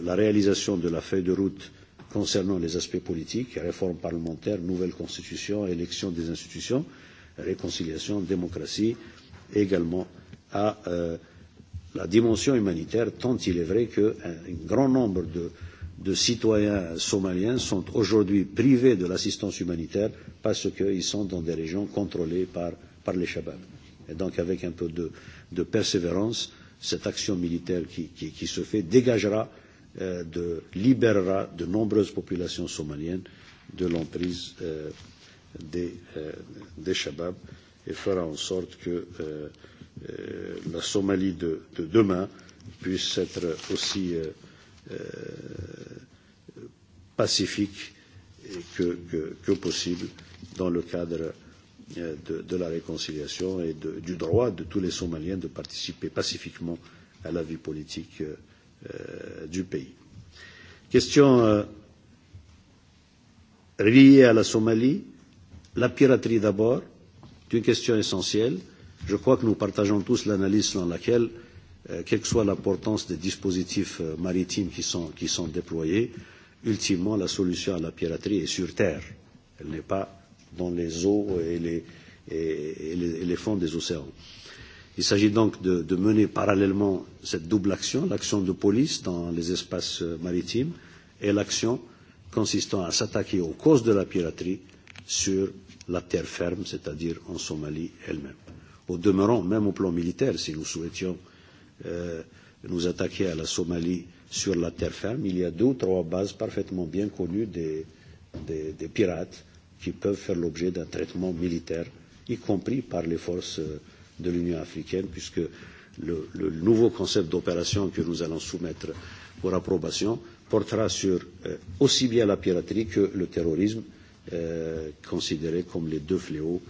Speaker 4: la réalisation de la feuille de route concernant les aspects politiques, réforme parlementaire, nouvelle constitution, élection des institutions, réconciliation, démocratie, également à la dimension humanitaire, tant il est vrai qu'un grand nombre de, citoyens somaliens sont aujourd'hui privés de l'assistance humanitaire parce qu'ils sont dans des régions contrôlées par, les Shabab. Et donc, avec un peu de, persévérance, cette action militaire qui, se fait dégagera de libérera de nombreuses populations somaliennes de l'emprise des, des Shabab et fera en sorte que la Somalie de, demain puisse être aussi pacifique que, possible dans le cadre de, la réconciliation et du droit de tous les Somaliens de participer pacifiquement à la vie politique euh, du pays. Question liée à la Somalie, la piraterie d'abord, est une question essentielle. Je crois que nous partageons tous l'analyse selon laquelle, quelle que soit l'importance des dispositifs maritimes qui sont, déployés, ultimement la solution à la piraterie est sur terre. Elle n'est pas dans les eaux et les fonds des océans. Il s'agit donc de, de mener parallèlement cette double action, l'action de police dans les espaces maritimes et l'action consistant à s'attaquer aux causes de la piraterie sur la terre ferme, c'est-à-dire en Somalie elle-même. Au demeurant, même au plan militaire, si nous souhaitions nous attaquer à la Somalie sur la terre ferme, il y a deux ou trois bases parfaitement bien connues des, pirates qui peuvent faire l'objet d'un traitement militaire, y compris par les forces euh, de l'Union africaine, puisque le, le nouveau concept d'opération que nous allons soumettre pour approbation portera sur euh, aussi bien la piraterie que le terrorisme, euh, considérés comme les deux fléaux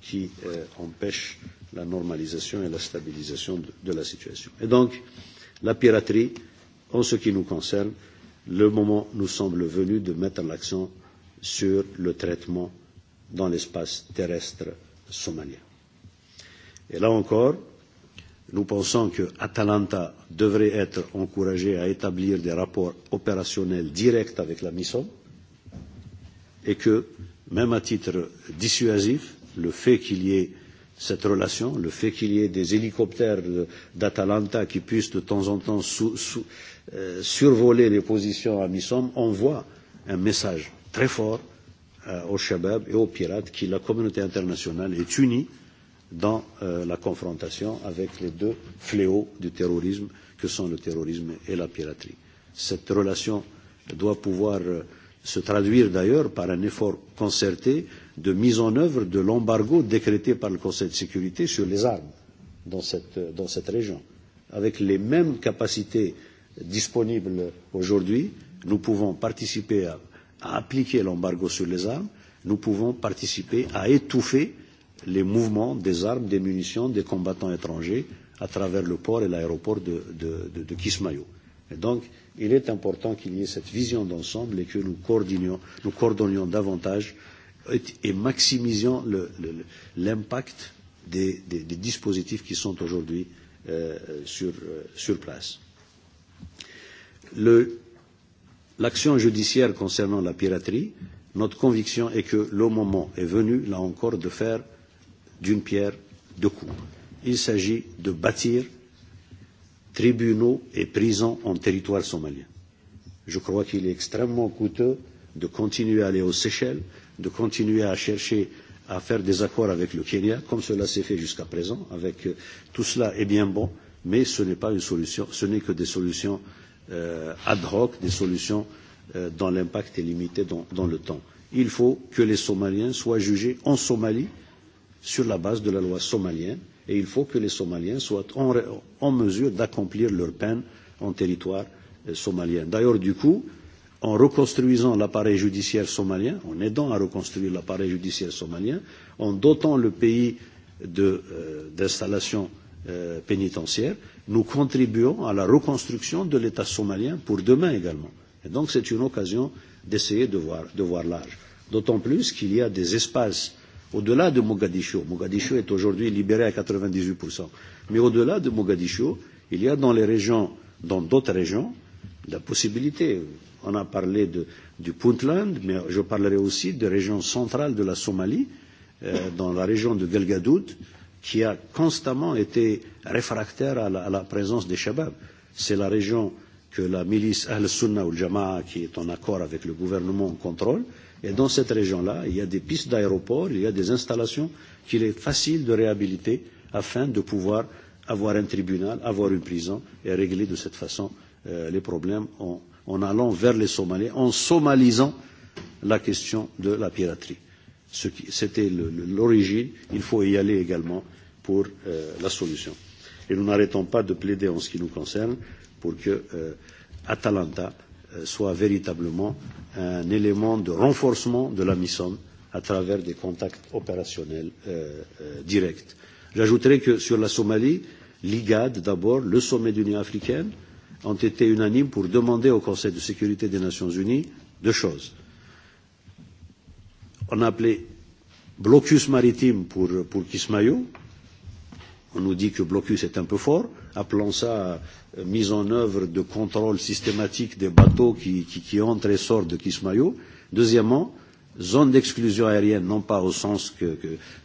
Speaker 4: qui euh, empêchent la normalisation et la stabilisation de, de la situation. Et donc, la piraterie, en ce qui nous concerne, le moment nous semble venu de mettre l'accent sur le traitement dans l'espace terrestre somalien. Et là encore, nous pensons que Atalanta devrait être encouragée à établir des rapports opérationnels directs avec la mission et que, même à titre dissuasif, le fait qu'il y ait cette relation, le fait qu'il y ait des hélicoptères d'Atalanta qui puissent de temps en temps survoler les positions à Missom envoie un message très fort aux Shabab et aux pirates que la communauté internationale est unie dans la confrontation avec les deux fléaux du terrorisme que sont le terrorisme et la piraterie. Cette relation doit pouvoir se traduire d'ailleurs par un effort concerté de mise en œuvre de l'embargo décrété par le Conseil de sécurité sur les armes dans cette, région. Avec les mêmes capacités disponibles aujourd'hui, nous pouvons participer à, appliquer l'embargo sur les armes, nous pouvons participer à étouffer les mouvements des armes, des munitions des combattants étrangers à travers le port et l'aéroport de, de, de, de Kismayo. Et donc, il est important qu'il y ait cette vision d'ensemble et que nous coordonnions, nous coordonnions davantage et maximisions l'impact des, des, des dispositifs qui sont aujourd'hui euh, sur, euh, sur place. L'action judiciaire concernant la piraterie, notre conviction est que le moment est venu, là encore, de faire d'une pierre deux coups. Il s'agit de bâtir tribunaux et prisons en territoire somalien. Je crois qu'il est extrêmement coûteux de continuer à aller aux Seychelles, de continuer à chercher à faire des accords avec le Kenya, comme cela s'est fait jusqu'à présent. Avec tout cela est bien bon, mais ce n'est pas une solution, ce n'est que des solutions ad hoc, des solutions dont l'impact est limité dans, le temps. Il faut que les Somaliens soient jugés en Somalie sur la base de la loi somalienne et il faut que les Somaliens soient en, mesure d'accomplir leur peine en territoire somalien. D'ailleurs, du coup, en reconstruisant l'appareil judiciaire somalien, en aidant à reconstruire l'appareil judiciaire somalien, en dotant le pays d'installations pénitentiaires, nous contribuons à la reconstruction de l'État somalien pour demain également. Et donc c'est une occasion d'essayer de voir, l'âge. D'autant plus qu'il y a des espaces au-delà de Mogadiscio. Mogadiscio est aujourd'hui libéré à 98%. Mais au-delà de Mogadiscio, il y a dans les régions, dans d'autres régions, la possibilité. On a parlé de, du Puntland, mais je parlerai aussi des régions centrales de la Somalie, euh, dans la région de Gelgadoud, qui a constamment été réfractaire à la, à la présence des Shabab. C'est la région que la milice Al-Sunna ou Jama'a, qui est en accord avec le gouvernement, contrôle. Et dans cette région-là, il y a des pistes d'aéroports, il y a des installations qu'il est facile de réhabiliter afin de pouvoir avoir un tribunal, avoir une prison et régler de cette façon les problèmes en, en allant vers les Somaliens, en somalisant la question de la piraterie. C'était l'origine, il faut y aller également pour la solution. Et nous n'arrêtons pas de plaider en ce qui nous concerne pour que Atalanta soit véritablement un élément de renforcement de la mission à travers des contacts opérationnels directs. J'ajouterai que sur la Somalie, l'IGAD d'abord, le sommet de l'Union africaine ont été unanimes pour demander au Conseil de sécurité des Nations unies deux choses. On a appelé blocus maritime pour, pour Kismayo. On nous dit que blocus est un peu fort appelons ça mise en œuvre de contrôle systématique des bateaux qui, qui, qui entrent et sortent de Kismayo. Deuxièmement, zone d'exclusion aérienne, non pas au sens que,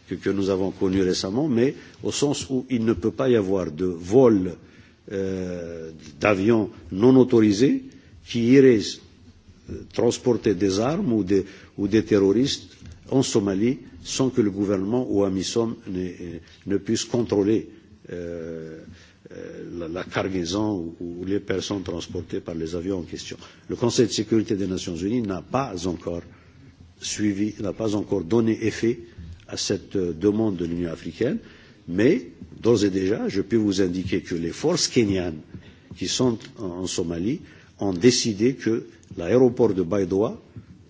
Speaker 4: que, que nous avons connu récemment, mais au sens où il ne peut pas y avoir de vol euh, d'avions non autorisés qui iraient transporter des armes ou des, ou des terroristes en Somalie sans que le gouvernement ou Amisom ne, ne puisse contrôler euh, la cargaison ou les personnes transportées par les avions en question. Le Conseil de sécurité des Nations Unies n'a pas encore suivi, n'a pas encore donné effet à cette demande de l'Union africaine, mais d'ores et déjà, je peux vous indiquer que les forces kenyanes qui sont en Somalie ont décidé que l'aéroport de Baïdoa,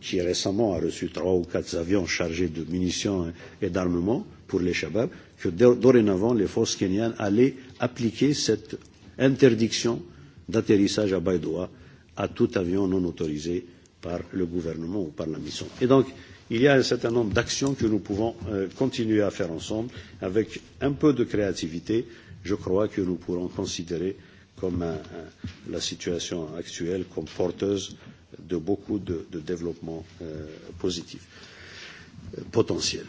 Speaker 4: qui récemment a reçu trois ou quatre avions chargés de munitions et d'armements pour les Shabab, que dorénavant les forces kenyanes allaient appliquer cette interdiction d'atterrissage à Baïdoa à tout avion non autorisé par le gouvernement ou par la mission. Et donc, il y a un certain nombre d'actions que nous pouvons continuer à faire ensemble. Avec un peu de créativité, je crois que nous pourrons considérer comme la situation actuelle comme porteuse de beaucoup de, développements positifs potentiels.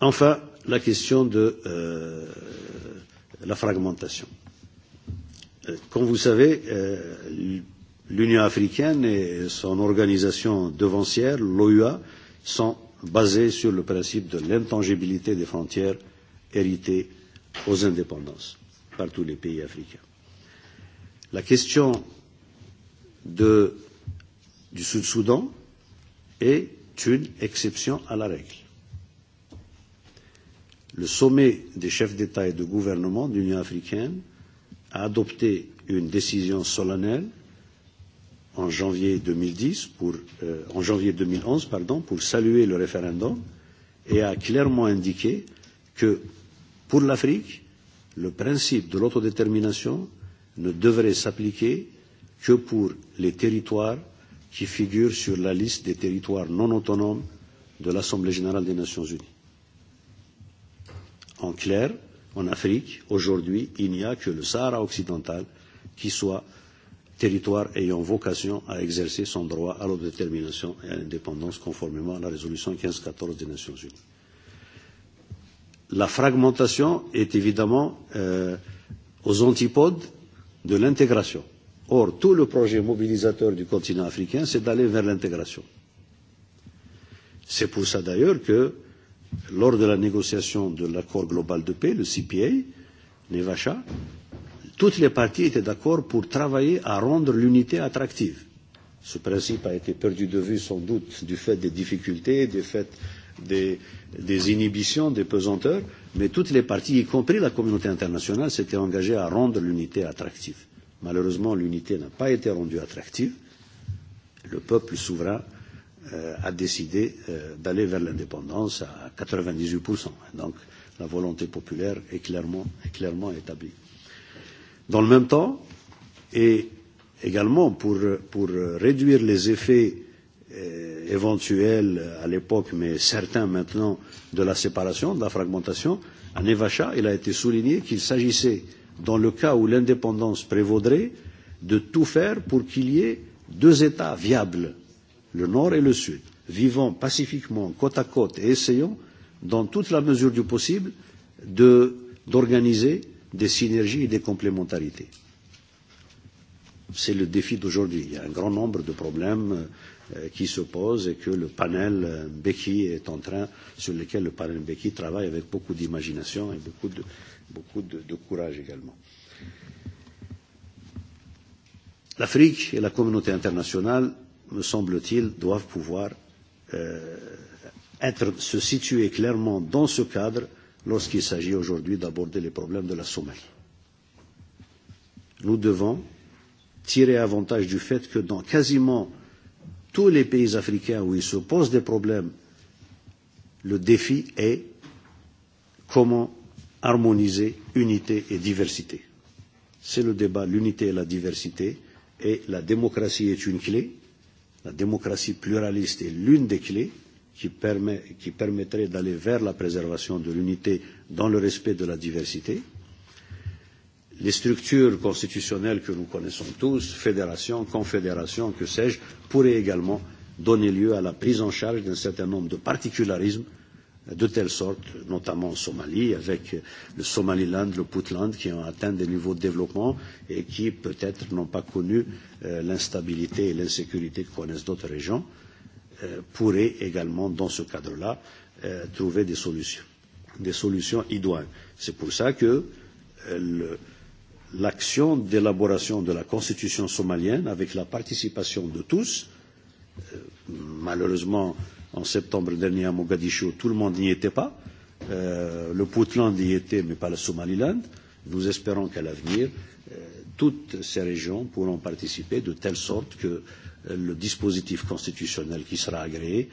Speaker 4: Enfin, la question de la fragmentation. Comme vous savez, l'Union africaine et son organisation devancière, l'OUA, sont basées sur le principe de l'intangibilité des frontières héritées aux indépendances par tous les pays africains. La question de, du Sud-Soudan est une exception à la règle le sommet des chefs d'État et de gouvernement de l'Union africaine a adopté une décision solennelle en janvier deux mille dix en janvier 2011 pardon, pour saluer le référendum et a clairement indiqué que pour l'Afrique, le principe de l'autodétermination ne devrait s'appliquer que pour les territoires qui figurent sur la liste des territoires non autonomes de l'Assemblée générale des Nations unies. En clair, en Afrique, aujourd'hui, il n'y a que le Sahara occidental qui soit territoire ayant vocation à exercer son droit à l'autodétermination et à l'indépendance conformément à la résolution 1514 des Nations Unies. La fragmentation est évidemment euh, aux antipodes de l'intégration. Or, tout le projet mobilisateur du continent africain, c'est d'aller vers l'intégration. C'est pour ça d'ailleurs que euh, lors de la négociation de l'accord global de paix, le CPA, Nevacha, toutes les parties étaient d'accord pour travailler à rendre l'unité attractive. Ce principe a été perdu de vue sans doute du fait des difficultés, du fait des, des inhibitions, des pesanteurs, mais toutes les parties, y compris la communauté internationale, s'étaient engagées à rendre l'unité attractive. Malheureusement, l'unité n'a pas été rendue attractive. Le peuple souverain a décidé d'aller vers l'indépendance à quatre-vingt dix huit Donc la volonté populaire est clairement, établie. Dans le même temps, et également pour, réduire les effets éventuels à l'époque, mais certains maintenant, de la séparation, de la fragmentation, à Nevacha, il a été souligné qu'il s'agissait, dans le cas où l'indépendance prévaudrait, de tout faire pour qu'il y ait deux États viables le Nord et le Sud, vivons pacifiquement côte à côte et essayons, dans toute la mesure du possible, d'organiser des synergies et des complémentarités. C'est le défi d'aujourd'hui. Il y a un grand nombre de problèmes qui se posent et que le panel Becky est en train, sur lesquels le panel Becky travaille avec beaucoup d'imagination et beaucoup de, beaucoup de, de courage également. L'Afrique et la communauté internationale me semble-t-il, doivent pouvoir se situer clairement dans ce cadre lorsqu'il s'agit aujourd'hui d'aborder les problèmes de la Somalie. Nous devons tirer avantage du fait que dans quasiment tous les pays africains où il se pose des problèmes, le défi est comment harmoniser unité et diversité. C'est le débat, l'unité et la diversité, et la démocratie est une clé, La démocratie pluraliste est l'une des clés qui, permet, qui permettrait d'aller vers la préservation de l'unité dans le respect de la diversité. Les structures constitutionnelles que nous connaissons tous, fédérations, confédérations, que sais-je, pourraient également donner lieu à la prise en charge d'un certain nombre de particularismes de telle sorte, notamment en Somalie, avec le Somaliland, le Puntland, qui ont atteint des niveaux de développement et qui peut-être n'ont pas connu l'instabilité et l'insécurité que connaissent d'autres régions, pourraient également, dans ce cadre-là, trouver des solutions, des solutions idoines. C'est pour cela que l'action d'élaboration de la constitution somalienne, avec la participation de tous, malheureusement, euh, en septembre dernier à Mogadiscio, tout le monde n'y était pas. le Puntland y était, mais pas la Somaliland. Nous espérons qu'à l'avenir, toutes ces régions pourront participer de telle sorte que le dispositif constitutionnel qui sera agréé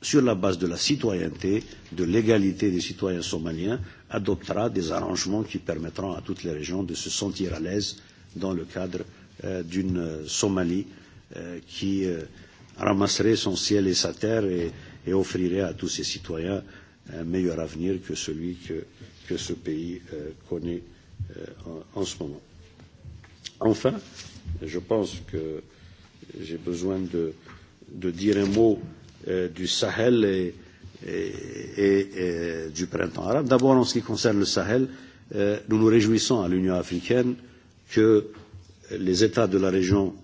Speaker 4: sur la base de la citoyenneté, de l'égalité des citoyens somaliens, adoptera des arrangements qui permettront à toutes les régions de se sentir à l'aise dans le cadre d'une Somalie qui ramasserait son ciel et sa terre et, et offrirait à tous ses citoyens un meilleur avenir que celui que, que ce pays euh, connaît euh, en, en ce moment. Enfin, je pense que j'ai besoin de, de dire un mot euh, du Sahel et, et, et, et du printemps arabe. D'abord, en ce qui concerne le Sahel, euh, nous nous réjouissons à l'Union africaine que les États de la région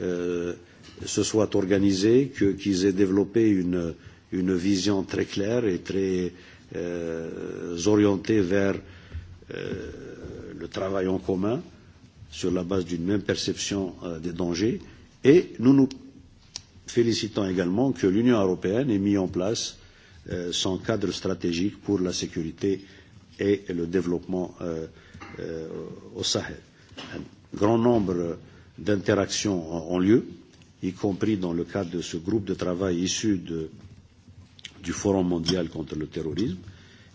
Speaker 4: euh, se soient organisés, qu'ils aient développé une, une vision très claire et très euh, orientée vers euh, le travail en commun sur la base d'une même perception euh, des dangers. Et nous nous félicitons également que l'Union européenne ait mis en place euh, son cadre stratégique pour la sécurité et le développement euh, euh, au Sahel. Un grand nombre d'interactions ont lieu. Euh, y compris dans le cadre de ce groupe de travail issu de, du Forum mondial contre le terrorisme.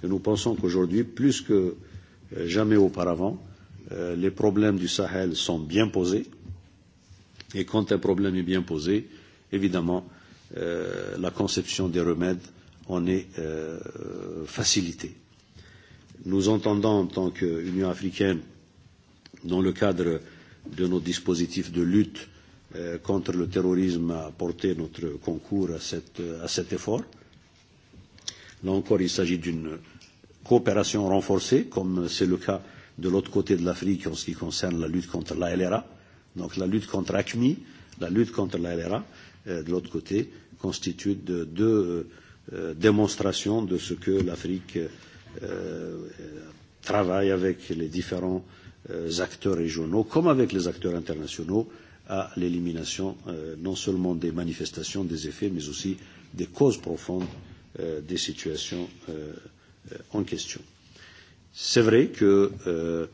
Speaker 4: Et nous pensons qu'aujourd'hui, plus que jamais auparavant, les problèmes du Sahel sont bien posés. Et quand un problème est bien posé, évidemment, la conception des remèdes en est facilitée. Nous entendons, en tant qu'Union africaine, dans le cadre de nos dispositifs de lutte contre le terrorisme a porté notre concours à, cet effort. Là encore, il s'agit d'une coopération renforcée, comme c'est le cas de l'autre côté de l'Afrique en ce qui concerne la lutte contre la LRA. Donc la lutte contre ACMI, la lutte contre la LRA, de l'autre côté, de deux démonstrations de ce que l'Afrique travaille avec les différents acteurs régionaux comme avec les acteurs internationaux à l'élimination non seulement des manifestations, des effets, mais aussi des causes profondes des situations en question. C'est vrai que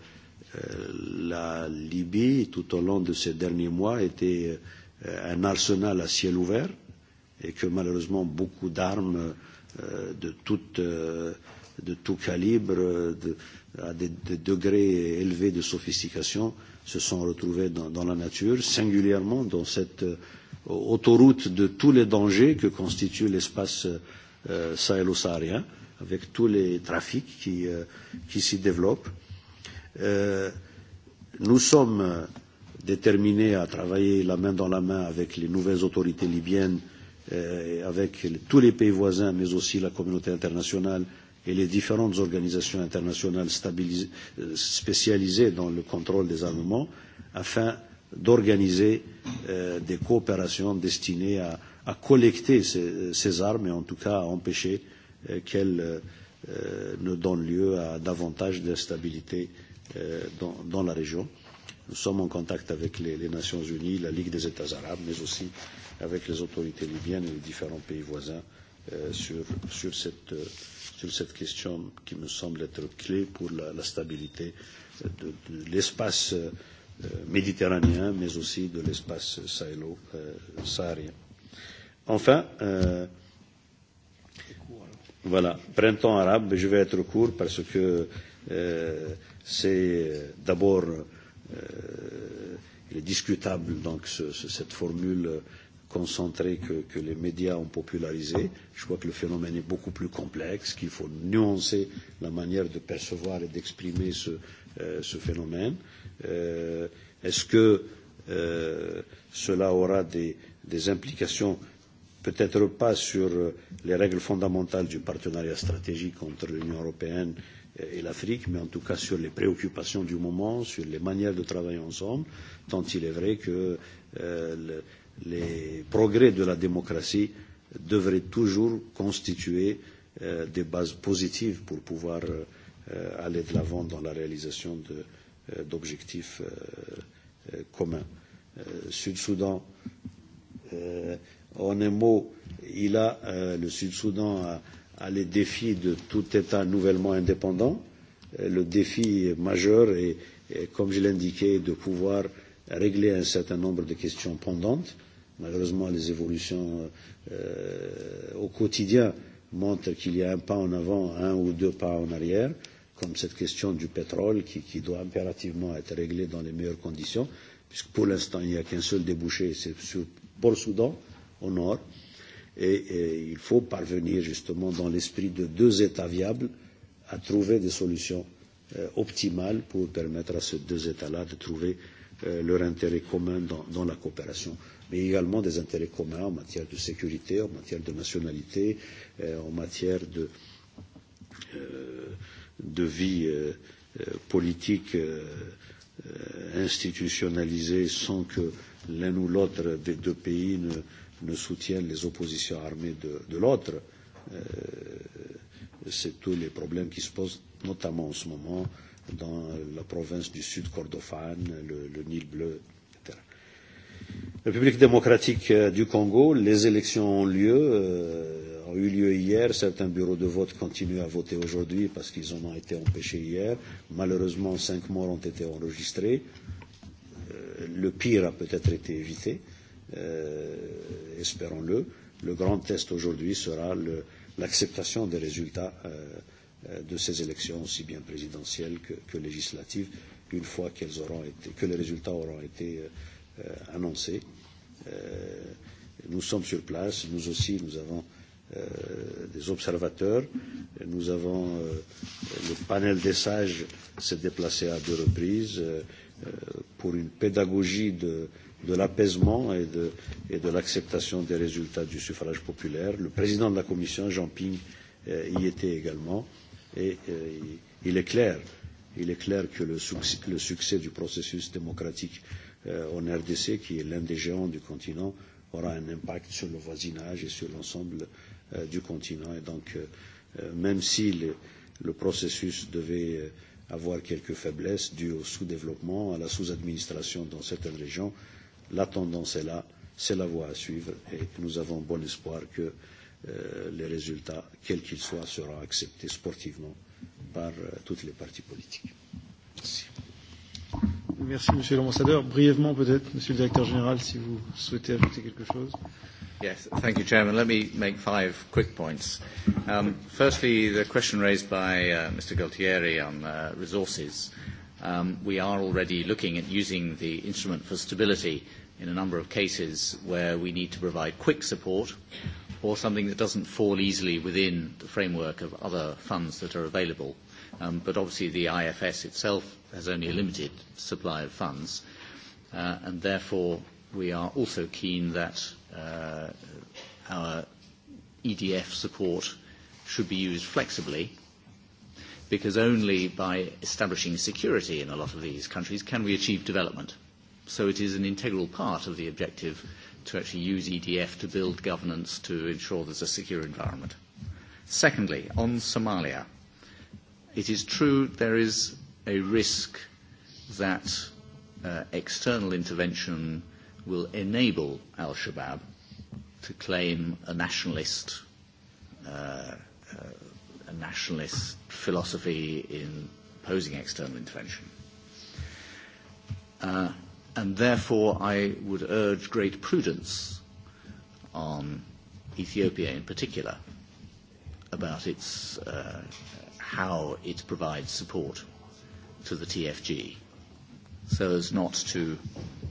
Speaker 4: la Libye, tout au long de ces derniers mois, était un arsenal à ciel ouvert et que malheureusement beaucoup d'armes de, tout calibre, à des degrés élevés de sophistication, se sont retrouvés dans, dans la nature, singulièrement dans cette euh, autoroute de tous les dangers que constitue l'espace euh, sahélo-saharien, avec tous les trafics qui, euh, qui s'y développent. Euh, nous sommes déterminés à travailler la main dans la main avec les nouvelles autorités libyennes, euh, avec tous les pays voisins, mais aussi la communauté internationale, et les différentes organisations internationales spécialisées dans le contrôle des armements afin d'organiser des coopérations destinées à, collecter ces, armes et en tout cas à empêcher qu'elles ne donnent lieu à davantage d'instabilité dans, la région. Nous sommes en contact avec les, Nations Unies, la Ligue des États arabes, mais aussi avec les autorités libyennes et les différents pays voisins sur, cette sur cette question qui me semble être clé pour la, la stabilité de, de l'espace euh, méditerranéen, mais aussi de l'espace sahélo-saharien. Enfin, euh, voilà, printemps arabe, je vais être court parce que euh, c'est d'abord, euh, il est discutable donc ce, ce, cette formule euh, concentré que, que les médias ont popularisé. Je crois que le phénomène est beaucoup plus complexe, qu'il faut nuancer la manière de percevoir et d'exprimer ce, euh, ce phénomène. Euh, Est-ce que euh, cela aura des, des implications peut-être pas sur les règles fondamentales du partenariat stratégique entre l'Union européenne et l'Afrique, mais en tout cas sur les préoccupations du moment, sur les manières de travailler ensemble, tant il est vrai que euh, le, les progrès de la démocratie devraient toujours constituer des bases positives pour pouvoir aller de l'avant dans la réalisation d'objectifs communs. Sud-Soudan, en un mot, il a, le Sud-Soudan a, a les défis de tout État nouvellement indépendant. Le défi majeur est, comme je l'indiquais, de pouvoir régler un certain nombre de questions pendantes Malheureusement, les évolutions euh, au quotidien montrent qu'il y a un pas en avant, un ou deux pas en arrière, comme cette question du pétrole qui, qui doit impérativement être réglée dans les meilleures conditions, puisque pour l'instant, il n'y a qu'un seul débouché, c'est sur Port Soudan, au nord. Et, et il faut parvenir justement dans l'esprit de deux États viables à trouver des solutions euh, optimales pour permettre à ces deux États-là de trouver euh, leur intérêt commun dans, dans la coopération mais également des intérêts communs en matière de sécurité, en matière de nationalité, en matière de, de vie politique institutionnalisée sans que l'un ou l'autre des deux pays ne, ne soutiennent les oppositions armées de, de l'autre. C'est tous les problèmes qui se posent, notamment en ce moment, dans la province du Sud Kordofan, le, le Nil bleu, République démocratique du Congo, les élections ont lieu, euh, ont eu lieu hier. Certains bureaux de vote continuent à voter aujourd'hui parce qu'ils en ont été empêchés hier. Malheureusement, cinq morts ont été enregistrés. le pire a peut-être été évité, euh, espérons-le. Le grand test aujourd'hui sera l'acceptation des résultats euh, de ces élections, aussi bien présidentielles que, que législatives, une fois qu'elles auront été, que les résultats auront été euh, annoncé. nous sommes sur place, nous aussi, nous avons des observateurs. Nous avons le panel des sages s'est déplacé à deux reprises pour une pédagogie de, l'apaisement et de, l'acceptation des résultats du suffrage populaire. Le président de la Commission, Jean Ping, y était également et il est clair, il est clair que le succès, du processus démocratique euh, euh, en RDC, qui est l'un des géants du continent, aura un impact sur le voisinage et sur l'ensemble euh, du continent. Et donc, euh, même si le, le processus devait avoir quelques faiblesses dues au sous-développement, à la sous-administration dans certaines régions, la tendance est là, c'est la voie à suivre et nous avons bon espoir que euh, les résultats, quels qu'ils soient, seront acceptés sportivement par
Speaker 5: euh, toutes les parties politiques. Merci.
Speaker 3: Merci, Monsieur l'Ambassadeur. Brièvement, peut-être, Monsieur le Directeur Général, si vous souhaitez ajouter quelque chose.
Speaker 5: Yes, thank you, Chairman. Let me make five quick points. Um, firstly, the question raised by uh, Mr. Galtieri on uh, resources. Um, we are already looking at using the instrument for stability in a number of cases where we need to provide quick support or something that doesn't fall easily within the framework of other funds that are available. Um, but obviously the IFS itself has only a limited supply of funds, uh, and therefore we are also keen that uh, our EDF support should be used flexibly because only by establishing security in a lot of these countries can we achieve development. So it is an integral part of the objective to actually use EDF to build governance to ensure there's a secure environment. Secondly, on Somalia, it is true there is a risk that uh, external intervention will enable al Shabaab to claim a nationalist, uh, a nationalist philosophy in opposing external intervention. Uh, and therefore, I would urge great prudence on Ethiopia in particular about its, uh, how it provides support to the TFG so as not to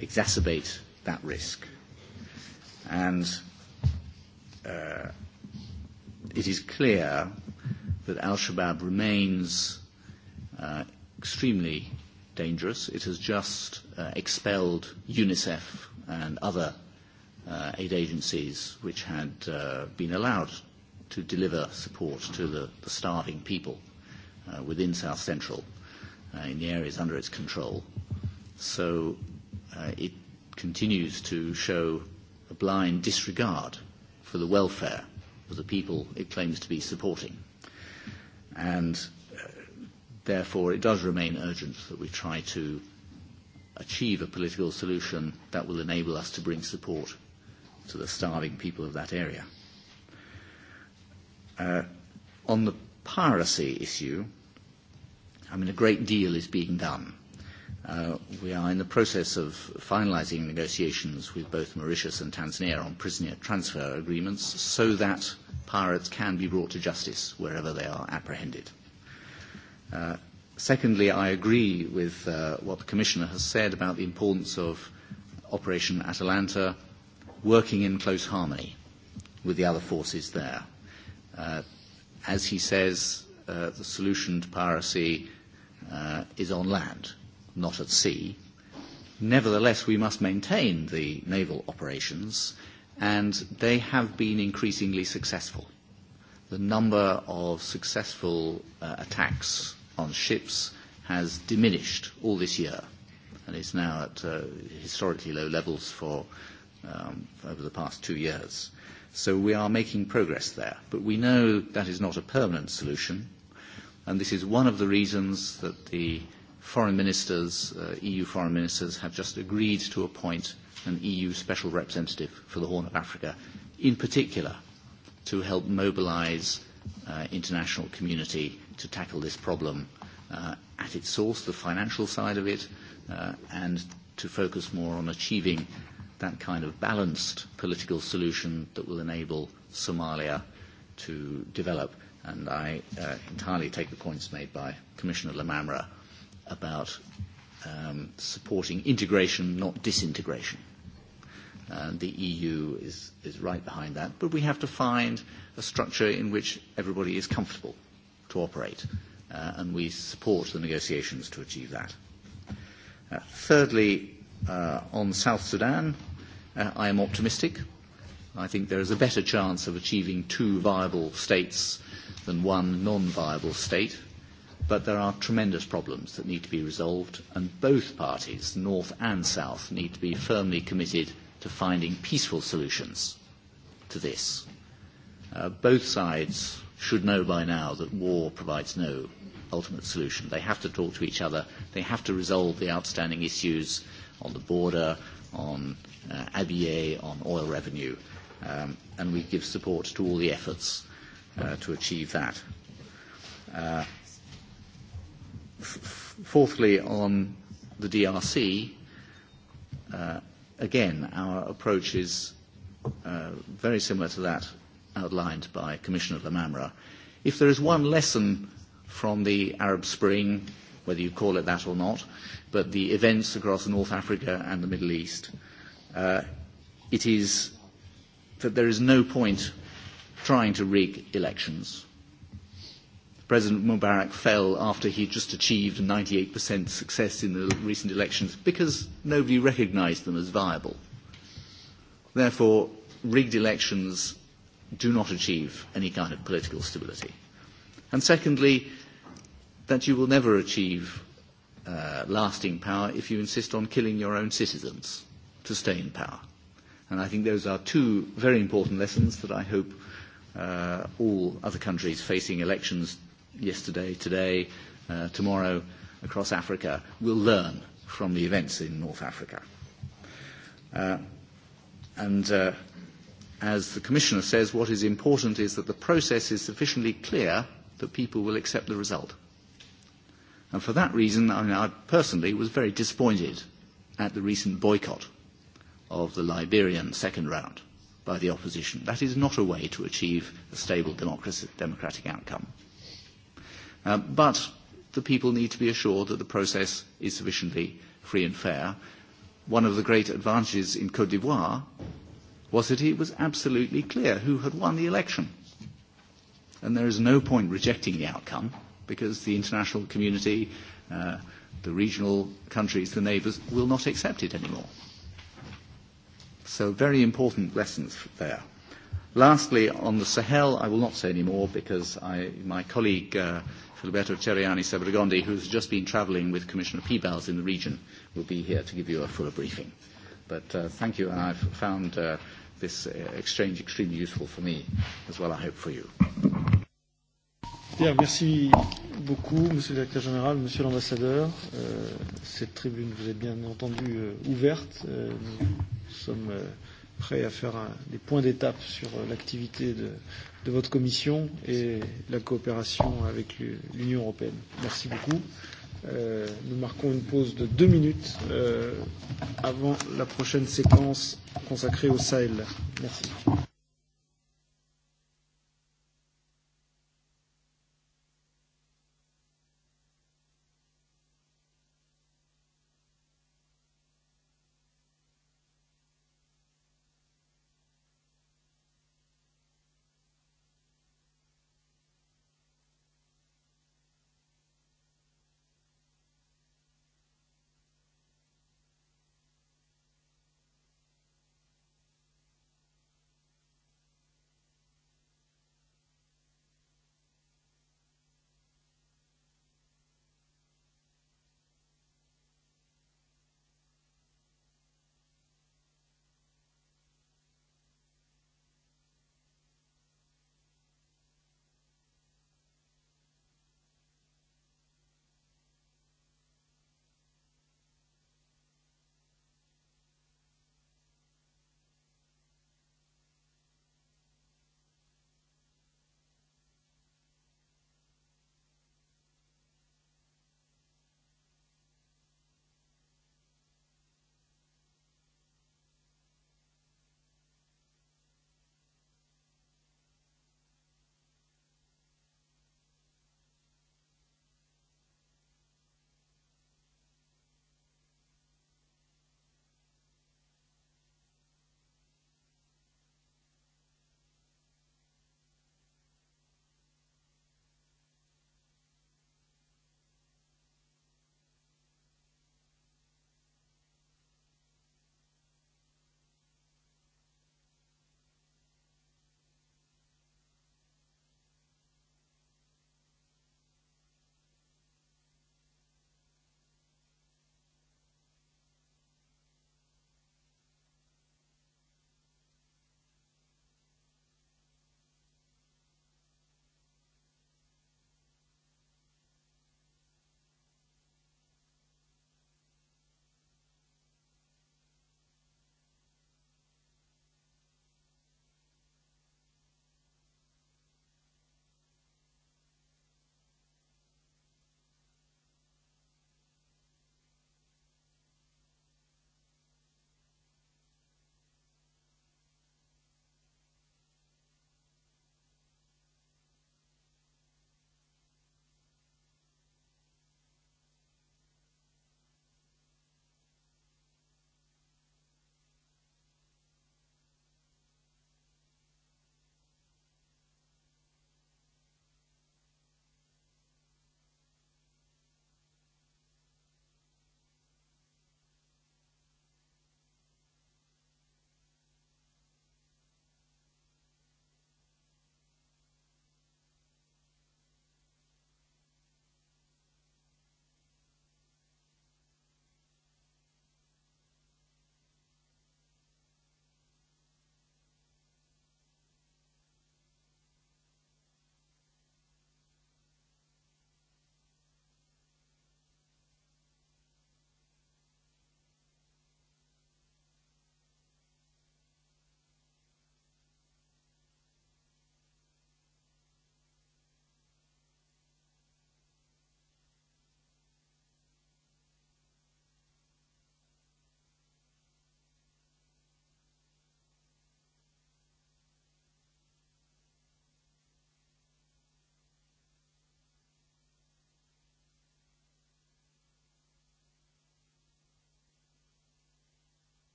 Speaker 5: exacerbate that risk. And uh, it is clear that al-Shabaab remains uh, extremely dangerous. It has just uh, expelled UNICEF and other uh, aid agencies which had uh, been allowed to deliver support to the, the starving people uh, within South Central in the areas under its control. So uh, it continues to show a blind disregard for the welfare of the people it claims to be supporting. And uh, therefore, it does remain urgent that we try to achieve a political solution that will enable us to bring support to the starving people of that area. Uh, on the piracy issue, I mean, a great deal is being done. Uh, we are in the process of finalizing negotiations with both Mauritius and Tanzania on prisoner transfer agreements so that pirates can be brought to justice wherever they are apprehended. Uh, secondly, I agree with uh, what the Commissioner has said about the importance of Operation Atalanta working in close harmony with the other forces there. Uh, as he says, uh, the solution to piracy uh, is on land, not at sea. Nevertheless, we must maintain the naval operations, and they have been increasingly successful. The number of successful uh, attacks on ships has diminished all this year and is now at uh, historically low levels for um, over the past two years. So we are making progress there, but we know that is not a permanent solution And this is one of the reasons that the foreign ministers, uh, EU foreign ministers, have just agreed to appoint an EU special representative for the Horn of Africa, in particular to help mobilize uh, international community to tackle this problem uh, at its source, the financial side of it, uh, and to focus more on achieving that kind of balanced political solution that will enable Somalia to develop and I uh, entirely take the points made by Commissioner Lamamra about um, supporting integration, not disintegration. And the EU is, is right behind that, but we have to find a structure in which everybody is comfortable to operate, uh, and we support the negotiations to achieve that. Uh, thirdly, uh, on South Sudan, uh, I am optimistic. I think there is a better chance of achieving two viable states than one non-viable state, but there are tremendous problems that need to be resolved, and both parties, North and South, need to be firmly committed to finding peaceful solutions to this. Uh, both sides should know by now that war provides no ultimate solution. They have to talk to each other. They have to resolve the outstanding issues on the border, on uh, Abyei, on oil revenue. Um, and we give support to all the efforts uh, to achieve that. Uh, fourthly, on the DRC, uh, again, our approach is uh, very similar to that outlined by Commissioner Lamamra. If there is one lesson from the Arab Spring, whether you call it that or not, but the events across North Africa and the Middle East, uh, it is that there is no point trying to rig elections. President Mubarak fell after he had just achieved 98% success in the recent elections because nobody recognised them as viable. Therefore, rigged elections do not achieve any kind of political stability. And secondly, that you will never achieve uh, lasting power if you insist on killing your own citizens to stay in power. And I think those are two very important lessons that I hope uh, all other countries facing elections yesterday, today, uh, tomorrow across Africa will learn from the events in North Africa. Uh, and uh, as the Commissioner says, what is important is that the process is sufficiently clear that people will accept the result. And for that reason, I, mean, I personally was very disappointed at the recent boycott of the Liberian second round by the opposition. That is not a way to achieve a stable democratic outcome. but the people need to be assured that the process is sufficiently free and fair. One of the great advantages in Cote d'Ivoire was that it was absolutely clear who had won the election. And there is no point rejecting the outcome because the international community, uh, the regional countries, the neighbours will not accept it anymore. So very important lessons there. Lastly, on the Sahel, I will not say any more because I, my colleague uh, Filiberto Ceriani Sebregondi, who's just been travelling with Commissioner Peebles in the region, will be here to give you a fuller briefing. But uh, thank you, and I've found uh, this uh, exchange extremely useful for me as well, I hope for you.
Speaker 3: Bien, merci beaucoup, Monsieur le Directeur Général, Monsieur l'Ambassadeur. Euh, cette tribune vous bien entendu euh, ouverte. Euh, sommes prêts à faire un, des points d'étape sur l'activité de, de votre commission et la coopération avec l'Union européenne. Merci beaucoup. Euh, nous marquons une pause de deux minutes euh, avant la prochaine séquence consacrée au Sahel. Merci.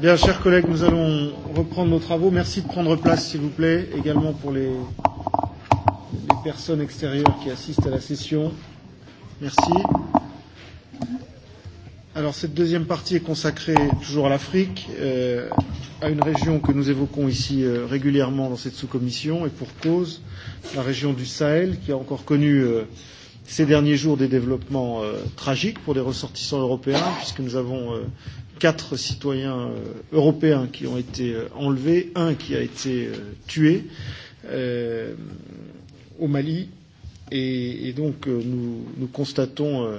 Speaker 3: Bien, chers collègues, nous allons reprendre nos travaux. Merci de prendre place, s'il vous plaît, également pour les, les personnes extérieures qui assistent à la session. Merci. Alors, cette deuxième partie est consacrée toujours à l'Afrique, euh, à une région que nous évoquons ici euh, régulièrement dans cette sous-commission, et pour cause, la région du Sahel, qui a encore connu. Euh, ces derniers jours des développements euh, tragiques pour les ressortissants européens, puisque nous avons euh, quatre citoyens euh, européens qui ont été euh, enlevés, un qui a été euh, tué euh, au Mali, et, et donc euh, nous, nous constatons euh,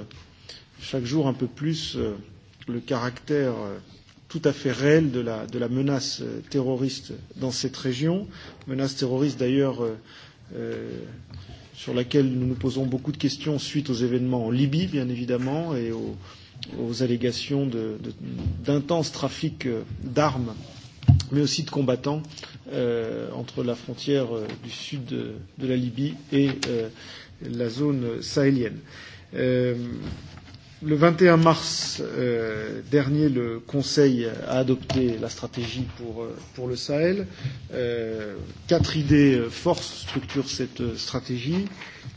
Speaker 3: chaque jour un peu plus euh, le caractère euh, tout à fait réel de la, de la menace euh, terroriste dans cette région, menace terroriste d'ailleurs euh, euh, sur laquelle nous nous posons beaucoup de questions suite aux événements en Libye, bien évidemment, et aux, aux allégations d'intenses trafics d'armes, mais aussi de combattants euh, entre la frontière du sud de, de la Libye et euh, la zone sahélienne. Euh, Le 21 mars euh, dernier, le Conseil a adopté la stratégie pour, pour le Sahel. Euh, quatre idées forces structurent cette stratégie.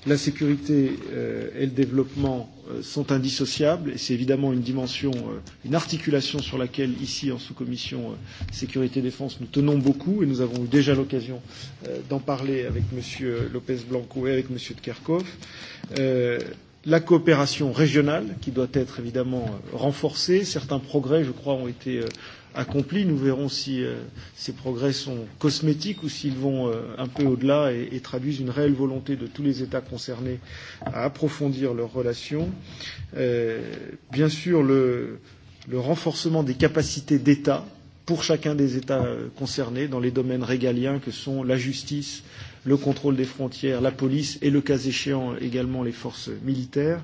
Speaker 3: La sécurité euh, et le développement euh, sont indissociables et c'est évidemment une dimension, euh, une articulation sur laquelle ici en sous-commission euh, sécurité-défense nous tenons beaucoup et nous avons eu déjà l'occasion euh, d'en parler avec M. Lopez Blanco et avec M. de Kerkhoff. Euh, la coopération régionale, qui doit être évidemment renforcée. Certains progrès, je crois, ont été accomplis. Nous verrons si ces progrès sont cosmétiques ou s'ils vont un peu au-delà et, traduisent une réelle volonté de tous les États concernés à approfondir leurs relations. bien sûr, le, renforcement des capacités d'État pour chacun des États concernés dans les domaines régaliens que sont la justice, euh, le contrôle des frontières, la police et le cas échéant également les forces militaires.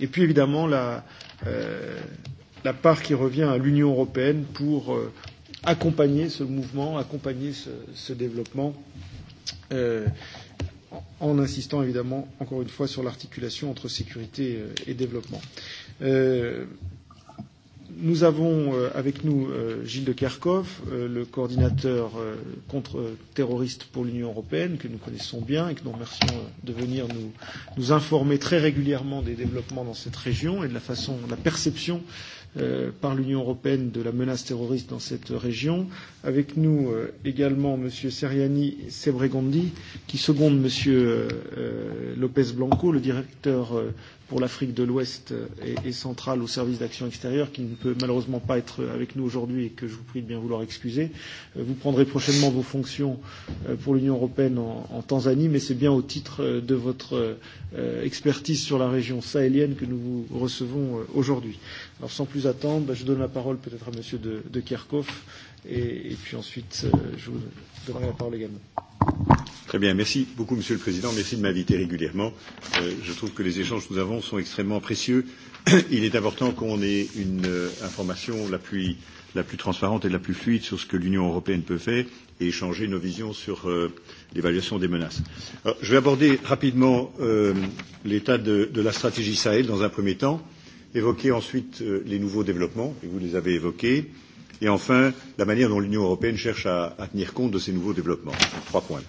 Speaker 3: Et puis évidemment la, euh, la part qui revient à l'Union européenne pour euh, accompagner ce mouvement, accompagner ce, ce développement. Euh, en insistant évidemment encore une fois sur l'articulation entre sécurité et développement. Euh, Nous avons avec nous Gilles de Kerkhoff, le coordinateur contre-terroriste pour l'Union européenne, que nous connaissons bien et que nous remercions de venir nous, nous informer très régulièrement des développements dans cette région et de la façon, de la perception par l'Union européenne de la menace terroriste dans cette région. Avec nous également M. Seriani Sebregondi, qui seconde M. Lopez Blanco, le directeur pour l'Afrique de l'Ouest et, et centrale au service d'action extérieure, qui ne peut malheureusement pas être avec nous aujourd'hui et que je vous prie de bien vouloir excuser. Vous prendrez prochainement vos fonctions pour l'Union européenne en, en Tanzanie, mais c'est bien au titre de votre expertise sur la région sahélienne que nous vous recevons aujourd'hui. Alors sans plus attendre, je donne la parole peut-être à Monsieur de, de Kerkhoff et, et puis ensuite je vous donnerai la parole également.
Speaker 9: Très bien, merci beaucoup Monsieur le Président, merci de m'inviter régulièrement. je trouve que les échanges que nous avons sont extrêmement précieux. Il est important qu'on ait une information la plus, la plus transparente et la plus fluide sur ce que l'Union européenne peut faire et échanger nos visions sur l'évaluation des menaces. je vais aborder rapidement l'état de, la stratégie Sahel dans un premier temps, évoquer ensuite les nouveaux développements, et vous les avez évoqués, euh, et enfin la manière dont l'Union européenne cherche à, à tenir compte de ces nouveaux développements. Donc, trois points.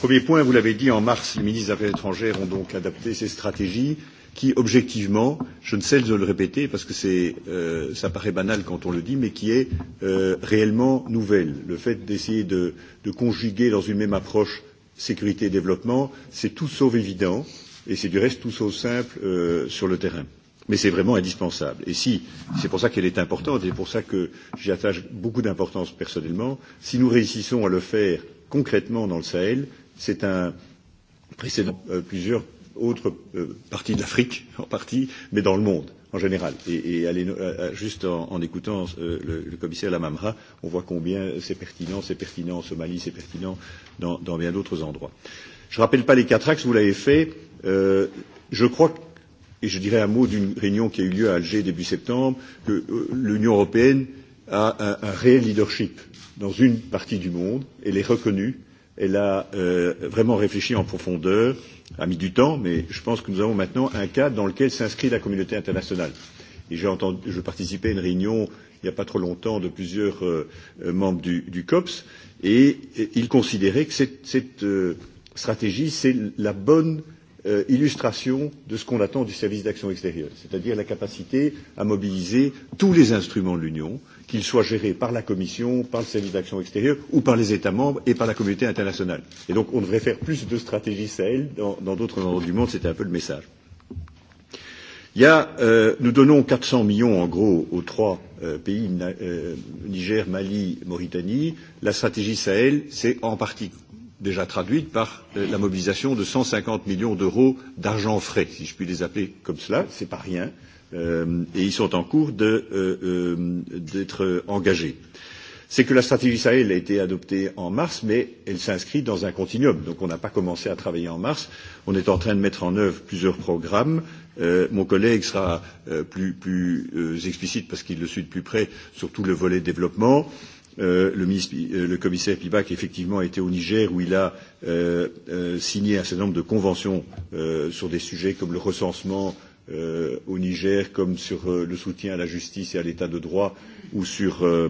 Speaker 9: Premier point, vous l'avez dit, en mars, les ministres des Affaires étrangères ont donc adapté ces stratégies qui, objectivement, je ne cesse de le répéter parce que cela euh, ça paraît banal quand on le dit, mais qui est euh, réellement nouvelle. Le fait d'essayer de, de conjuguer dans une même approche sécurité et développement, c'est tout sauf évident et c'est du reste tout sauf simple euh, sur le terrain mais c'est vraiment indispensable. Et si, c'est pour ça qu'elle est importante, et pour ça que j'y attache beaucoup d'importance personnellement, si nous réussissons à le faire concrètement dans le Sahel, c'est un précédent. Euh, plusieurs autres euh, parties de l'Afrique, en partie, mais dans le monde en général. Et, et juste en, en écoutant euh, le, le commissaire Lamamra, on voit combien c'est pertinent, c'est pertinent en Somalie, c'est pertinent dans, dans bien d'autres endroits. Je ne rappelle pas les quatre axes, vous l'avez fait. Euh, je crois que et je dirais un mot d'une réunion qui a eu lieu à Alger début septembre, que l'Union européenne a un, réel leadership dans une partie du monde, elle est reconnue, elle a vraiment réfléchi en profondeur, a mis du temps, mais je pense que nous avons maintenant un cadre dans lequel s'inscrit la communauté internationale. Et j'ai entendu, je participais à une réunion il n'y a pas trop longtemps de plusieurs membres du, COPS, et ils considéraient que cette, stratégie, c'est la bonne euh, euh, illustration de ce qu'on attend du service d'action extérieure, c'est-à-dire la capacité à mobiliser tous les instruments de l'Union, qu'ils soient gérés par la Commission, par le service d'action extérieure ou par les États membres et par la communauté internationale. Et donc on devrait faire plus de stratégies Sahel dans d'autres endroits du monde, c'était un peu le message. Il y a, euh, nous donnons 400 millions en gros aux trois euh, pays, euh, Niger, Mali, Mauritanie. La stratégie Sahel, c'est en partie déjà traduite par la mobilisation de cent cinquante millions d'euros d'argent frais, si je puis les appeler comme cela, ce n'est pas rien, et ils sont en cours d'être engagés. C'est que la stratégie Sahel a été adoptée en mars, mais elle s'inscrit dans un continuum. Donc on n'a pas commencé à travailler en mars. On est en train de mettre en œuvre plusieurs programmes. mon collègue sera plus, explicite parce qu'il le suit de plus près sur tout le volet développement. Euh, le, ministre, le commissaire Pibac effectivement était au Niger où il a euh, euh, signé un certain nombre de conventions euh, sur des sujets comme le recensement euh, au Niger, comme sur euh, le soutien à la justice et à l'état de droit ou sur euh,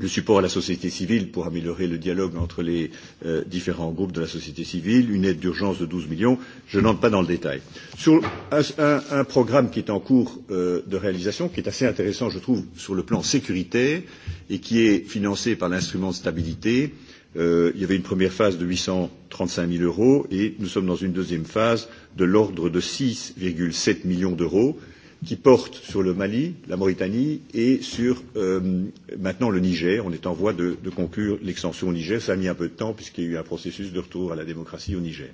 Speaker 9: le support à la société civile pour améliorer le dialogue entre les euh, différents groupes de la société civile, une aide d'urgence de 12 millions. Je n'entre pas dans le détail. Sur un, un, un programme qui est en cours euh, de réalisation, qui est assez intéressant, je trouve, sur le plan sécuritaire et qui est financé par l'instrument de stabilité, euh, il y avait une première phase de 835 000 euros et nous sommes dans une deuxième phase de l'ordre de 6,7 millions d'euros qui porte sur le Mali, la Mauritanie et sur euh, maintenant le Niger. On est en voie de, de conclure l'extension au Niger. Ça a mis un peu de temps puisqu'il y a eu un processus de retour à la démocratie au Niger.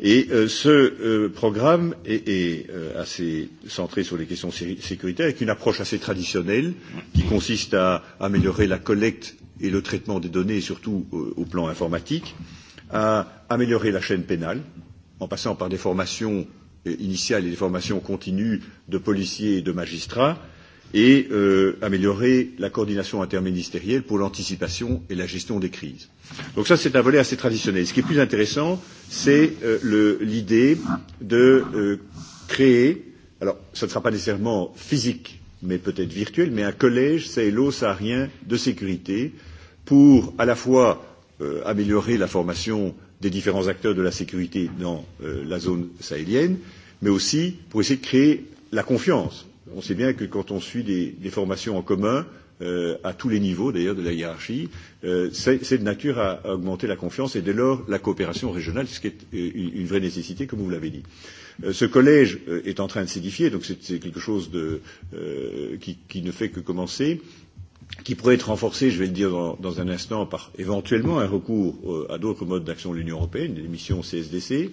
Speaker 9: Et euh, ce euh, programme est, est euh, assez centré sur les questions sécuritaires avec une approche assez traditionnelle qui consiste à améliorer la collecte et le traitement des données, surtout euh, au plan informatique, à améliorer la chaîne pénale en passant par des formations initiale et de formations continues de policiers et de magistrats, et améliorer la coordination interministérielle pour l'anticipation et la gestion des crises. Donc ça, c'est un volet assez traditionnel. Ce qui est plus intéressant, c'est l'idée de créer, alors ce ne sera pas nécessairement physique, mais peut-être virtuel, mais un collège sahélo-saharien de sécurité pour à la fois améliorer la formation des différents acteurs de la sécurité dans la zone sahélienne, mais aussi pour essayer de créer la confiance. On sait bien que quand on suit des, formations en commun, à tous les niveaux d'ailleurs de la hiérarchie, c'est de nature à, augmenter la confiance et dès lors la coopération régionale, ce qui est une vraie nécessité, comme vous l'avez dit. Ce collège est en train de s'édifier, donc c'est quelque chose qui, ne fait que commencer qui pourrait être renforcée, je vais le dire dans, dans un instant, par éventuellement un recours euh, à d'autres modes d'action de l'Union européenne, des missions CSDC,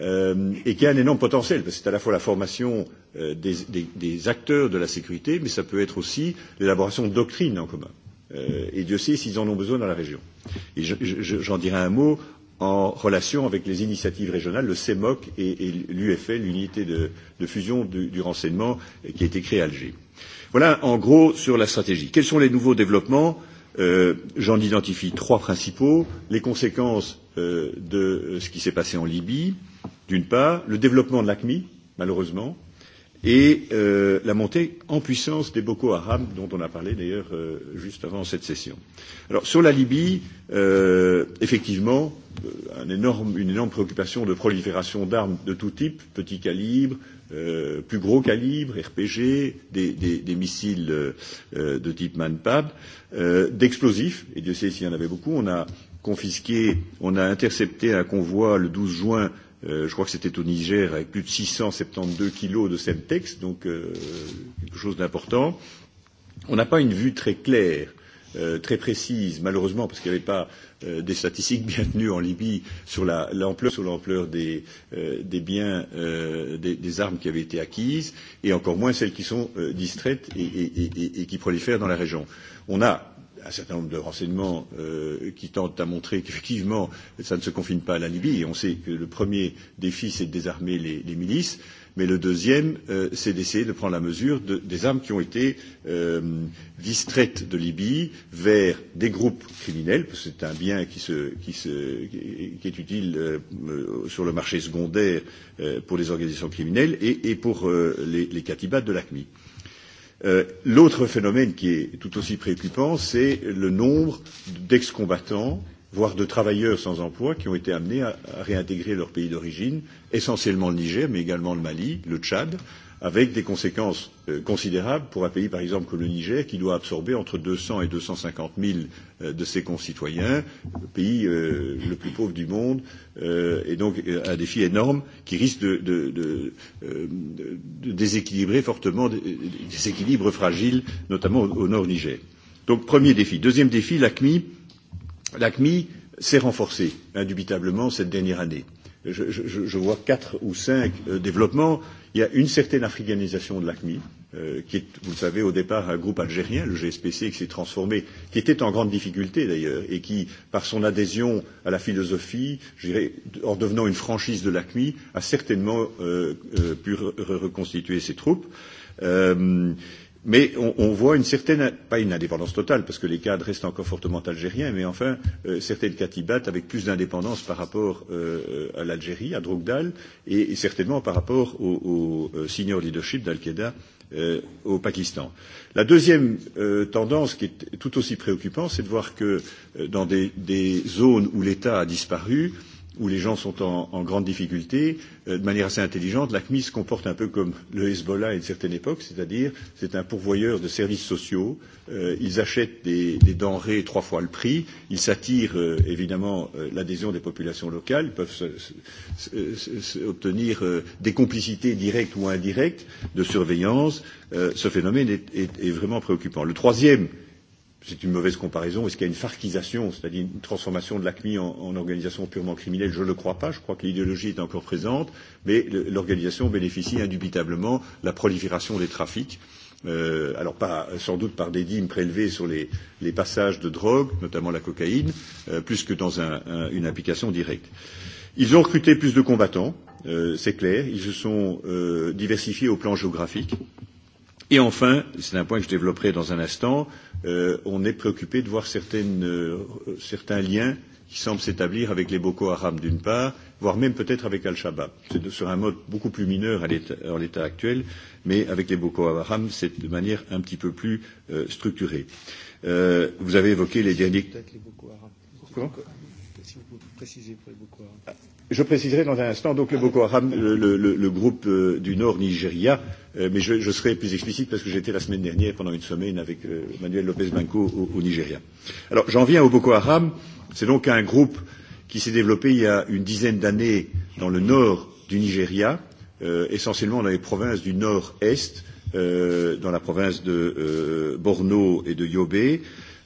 Speaker 9: euh, et qui a un énorme potentiel, parce que c'est à la fois la formation euh, des, des, des acteurs de la sécurité, mais ça peut être aussi l'élaboration de doctrines en commun. Euh, et Dieu sait s'ils en ont besoin dans la région. Et j'en je, je, dirai un mot en relation avec les initiatives régionales, le CEMOC et, et l'UFL, l'unité de, de fusion du, du renseignement qui a été créée à Alger. Voilà en gros sur la stratégie. Quels sont les nouveaux développements euh, J'en identifie trois principaux. Les conséquences euh, de ce qui s'est passé en Libye, d'une part, le développement de l'ACMI, malheureusement, et euh, la montée en puissance des Boko Haram, dont on a parlé d'ailleurs euh, juste avant cette session. Alors sur la Libye, euh, effectivement, un énorme, une énorme préoccupation de prolifération d'armes de tout type, petits calibres, plus gros calibre, RPG, des, des, des missiles euh, de type Manpad, euh, d'explosifs, et Dieu sait s'il y en avait beaucoup. On a confisqué, on a intercepté un convoi le 12 juin je crois que c'était au Niger, avec plus de 672 kilos de Semtex, donc euh, quelque chose d'important. On n'a pas une vue très claire très précise, malheureusement, parce qu'il n'y avait pas des statistiques bien tenues en Libye sur l'ampleur sur l'ampleur des, des biens, des, des armes qui avaient été acquises, et encore moins celles qui sont distraites et, et, et, et qui prolifèrent dans la région. On a un certain nombre de renseignements euh, qui tentent à montrer qu'effectivement, ça ne se confine pas à la Libye. Et on sait que le premier défi, c'est de désarmer les, les milices. Euh, Mais le deuxième, c'est d'essayer de prendre la mesure des armes qui ont été distraites de Libye vers des groupes criminels, parce que c'est un bien qui, est utile sur le marché secondaire pour les organisations criminelles et, pour les, katibas de l'ACMI. L'autre phénomène qui est tout aussi préoccupant, c'est le nombre d'ex-combattants voire de travailleurs sans emploi qui ont été amenés à, réintégrer leur pays d'origine, essentiellement le Niger, mais également le Mali, le Tchad, avec des conséquences considérables pour un pays, par exemple, comme le Niger, qui doit absorber entre deux cents et deux cent cinquante de ses concitoyens, le pays le plus pauvre du monde, et donc un défi énorme qui risque de, déséquilibrer fortement des équilibres fragiles, notamment au, nord Niger. Donc premier défi. Deuxième défi, l'ACMI L'ACMI s'est renforcée, indubitablement, cette dernière année. Je, je, je vois quatre ou cinq euh, développements. Il y a une certaine africanisation de l'ACMI, euh, qui est, vous le savez, au départ un groupe algérien, le GSPC, qui s'est transformé, qui était en grande difficulté d'ailleurs, et qui, par son adhésion à la philosophie, je dirais, en devenant une franchise de l'ACMI, a certainement euh, euh, pu reconstituer ses troupes. Euh, Mais on, on voit une certaine, pas une indépendance totale, parce que les cadres restent encore fortement algériens, mais enfin, euh, certaines katibates avec plus d'indépendance par rapport euh, à l'Algérie, à Drogdal, et, et certainement par rapport au, au senior leadership d'Al-Qaïda euh, au Pakistan. La deuxième euh, tendance qui est tout aussi préoccupante, c'est de voir que euh, dans des, des zones où l'État a disparu, euh, où les gens sont en, en grande difficulté, euh, de manière assez intelligente, l'ACMI se comporte un peu comme le Hezbollah à une certaine époque, c'est-à-dire c'est un pourvoyeur de services sociaux, euh, ils achètent des, des denrées trois fois le prix, ils s'attirent euh, évidemment euh, l'adhésion des populations locales, ils peuvent se, se, se, se, obtenir euh, des complicités directes ou indirectes de surveillance, euh, ce phénomène est, est, est vraiment préoccupant. Le troisième euh, c'est une mauvaise comparaison. Est-ce qu'il y a une farcisation, c'est-à-dire une transformation de l'ACMI en, en organisation purement criminelle Je ne le crois pas. Je crois que l'idéologie est encore présente, mais l'organisation bénéficie indubitablement de la prolifération des trafics. Euh, alors pas, sans doute par des dîmes prélevées sur les, les passages de drogue, notamment la cocaïne, euh, plus que dans un, un, une application directe. Ils ont recruté plus de combattants, euh, c'est clair. Ils se sont euh, diversifiés au plan géographique. Et enfin, c'est un point que je développerai dans un instant, euh, euh, on est préoccupé de voir certaines, euh, certains liens qui semblent s'établir avec les Boko Haram d'une part, voire même peut-être avec Al-Shabaab. C'est sur un mode beaucoup plus mineur en l'état actuel, mais avec les Boko Haram, c'est de manière un petit peu plus euh, structurée. Euh, vous avez évoqué les derniers.
Speaker 3: Peut-être les Boko Haram. Pourquoi Si vous pouvez préciser pour les Boko Haram.
Speaker 9: Je préciserai dans un instant donc le Boko Haram, le, le, le, le groupe euh, du Nord Nigeria, euh, mais je, je serai plus explicite parce que j'étais la semaine dernière pendant une semaine avec euh, Manuel Lopez Banco au, au Nigeria. Alors j'en viens au Boko Haram. C'est donc un groupe qui s'est développé il y a une dizaine d'années dans le nord du Nigeria, euh, essentiellement dans les provinces du nord-est, euh, dans la province de euh, Borno et de Yobe,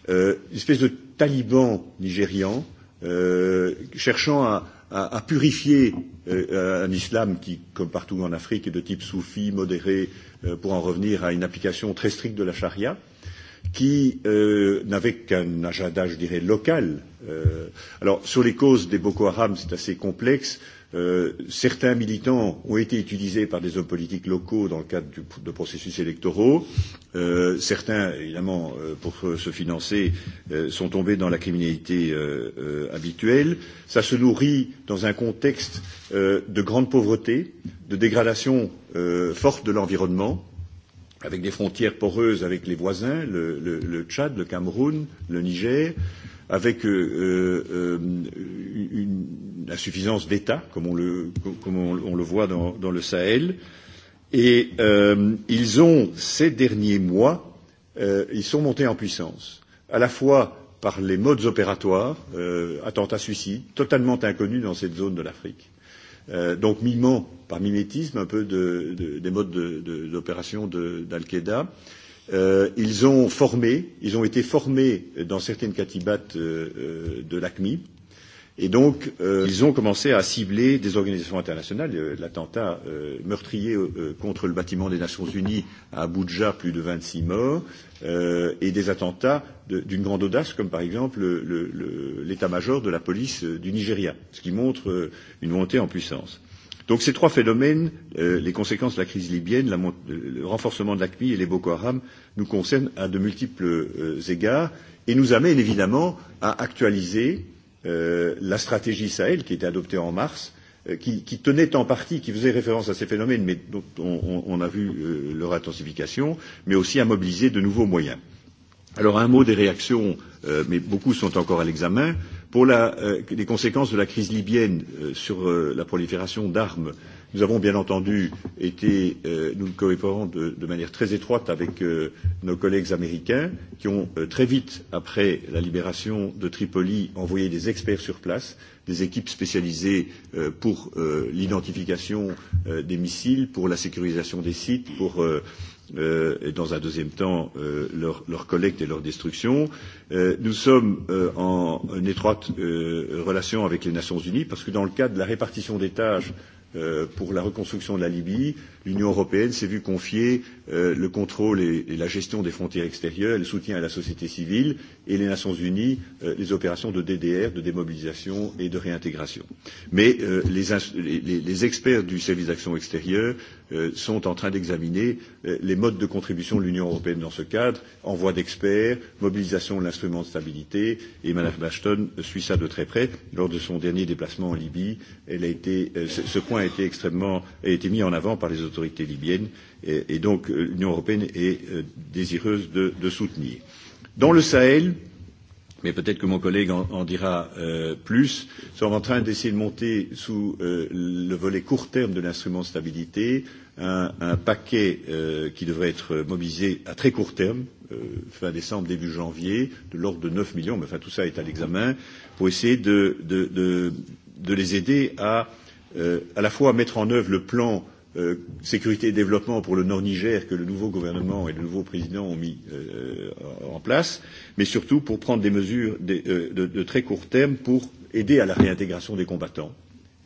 Speaker 9: euh, une espèce de taliban nigérian euh, cherchant à à, à purifier euh, un islam qui, comme partout en Afrique, est de type soufi, modéré, euh, pour en revenir à une application très stricte de la charia, qui euh, n'avait qu'un agenda, je dirais, local. Euh, alors, sur les causes des Boko Haram, c'est assez complexe. Euh, certains militants ont été utilisés par des hommes politiques locaux dans le cadre de processus électoraux. certains, évidemment, pour se financer, sont tombés dans la criminalité habituelle. Cela se nourrit dans un contexte de grande pauvreté, de dégradation forte de l'environnement avec des frontières poreuses avec les voisins, le, Tchad, le Cameroun, le Niger, euh, avec une insuffisance d'État, comme on le, comme on, le voit dans, dans le Sahel. Et ils ont, ces derniers mois, ils sont montés en puissance, à la fois par les modes opératoires, euh, attentats-suicides, totalement inconnus dans cette zone de l'Afrique. Euh, donc mimant, par mimétisme, un peu de, de, des modes d'opération de, d'Al-Qaïda. De, ils ont formé, ils ont été formés dans certaines Katibat de l'ACMI, et donc ils ont commencé à cibler des organisations internationales. L'attentat meurtrier contre le bâtiment des Nations Unies à Abuja, plus de 26 morts, et des attentats d'une grande audace, comme par exemple l'état-major de la police du Nigeria, ce qui montre une montée en puissance. Donc ces trois phénomènes, euh, les conséquences de la crise libyenne, la, le renforcement de l'ACMI et les Boko Haram, nous concernent à de multiples euh, égards et nous amènent évidemment à actualiser euh, la stratégie Sahel qui a été adoptée en mars, euh, qui, qui tenait en partie, qui faisait référence à ces phénomènes, mais dont on, on, a vu euh, leur intensification, mais aussi à mobiliser de nouveaux moyens. Alors un mot des réactions, euh, mais beaucoup sont encore à l'examen. Pour la, euh, les conséquences de la crise libyenne euh, sur euh, la prolifération d'armes, nous avons bien entendu été, euh, nous coopérons de, de manière très étroite avec euh, nos collègues américains qui ont euh, très vite, après la libération de Tripoli, envoyé des experts sur place, des équipes spécialisées euh, pour euh, l'identification euh, des missiles, pour la sécurisation des sites, pour euh, euh, et dans un deuxième temps euh, leur, leur collecte et leur destruction. Euh, nous sommes euh, en une étroite euh, relation avec les Nations Unies parce que dans le cadre de la répartition des tâches euh, pour la reconstruction de la Libye, l'Union européenne s'est vue confier le contrôle et, la gestion des frontières extérieures, le soutien à la société civile et les Nations unies les opérations de DDR, de démobilisation et de réintégration. Mais les, experts du service d'action extérieure sont en train d'examiner les modes de contribution de l'Union européenne dans ce cadre, envoi d'experts, mobilisation de l'instrument de stabilité et Mme Ashton suit ça de très près. Lors de son dernier déplacement en Libye, elle a été, ce point a été extrêmement a été mis en avant par les autorités autorités libyennes et, et donc l'Union européenne est désireuse de, de soutenir. Dans le Sahel, mais peut-être que mon collègue en, en dira euh, plus. Nous sommes en train d'essayer de monter sous euh, le volet court terme de l'instrument de stabilité un, un paquet euh, qui devrait être mobilisé à très court terme, euh, fin décembre, début janvier, de l'ordre de 9 millions, mais enfin tout ça est à l'examen, pour essayer de, de, de, de les aider à euh, à la fois à mettre en œuvre le plan euh, sécurité et développement pour le Nord-Niger que le nouveau gouvernement et le nouveau président ont mis en place, mais surtout pour prendre des mesures de, très court terme pour aider à la réintégration des combattants.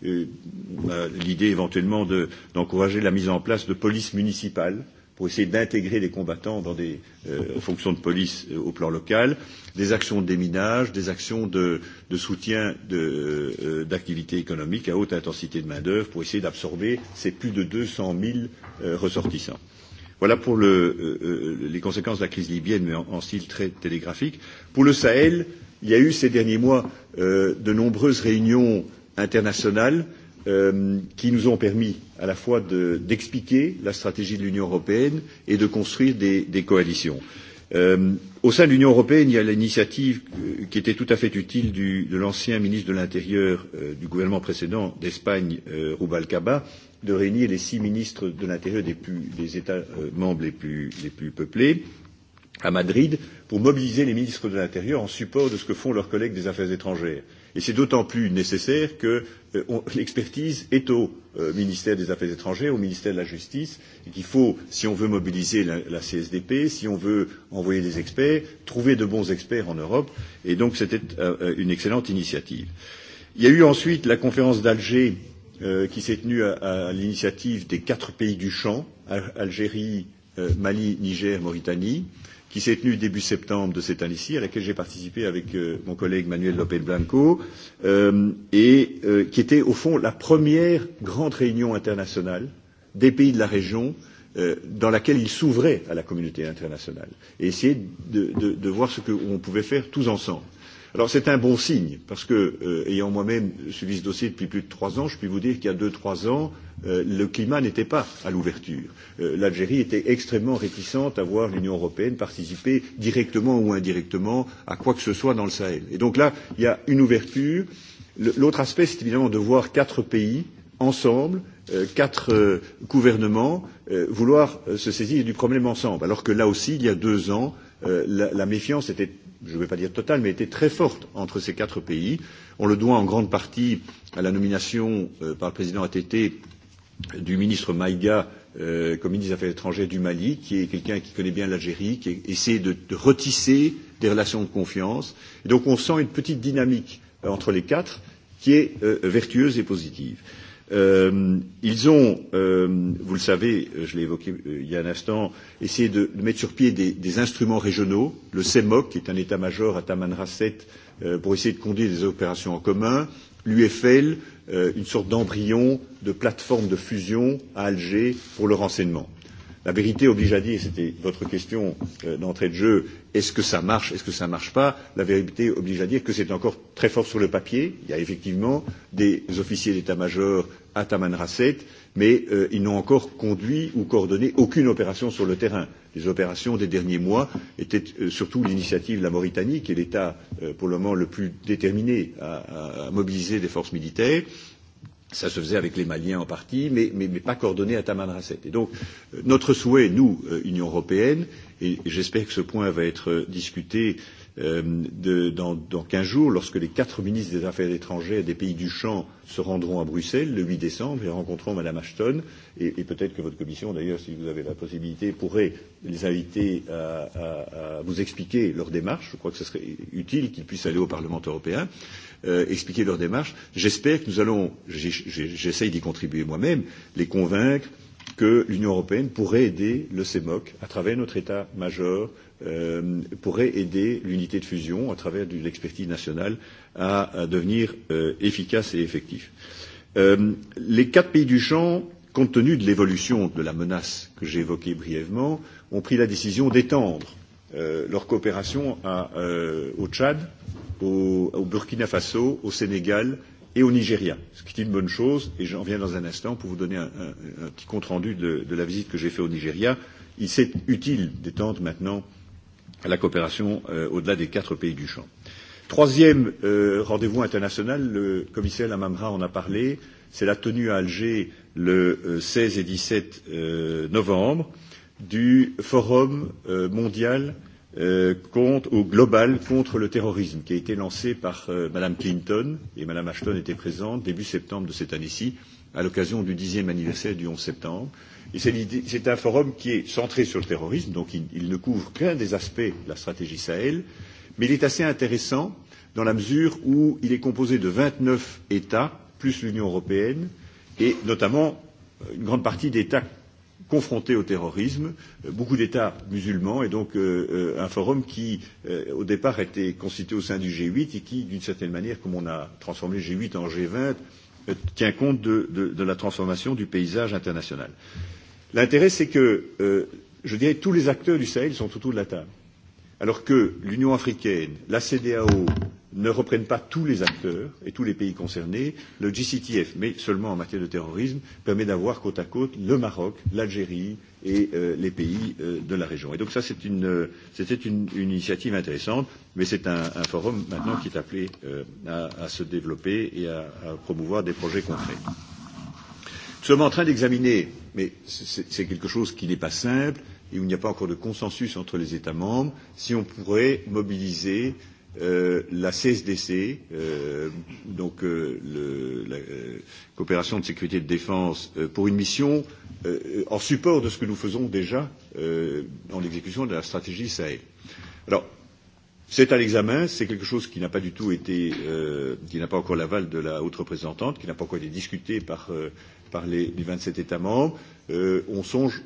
Speaker 9: L'idée éventuellement d'encourager la mise en place de polices municipales euh, pour essayer d'intégrer les combattants dans des euh, fonctions de police euh, au plan local, des actions de déminage, des actions de, de soutien d'activités euh, économiques à haute intensité de main-d'œuvre pour essayer d'absorber ces plus de 200 000 euh, ressortissants. Voilà pour le, euh, les conséquences de la crise libyenne, mais en, en style très télégraphique. Pour le Sahel, il y a eu ces derniers mois euh, de nombreuses réunions internationales euh, qui nous ont permis à la fois d'expliquer la stratégie de l'Union européenne et de construire des, coalitions. au sein de l'Union européenne, il y a l'initiative qui était tout à fait utile de l'ancien ministre de l'Intérieur du gouvernement précédent d'Espagne, Rubalcaba, de réunir les six ministres de l'Intérieur des, États membres les plus, peuplés à Madrid pour mobiliser les ministres de l'Intérieur en support de ce que font leurs collègues des affaires étrangères. Euh, Et c'est d'autant plus nécessaire que euh, l'expertise est au euh, ministère des Affaires étrangères, au ministère de la Justice, et qu'il faut, si on veut mobiliser la, la CSDP, si on veut envoyer des experts, trouver de bons experts en Europe. Et donc c'était euh, une excellente initiative. Il y a eu ensuite la conférence d'Alger euh, qui s'est tenue à, à l'initiative des quatre pays du champ, Algérie, euh, Mali, Niger, Mauritanie. Euh, qui s'est tenue début septembre de cette année-ci, à laquelle j'ai participé avec euh, mon collègue Manuel López Blanco, euh, et euh, qui était au fond la première grande réunion internationale des pays de la région dans laquelle il s'ouvrait à la communauté internationale et essayer de, de, de voir ce qu'on pouvait faire tous ensemble. Alors c'est un bon signe, parce que, euh, ayant moi-même suivi ce dossier depuis plus de trois ans, je puis vous dire qu'il y a deux, trois ans, euh, le climat n'était pas à l'ouverture. Euh, L'Algérie était extrêmement réticente à voir l'Union européenne participer directement ou indirectement à quoi que ce soit dans le Sahel. Et donc là, il y a une ouverture. L'autre aspect, c'est évidemment de voir quatre pays ensemble, quatre gouvernements, vouloir se saisir du problème ensemble, alors que là aussi, il y a deux ans, la, méfiance était je ne vais pas dire totale, mais était très forte entre ces quatre pays. On le doit en grande partie à la nomination euh, par le président ATT du ministre Maïga euh, comme ministre des Affaires étrangères du Mali, qui est quelqu'un qui connaît bien l'Algérie, qui essaie de, de retisser des relations de confiance. Et donc on sent une petite dynamique euh, entre les quatre qui est euh, vertueuse et positive. Euh, ils ont, vous le savez, je l'ai évoqué il y a un instant, essayé de, mettre sur pied des, instruments régionaux, le CEMOC, qui est un état-major à Tamanrasset, pour essayer de conduire des opérations en commun, l'UFL, une sorte d'embryon de plateforme de fusion à Alger pour le renseignement. La vérité oblige à dire, c'était votre question d'entrée de jeu, est-ce que ça marche, est-ce que ça ne marche pas La vérité oblige à dire que c'est encore très fort sur le papier. Il y a effectivement des officiers d'état-major à Rasset, mais ils n'ont encore conduit ou coordonné aucune opération sur le terrain. Les opérations des derniers mois étaient surtout l'initiative de la Mauritanie, qui est l'État pour le moment le plus déterminé à, mobiliser des forces militaires. Cela se faisait avec les Maliens en partie, mais, pas coordonné à Tamanrasset. Et donc, notre souhait, nous, Union européenne, et j'espère que ce point va être discuté euh, de, dans, dans 15 jours, lorsque les quatre ministres des Affaires étrangères des pays du champ se rendront à Bruxelles le 8 décembre et rencontreront Mme Ashton. Et, et peut-être que votre commission, d'ailleurs, si vous avez la possibilité, pourrait les inviter à, à, à vous expliquer leur démarche. Je crois que ce serait utile qu'ils puissent aller au Parlement européen, euh, expliquer leur démarche. J'espère que nous allons, j'essaye d'y contribuer moi-même, les convaincre que l'Union européenne pourrait aider le CEMOC à travers notre État-major, pourrait aider l'unité de fusion à travers de l'expertise nationale à, devenir efficace et effectif. les quatre pays du champ, compte tenu de l'évolution de la menace que j'ai évoquée brièvement, ont pris la décision d'étendre leur coopération au Tchad, au, Burkina Faso, au Sénégal et au Nigeria, ce qui est une bonne chose, et j'en viens dans un instant pour vous donner un, un, un petit compte-rendu de, de la visite que j'ai faite au Nigeria. Il s'est utile d'étendre maintenant la coopération euh, au-delà des quatre pays du champ. Troisième euh, rendez-vous international, le commissaire Lamamra en a parlé, c'est la tenue à Alger le euh, 16 et 17 euh, novembre du Forum euh, mondial euh, contre, au global contre le terrorisme, qui a été lancé par euh, Mme Clinton, et Mme Ashton était présente début septembre de cette année-ci, à l'occasion du dixième anniversaire du 11 septembre. Et c'est un forum qui est centré sur le terrorisme, donc il, il ne couvre qu'un des aspects de la stratégie Sahel, mais il est assez intéressant dans la mesure où il est composé de 29 États, plus l'Union européenne, et notamment une grande partie d'États confrontés au terrorisme, beaucoup d'États musulmans, et donc un forum qui, au départ, était constitué au sein du g huit et qui, d'une certaine manière, comme on a transformé le g huit en g vingt, tient compte de, la transformation du paysage international. L'intérêt, c'est que, je dirais, tous les acteurs du Sahel sont autour de la table alors que l'Union africaine, la CEDEAO ne reprennent pas tous les acteurs et tous les pays concernés, le GCTF, mais seulement en matière de terrorisme, permet d'avoir côte à côte le Maroc, l'Algérie et les pays de la région. Et donc ça, une, c'était une, initiative intéressante, mais c'est un, forum maintenant qui est appelé à, se développer et à, promouvoir des projets concrets. Nous sommes en train d'examiner, mais c'est quelque chose qui n'est pas simple, et où il n'y a pas encore de consensus entre les États membres, si on pourrait mobiliser euh, la CSDC, euh, donc euh, le, la euh, coopération de sécurité et de défense, euh, pour une mission euh, en support de ce que nous faisons déjà euh, dans l'exécution de la stratégie Sahel. Alors, c'est à l'examen, c'est quelque chose qui n'a pas du tout été, euh, qui n'a pas encore l'aval de la haute représentante, qui n'a pas encore été discuté par, euh, par les, les 27 États membres. Euh, on songe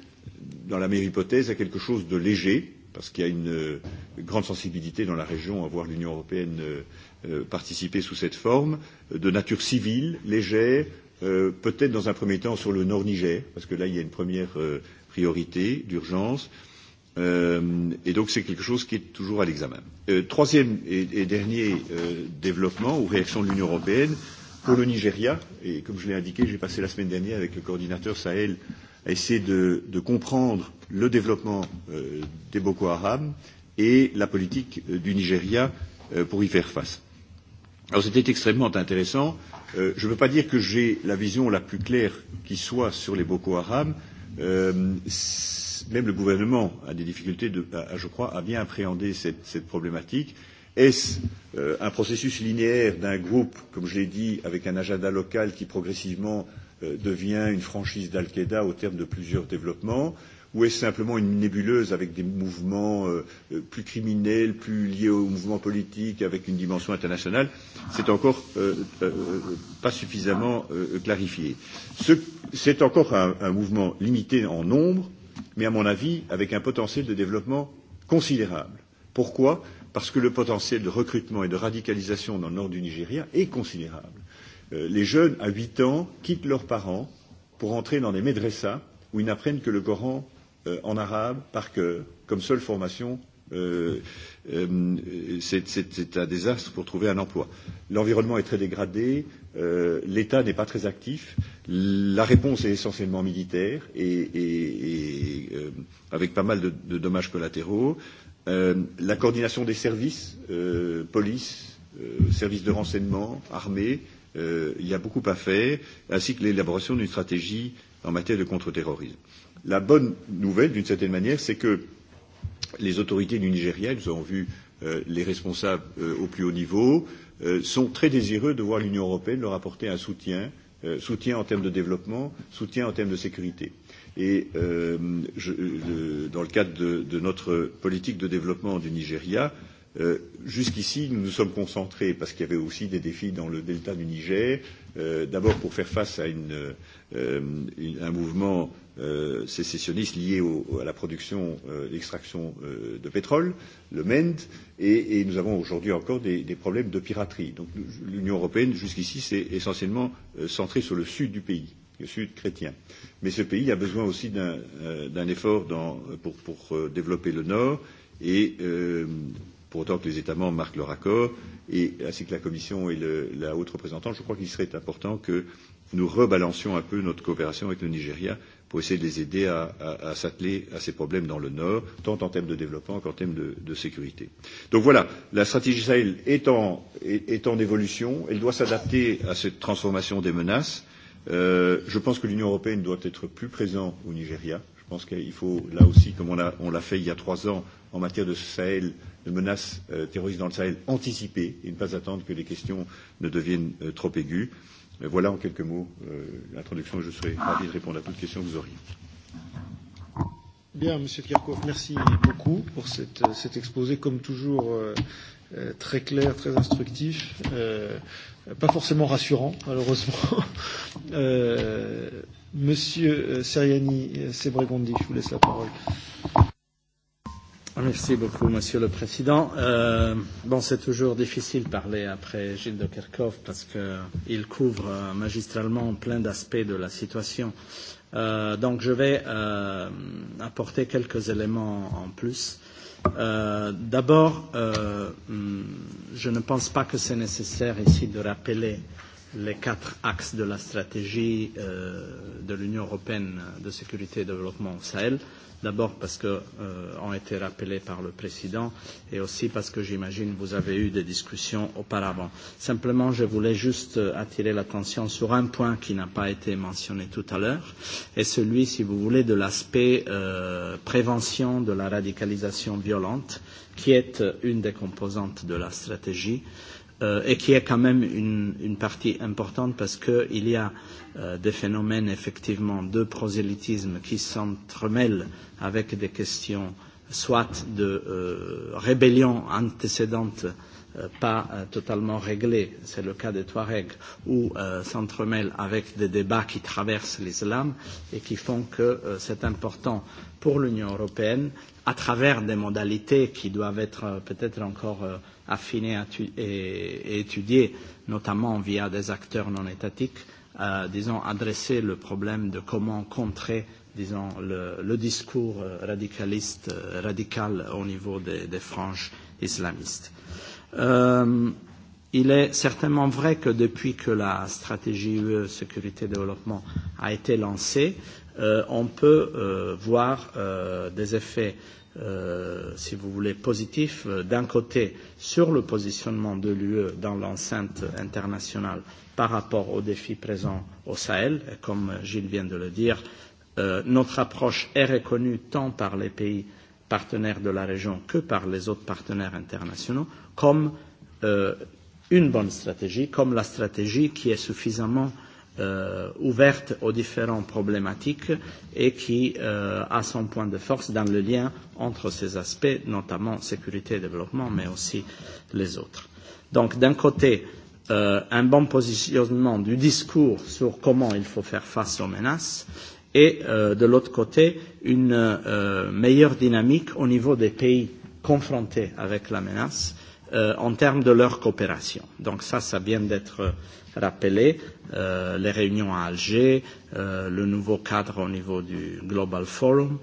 Speaker 9: dans la meilleure hypothèse, à quelque chose de léger, parce qu'il y a une grande sensibilité dans la région à voir l'Union européenne participer sous cette forme, de nature civile, légère, peut-être dans un premier temps sur le Nord Niger, parce que là, il y a une première priorité d'urgence. et donc, c'est quelque chose qui est toujours à l'examen. troisième et, dernier développement ou réaction de l'Union européenne pour le Nigeria, et comme je l'ai indiqué, j'ai passé la semaine dernière avec le coordinateur Sahel euh, à essayer de, de comprendre le développement euh, des Boko Haram et la politique euh, du Nigeria euh, pour y faire face. Alors c'était extrêmement intéressant. Euh, je ne veux pas dire que j'ai la vision la plus claire qui soit sur les Boko Haram. Euh, même le gouvernement a des difficultés, de, à, je crois, à bien appréhender cette, cette problématique. Est-ce euh, un processus linéaire d'un groupe, comme je l'ai dit, avec un agenda local qui progressivement euh, devient une franchise d'Al-Qaïda au terme de plusieurs développements ou est-ce simplement une nébuleuse avec des mouvements plus criminels, plus liés aux mouvements politiques, avec une dimension internationale C'est encore pas suffisamment clarifié. C'est encore un, mouvement limité en nombre, mais à mon avis avec un potentiel de développement considérable. Pourquoi Parce que le potentiel de recrutement et de radicalisation dans le nord du Nigeria est considérable les jeunes à 8 ans quittent leurs parents pour entrer dans des médressas où ils n'apprennent que le Coran euh, en arabe par cœur, comme seule formation. Euh, euh, c'est un désastre pour trouver un emploi. L'environnement est très dégradé, euh, l'État n'est pas très actif, la réponse est essentiellement militaire et, et, et euh, avec pas mal de, de dommages collatéraux. Euh, la coordination des services, euh, police, euh, services de renseignement, armée, euh, euh, il y a beaucoup à faire, ainsi que l'élaboration d'une stratégie en matière de contre-terrorisme. La bonne nouvelle, d'une certaine manière, c'est que les autorités du Nigeria, nous avons vu euh, les responsables euh, au plus haut niveau, euh, sont très désireux de voir l'Union européenne leur apporter un soutien, euh, soutien en termes de développement, soutien en termes de sécurité. Et euh, je, euh, dans le cadre de, de notre politique de développement du Nigeria, euh, Jusqu'ici, nous nous sommes concentrés, parce qu'il y avait aussi des défis dans le delta du Niger, d'abord pour faire face à une, un mouvement sécessionniste lié à la production, euh, l'extraction de pétrole, le MEND, et, nous avons aujourd'hui encore des, problèmes de piraterie. Donc l'Union européenne, jusqu'ici, s'est essentiellement centrée sur le sud du pays, le sud chrétien. Mais ce pays a besoin aussi d'un effort pour, développer le nord et pour autant que les États membres marquent leur accord, et ainsi que la Commission et le, la haute représentante, je crois qu'il serait important que nous rebalancions un peu notre coopération avec le Nigeria pour essayer de les aider à, à, à s'atteler à ces problèmes dans le Nord, tant en termes de développement qu'en termes de, de sécurité. Donc voilà, la stratégie Sahel est en, est, est en évolution, elle doit s'adapter à cette transformation des menaces. Euh, je pense que l'Union européenne doit être plus présente au Nigeria. Je pense qu'il faut, là aussi, comme on l'a fait il y a trois ans en matière de Sahel, de euh, terroriste dans le Sahel anticipées et ne pas attendre que les questions ne deviennent trop aiguës. Voilà en quelques mots l'introduction. Je serai ravi de répondre à toutes questions que vous auriez.
Speaker 3: Bien, Monsieur Kirchhoff, merci beaucoup pour cette, cet exposé, comme toujours euh, très clair, très instructif, euh, pas forcément rassurant, malheureusement. euh, Monsieur Seriani Sebregondi, je vous laisse la parole.
Speaker 10: Merci beaucoup, Monsieur le Président. Euh, bon, c'est toujours difficile de parler après Gilles de Kerkhoff parce qu'il couvre magistralement plein d'aspects de la situation. Euh, donc, je vais euh, apporter quelques éléments en plus. Euh, D'abord, euh, je ne pense pas que c'est nécessaire ici de rappeler euh, les quatre axes de la stratégie euh, de l'Union européenne de sécurité et développement au Sahel. D'abord parce que euh, ont été rappelés par le président et aussi parce que j'imagine vous avez eu des discussions auparavant. Simplement, je voulais juste attirer l'attention sur un point qui n'a pas été mentionné tout à l'heure, et celui, si vous voulez, de l'aspect euh, prévention de la radicalisation violente, qui est une des composantes de la stratégie. Euh, euh, et qui est quand même une, une partie importante parce qu'il y a euh, des phénomènes effectivement de prosélytisme qui s'entremêlent avec des questions soit de euh, rébellion antécédente euh, pas euh, totalement réglée, c'est le cas des Touaregs, ou euh, s'entremêlent avec des débats qui traversent l'islam et qui font que euh, c'est important pour l'Union européenne à travers des modalités qui doivent être peut-être encore affinées et étudiées, notamment via des acteurs non étatiques, euh, disons, adresser le problème de comment contrer disons, le, le discours radicaliste, radical au niveau des, des franges islamistes. Euh, il est certainement vrai que depuis que la stratégie UE sécurité développement a été lancée, euh, on peut euh, voir euh, des effets, euh, si vous voulez, positifs euh, d'un côté sur le positionnement de l'UE dans l'enceinte internationale par rapport aux défis présents au Sahel, et comme Gilles vient de le dire, euh, notre approche est reconnue tant par les pays partenaires de la région que par les autres partenaires internationaux comme euh, une bonne stratégie, comme la stratégie qui est suffisamment euh, euh, ouverte aux différentes problématiques et qui euh, a son point de force dans le lien entre ces aspects, notamment sécurité et développement, mais aussi les autres. Donc d'un côté, euh, un bon positionnement du discours sur comment il faut faire face aux menaces et euh, de l'autre côté, une euh, meilleure dynamique au niveau des pays confrontés avec la menace euh, en termes de leur coopération. Donc ça, ça vient d'être rappelé, euh, les réunions à Alger, euh, le nouveau cadre au niveau du Global Forum,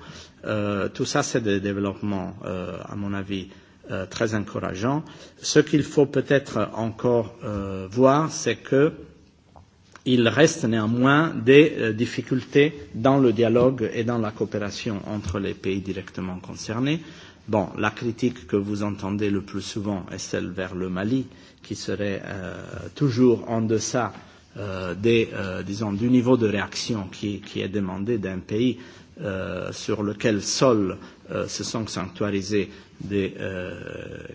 Speaker 10: euh, tout ça, c'est des développements, euh, à mon avis, euh, très encourageants. Ce qu'il faut peut-être encore euh, voir, c'est que il reste néanmoins des euh, difficultés dans le dialogue et dans la coopération entre les pays directement concernés. Bon, la critique que vous entendez le plus souvent est celle vers le Mali, qui serait euh, toujours en deçà euh, des, euh, disons, du niveau de réaction qui, qui est demandé d'un pays euh, sur lequel seul euh, se sont sanctuarisés des euh,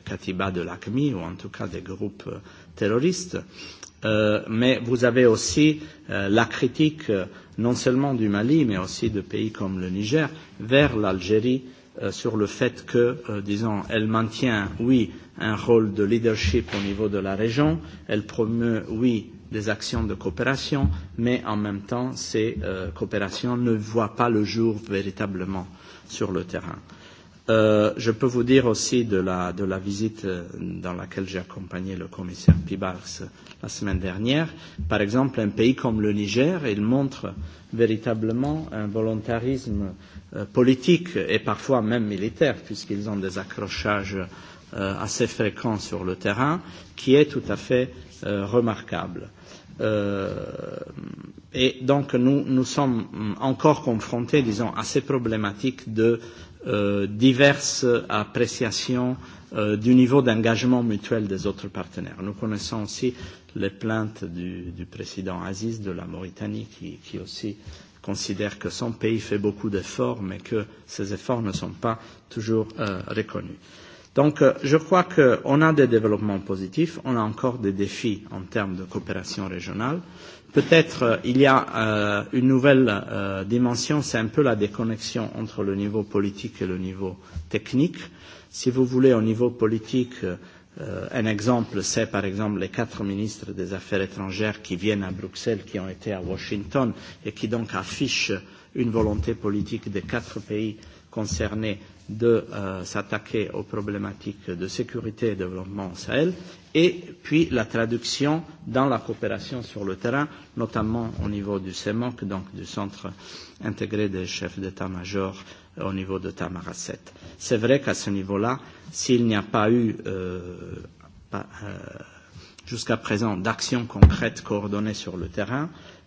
Speaker 10: katibas de l'ACMI, ou en tout cas des groupes terroristes. Euh, mais vous avez aussi euh, la critique non seulement du Mali, mais aussi de pays comme le Niger, vers l'Algérie, euh, sur le fait que, disons, elle maintient, oui, un rôle de leadership au niveau de la région, elle promeut, oui, des actions de coopération, mais en même temps, ces coopérations ne voient pas le jour véritablement sur le terrain. Euh, je peux vous dire aussi de la, de la visite dans laquelle j'ai accompagné le commissaire Pibars la semaine dernière. Par exemple, un pays comme le Niger, il montre véritablement un volontarisme euh, politique et parfois même militaire, puisqu'ils ont des accrochages euh, assez fréquents sur le terrain, qui est tout à fait euh, remarquable. Euh, et donc nous, nous sommes encore confrontés, disons, à ces problématiques de euh, diverses appréciations euh, du niveau d'engagement mutuel des autres partenaires. Nous connaissons aussi les plaintes du, du président Aziz de la Mauritanie qui, qui aussi considère que son pays fait beaucoup d'efforts mais que ces efforts ne sont pas toujours euh, reconnus. Donc je crois qu'on a des développements positifs, on a encore des défis en termes de coopération régionale. Euh, Peut-être il y a euh, une nouvelle euh, dimension, c'est un peu la déconnexion entre le niveau politique et le niveau technique. Si vous voulez, au niveau politique, euh, un exemple, c'est par exemple les quatre ministres des Affaires étrangères qui viennent à Bruxelles, qui ont été à Washington et qui donc affichent une volonté politique des quatre pays concernés de euh, s'attaquer aux problématiques de sécurité et développement au Sahel, et puis la traduction dans la coopération sur le terrain, notamment au niveau du CEMOC, donc du Centre intégré des chefs d'état-major au niveau de Tamara 7. C'est vrai qu'à ce niveau-là, s'il n'y a pas eu euh, euh, jusqu'à présent d'action concrète coordonnée sur le terrain, euh,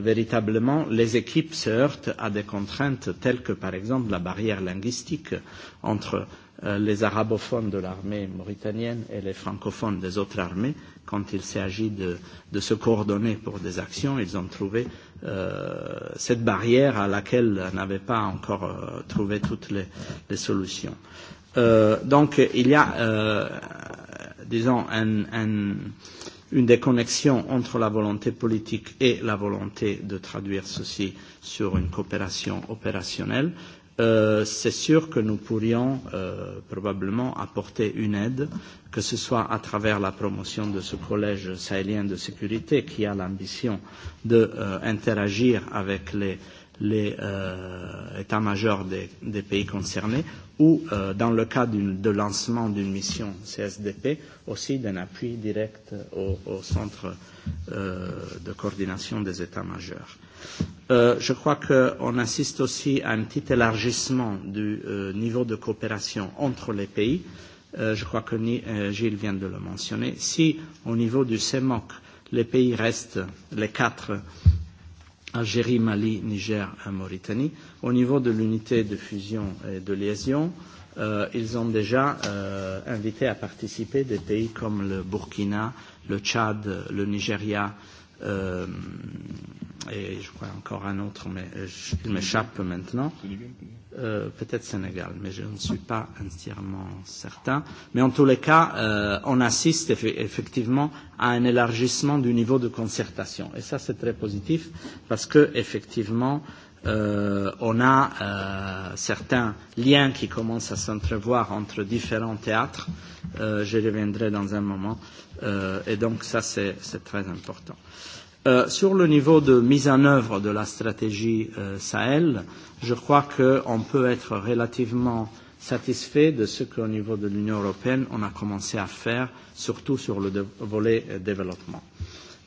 Speaker 10: véritablement, les équipes se heurtent à des contraintes telles que, par exemple, la barrière linguistique entre les arabophones de l'armée mauritanienne et les francophones des autres armées, quand il s'agit de, de se coordonner pour des actions, ils ont trouvé euh, cette barrière à laquelle n'avaient pas encore euh, trouvé toutes les, les solutions. Euh, donc il y a, euh, disons, un, un, une déconnexion entre la volonté politique et la volonté de traduire ceci sur une coopération opérationnelle, euh, c'est sûr que nous pourrions euh, probablement apporter une aide, que ce soit à travers la promotion de ce collège sahélien de sécurité qui a l'ambition d'interagir euh, avec les les euh, états des, des pays concernés ou, euh, dans le cas de lancement d'une mission CSDP, aussi d'un appui direct au, au centre euh, de coordination des états-majors. Euh, je crois qu'on assiste aussi à un petit élargissement du euh, niveau de coopération entre les pays. Euh, je crois que euh, Gilles vient de le mentionner. Si, au niveau du CEMOC, les pays restent, les quatre Algérie, Mali, Niger, Mauritanie. Au niveau de l'unité de fusion et de liaison, euh, ils ont déjà euh, invité à participer des pays comme le Burkina, le Tchad, le Nigeria, euh, et je crois encore un autre, mais il m'échappe maintenant. Sénégal, euh, peut-être Sénégal, mais je ne suis pas entièrement certain. Mais en tous les cas, euh, on assiste eff effectivement à un élargissement du niveau de concertation. Et ça, c'est très positif parce que effectivement, euh, on a euh, certains liens qui commencent à s'entrevoir entre différents théâtres. Euh, je reviendrai dans un moment. Euh, et donc, ça, c'est très important. Euh, sur le niveau de mise en œuvre de la stratégie euh, Sahel, je crois qu'on peut être relativement satisfait de ce qu'au niveau de l'Union européenne, on a commencé à faire, surtout sur le de, volet euh, développement.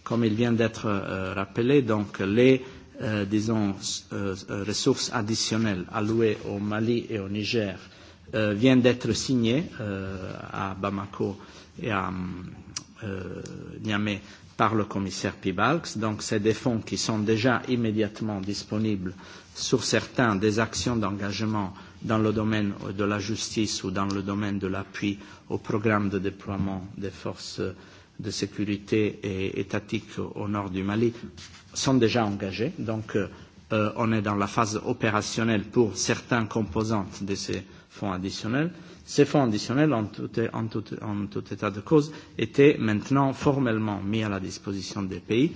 Speaker 10: Comme il vient d'être euh, rappelé, donc les euh, disons, euh, ressources additionnelles allouées au Mali et au Niger euh, viennent d'être signées euh, à Bamako et à euh, Niamey par le commissaire Piebalgs, Donc, c'est des fonds qui sont déjà immédiatement disponibles sur certains des actions d'engagement dans le domaine de la justice ou dans le domaine de l'appui au programme de déploiement des forces de sécurité et étatiques au nord du Mali sont déjà engagés. Donc, euh, on est dans la phase opérationnelle pour certains composantes de ces fonds additionnels. Euh, Ces fonds additionnels, en tout, en, tout, en tout état de cause, étaient maintenant formellement mis à la disposition des pays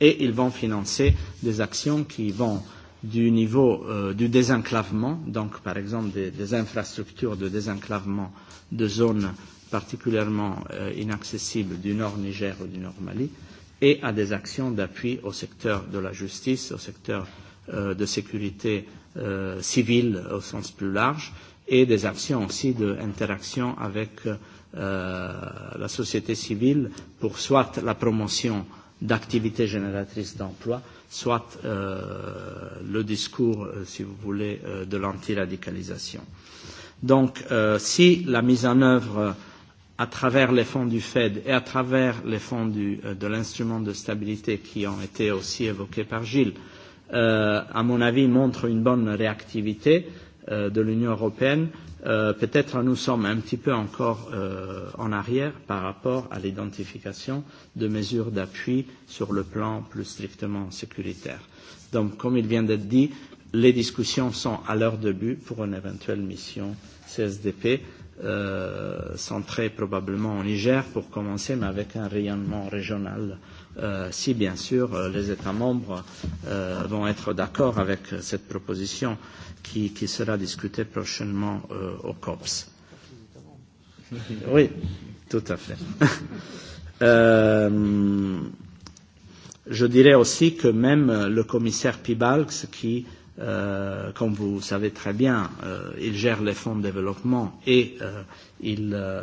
Speaker 10: et ils vont financer des actions qui vont du niveau euh, du désenclavement, donc par exemple des, des infrastructures de désenclavement de zones particulièrement euh, inaccessibles du nord Niger ou du nord Mali, et à des actions d'appui au secteur de la justice, au secteur euh, de sécurité euh, civile au sens plus large, et des actions aussi d'interaction avec euh, la société civile pour soit la promotion d'activités génératrices d'emplois, soit euh, le discours, si vous voulez, de l'antiradicalisation. Donc, euh, si la mise en œuvre à travers les fonds du Fed et à travers les fonds du, de l'instrument de stabilité qui ont été aussi évoqués par Gilles, euh, à mon avis, montre une bonne réactivité, euh, de l'Union européenne, peut-être nous sommes un petit peu encore en arrière par rapport à l'identification de mesures d'appui sur le plan plus strictement sécuritaire. Donc, comme il vient d'être dit, les discussions sont à leur début pour une éventuelle mission CSDP, euh, centrée probablement au Niger pour commencer, mais avec un rayonnement régional euh, si bien sûr les États membres euh, vont être d'accord avec cette proposition. Euh, qui, qui sera discuté prochainement euh, au COPS. Oui, tout à fait. euh, je dirais aussi que même le commissaire Pibalx, qui, euh, comme vous savez très bien, euh, il gère les fonds de développement et euh, il, euh,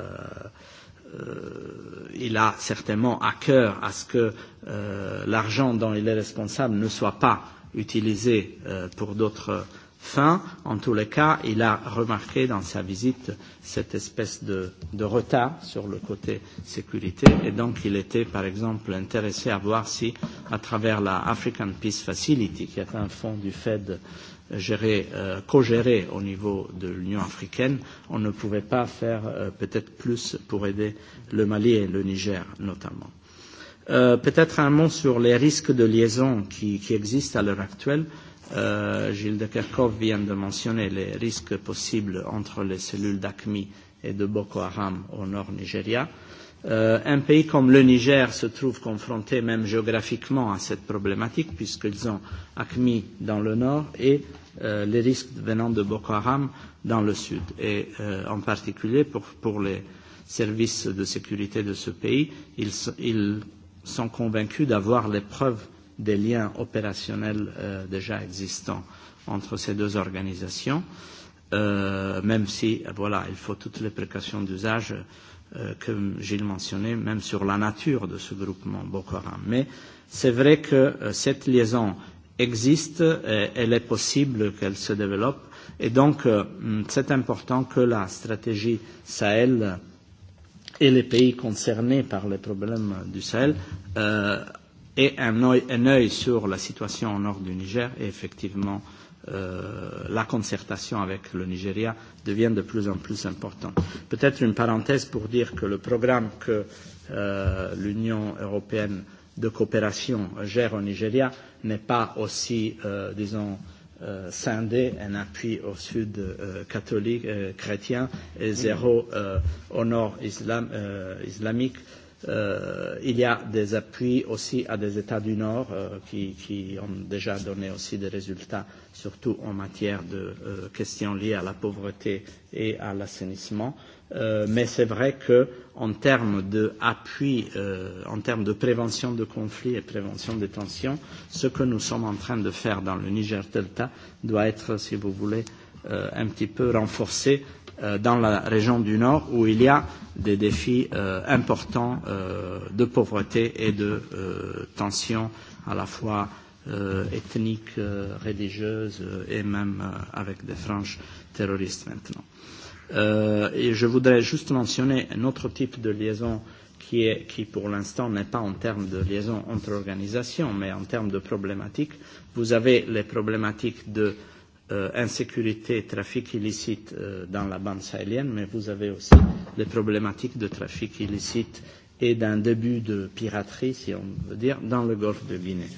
Speaker 10: il a certainement à cœur à ce que euh, l'argent dont il est responsable ne soit pas utilisé euh, pour d'autres euh, fin. En tous les cas, il a remarqué dans sa visite cette espèce de, de retard sur le côté sécurité et donc il était par exemple intéressé à voir si à travers la African Peace Facility, qui est un fonds du Fed géré, euh, co-géré au niveau de l'Union africaine, on ne pouvait pas faire euh, peut-être plus pour aider le Mali et le Niger notamment peut-être un mot sur les risques de liaison qui, qui existent à l'heure actuelle. Euh, Gilles de Kerkhoff vient de mentionner les risques possibles entre les cellules d'ACMI et de Boko Haram au nord Nigeria. Euh, un pays comme le Niger se trouve confronté même géographiquement à cette problématique puisqu'ils ont ACMI dans le nord et euh, les risques venant de Boko Haram dans le sud. Et euh, en particulier pour, pour les services de sécurité de ce pays, ils, ils sont convaincus d'avoir les preuves des liens opérationnels euh, déjà existants entre ces deux organisations, euh, même si voilà, il faut toutes les précautions d'usage euh, que Gilles mentionnait, même sur la nature de ce groupement Boko Haram. Mais c'est vrai que euh, cette liaison existe, et, elle est possible qu'elle se développe, et donc euh, c'est important que la stratégie Sahel et les pays concernés par les problèmes du Sahel euh, et un œil, un œil sur la situation au nord du Niger. Et effectivement, euh, la concertation avec le Nigeria devient de plus en plus importante. Peut-être une parenthèse pour dire que le programme que euh, l'Union européenne de coopération gère au Nigeria n'est pas aussi, euh, disons, euh, scindé, un appui au sud euh, catholique, euh, chrétien et zéro euh, au nord islam, euh, islamique. Euh, il y a des appuis aussi à des États du Nord euh, qui, qui ont déjà donné aussi des résultats, surtout en matière de euh, questions liées à la pauvreté et à l'assainissement. Euh, mais c'est vrai qu'en termes d'appui, euh, en termes de prévention de conflits et prévention des tensions, ce que nous sommes en train de faire dans le Niger Delta doit être, si vous voulez, euh, un petit peu renforcé dans la région du Nord où il y a des défis euh, importants euh, de pauvreté et de euh, tensions à la fois euh, ethniques, euh, religieuses et même euh, avec des franges terroristes maintenant. Euh, et je voudrais juste mentionner un autre type de liaison qui, est, qui pour l'instant n'est pas en termes de liaison entre organisations, mais en termes de problématiques. Vous avez les problématiques de euh, euh, insécurité, trafic illicite euh, dans la bande sahélienne, mais vous avez aussi des problématiques de trafic illicite et d'un début de piraterie, si on veut dire, dans le golfe de Guinée.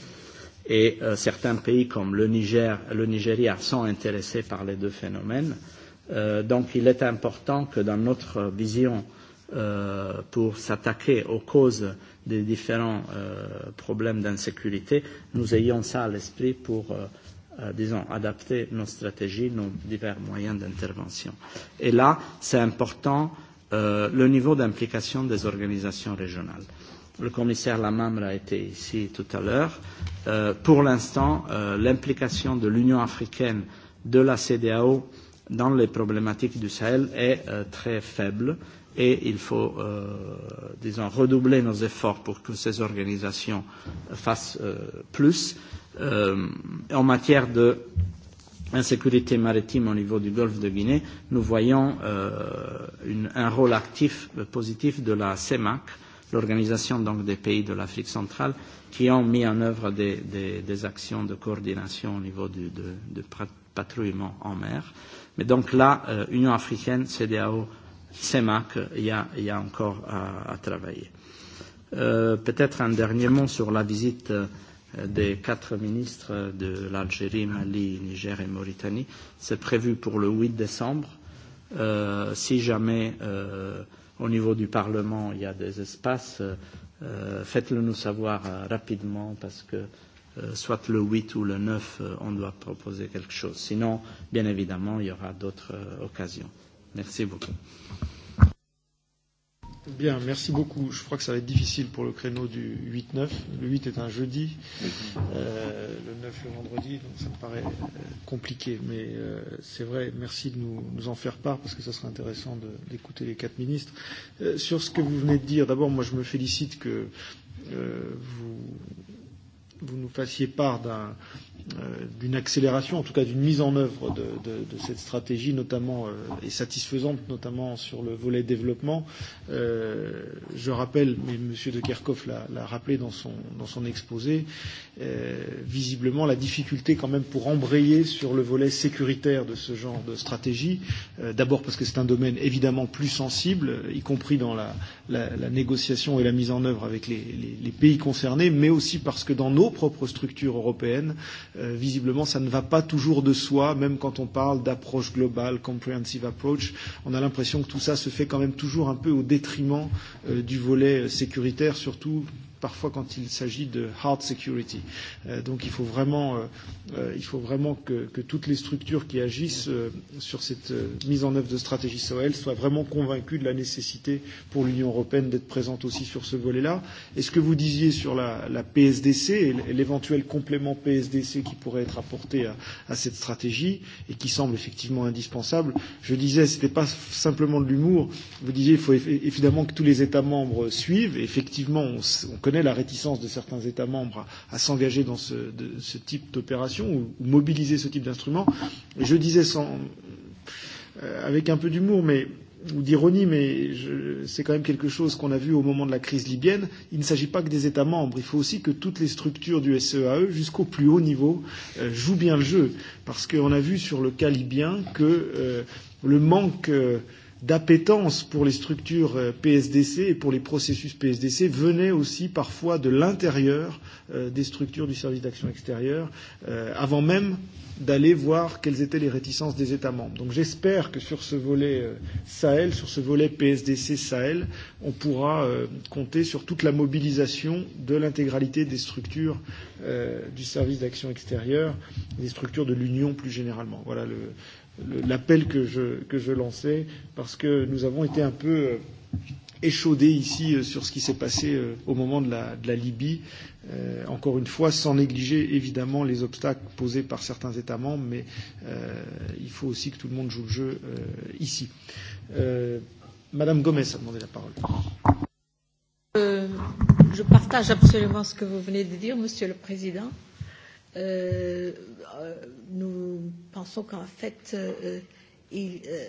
Speaker 10: Et euh, certains pays comme le Niger, le Nigeria sont intéressés par les deux phénomènes. Euh, donc il est important que dans notre vision euh, pour s'attaquer aux causes des différents euh, problèmes d'insécurité, nous ayons ça à l'esprit pour euh, disons, adapter nos stratégies, nos divers moyens d'intervention. Et là, c'est important euh, le niveau d'implication des organisations régionales. Le commissaire Lamamre a été ici tout à l'heure. Euh, pour l'instant, euh, l'implication de l'Union africaine, de la CDAO dans les problématiques du Sahel est euh, très faible et il faut, euh, disons, redoubler nos efforts pour que ces organisations fassent euh, plus euh, en matière de insécurité maritime au niveau du golfe de Guinée, nous voyons euh, une, un rôle actif positif de la CEMAC, l'organisation donc des pays de l'Afrique centrale, qui ont mis en œuvre des, des, des actions de coordination au niveau du, de, de patrouillement en mer. Mais donc là, euh, Union africaine, CDAO, CEMAC, il y a, il y a encore à, à travailler. Euh, Peut-être un dernier mot sur la visite euh, des quatre ministres de l'Algérie, Mali, Niger et Mauritanie. C'est prévu pour le 8 décembre. Euh, si jamais euh, au niveau du Parlement il y a des espaces, euh, faites-le nous savoir euh, rapidement parce que euh, soit le 8 ou le 9, euh, on doit proposer quelque chose. Sinon, bien évidemment, il y aura d'autres euh, occasions. Merci beaucoup. Bien, merci beaucoup. Je crois que ça va être
Speaker 3: difficile pour le créneau du 8-9. Le 8 est un jeudi, euh, le 9 le vendredi, donc ça me paraît compliqué. Mais euh, c'est vrai, merci de nous, nous en faire part parce que ça serait intéressant d'écouter les quatre ministres. Euh, sur ce que vous venez de dire, d'abord, moi je me félicite que euh, vous, vous nous fassiez part d'un d'une accélération, en tout cas d'une mise en œuvre de, de, de cette stratégie, notamment euh, et satisfaisante, notamment sur le volet développement. Euh, je rappelle, mais M. de Kerkhoff l'a rappelé dans son, dans son exposé, euh, visiblement la difficulté quand même pour embrayer sur le volet sécuritaire de ce genre de stratégie, euh, d'abord parce que c'est un domaine évidemment plus sensible, y compris dans la, la, la négociation et la mise en œuvre avec les, les, les pays concernés, mais aussi parce que dans nos propres structures européennes, euh, visiblement, ça ne va pas toujours de soi, même quand on parle d'approche globale, comprehensive approach. On a l'impression que tout ça se fait quand même toujours un peu au détriment euh, du volet sécuritaire, surtout parfois quand il s'agit de hard security. Euh, donc il faut vraiment, euh, il faut vraiment que, que toutes les structures qui agissent euh, sur cette euh, mise en œuvre de stratégie SOEL soient vraiment convaincues de la nécessité pour l'Union européenne d'être présente aussi sur ce volet-là. Et ce que vous disiez sur la, la PSDC et l'éventuel complément PSDC qui pourrait être apporté à, à cette stratégie et qui semble effectivement indispensable, je disais, ce n'était pas simplement de l'humour. Vous disiez, il faut évidemment que tous les États membres suivent. Et effectivement, on, on connaît connaît la réticence de certains États membres à, à s'engager dans ce, de, ce type d'opération ou, ou mobiliser ce type d'instrument. Je disais sans, euh, avec un peu d'humour, mais ou d'ironie, mais c'est quand même quelque chose qu'on a vu au moment de la crise libyenne. Il ne s'agit pas que des États membres. Il faut aussi que toutes les structures du SEAE, jusqu'au plus haut niveau, euh, jouent bien le jeu. Parce qu'on a vu sur le cas libyen que euh, le manque. Euh, d'appétence pour les structures PSDC et pour les processus PSDC venait aussi parfois de l'intérieur des structures du service d'action extérieure, avant même d'aller voir quelles étaient les réticences des États membres. Donc j'espère que sur ce volet Sahel, sur ce volet PSDC Sahel, on pourra compter sur toute la mobilisation de l'intégralité des structures du service d'action extérieure, des structures de l'Union plus généralement. Voilà le, l'appel que je, que je lançais, parce que nous avons été un peu échaudés ici sur ce qui s'est passé au moment de la, de la Libye, euh, encore une fois, sans négliger évidemment les obstacles posés par certains États membres, mais euh, il faut aussi que tout le monde joue le jeu euh, ici. Euh, Madame Gomez a demandé la parole.
Speaker 11: Euh, je partage absolument ce que vous venez de dire, Monsieur le Président. Euh, euh, nous pensons qu'en fait, euh, il, euh,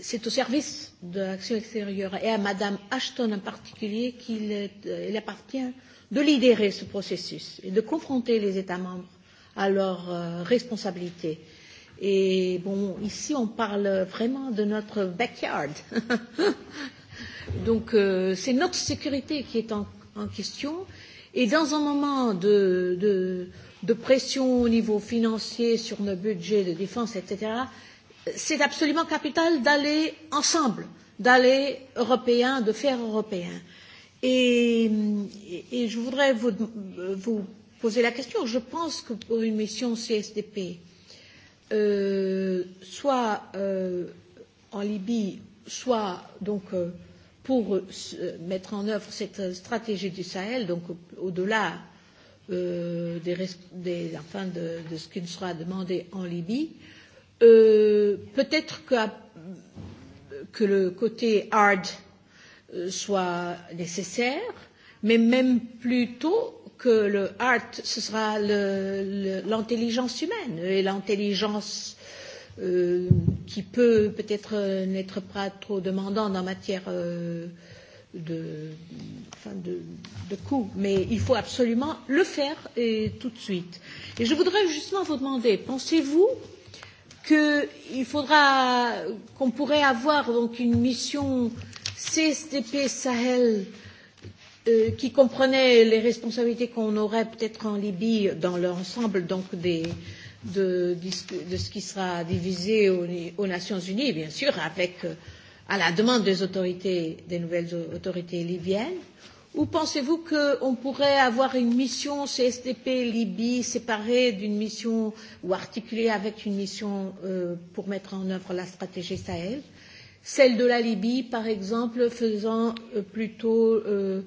Speaker 11: c'est au service de l'action extérieure et à Madame Ashton en particulier qu'il il appartient de libérer ce processus et de confronter les États membres à leurs euh, responsabilités. Et bon, ici, on parle vraiment de notre backyard. Donc, euh, c'est notre sécurité qui est en, en question. Et dans un moment de, de, de pression au niveau financier sur nos budgets de défense, etc., c'est absolument capital d'aller ensemble, d'aller européen, de faire européen. Et, et je voudrais vous, vous poser la question. Je pense que pour une mission CSDP, euh, soit euh, en Libye, soit donc euh, pour euh, mettre en œuvre cette stratégie du Sahel, donc au-delà euh, des, des, enfin de, de ce qui nous sera demandé en Libye. Euh, Peut-être que, que le côté hard soit nécessaire, mais même plutôt que le hard, ce sera l'intelligence humaine et l'intelligence euh, qui peut peut-être n'être pas trop demandant en matière euh, de, enfin de, de coût, mais il faut absolument le faire et tout de suite. Et je voudrais justement vous demander, pensez-vous qu'il faudra, qu'on pourrait avoir donc une mission CSTP Sahel euh, qui comprenait les responsabilités qu'on aurait peut-être en Libye dans l'ensemble donc des, de, de ce qui sera divisé aux, aux Nations Unies, bien sûr, avec euh, à la demande des autorités, des nouvelles autorités libyennes, ou pensez-vous qu'on pourrait avoir une mission CSTP Libye séparée d'une mission ou articulée avec une mission euh, pour mettre en œuvre la stratégie Sahel Celle de la Libye, par exemple, faisant euh, plutôt euh,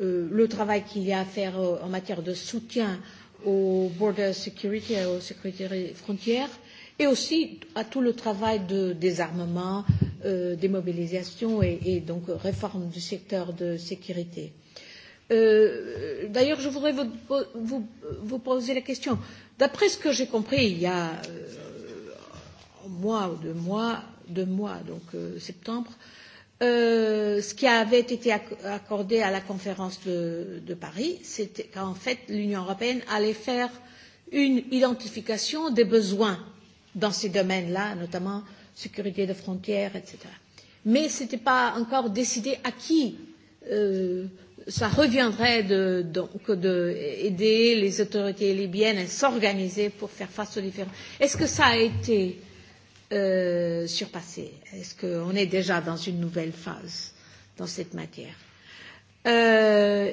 Speaker 11: euh, le travail qu'il y a à faire euh, en matière de soutien au border security, aux sécurité frontières, et aussi à tout le travail de désarmement, euh, euh, démobilisation et, et donc réforme du secteur de sécurité. Euh, D'ailleurs, je voudrais vous, vous, vous poser la question. D'après ce que j'ai compris, il y a euh, un mois ou deux mois, deux mois donc euh, septembre, euh, ce qui avait été accordé à la conférence de, de Paris, c'était qu'en fait l'Union européenne allait faire une identification des besoins dans ces domaines-là, notamment euh, sécurité des frontières, etc. Mais ce n'était pas encore décidé à qui euh, ça reviendrait de, d'aider les autorités libyennes à s'organiser pour faire face aux différents. Est-ce que ça a été euh, surpassé Est-ce qu'on est déjà dans une nouvelle phase dans cette matière euh,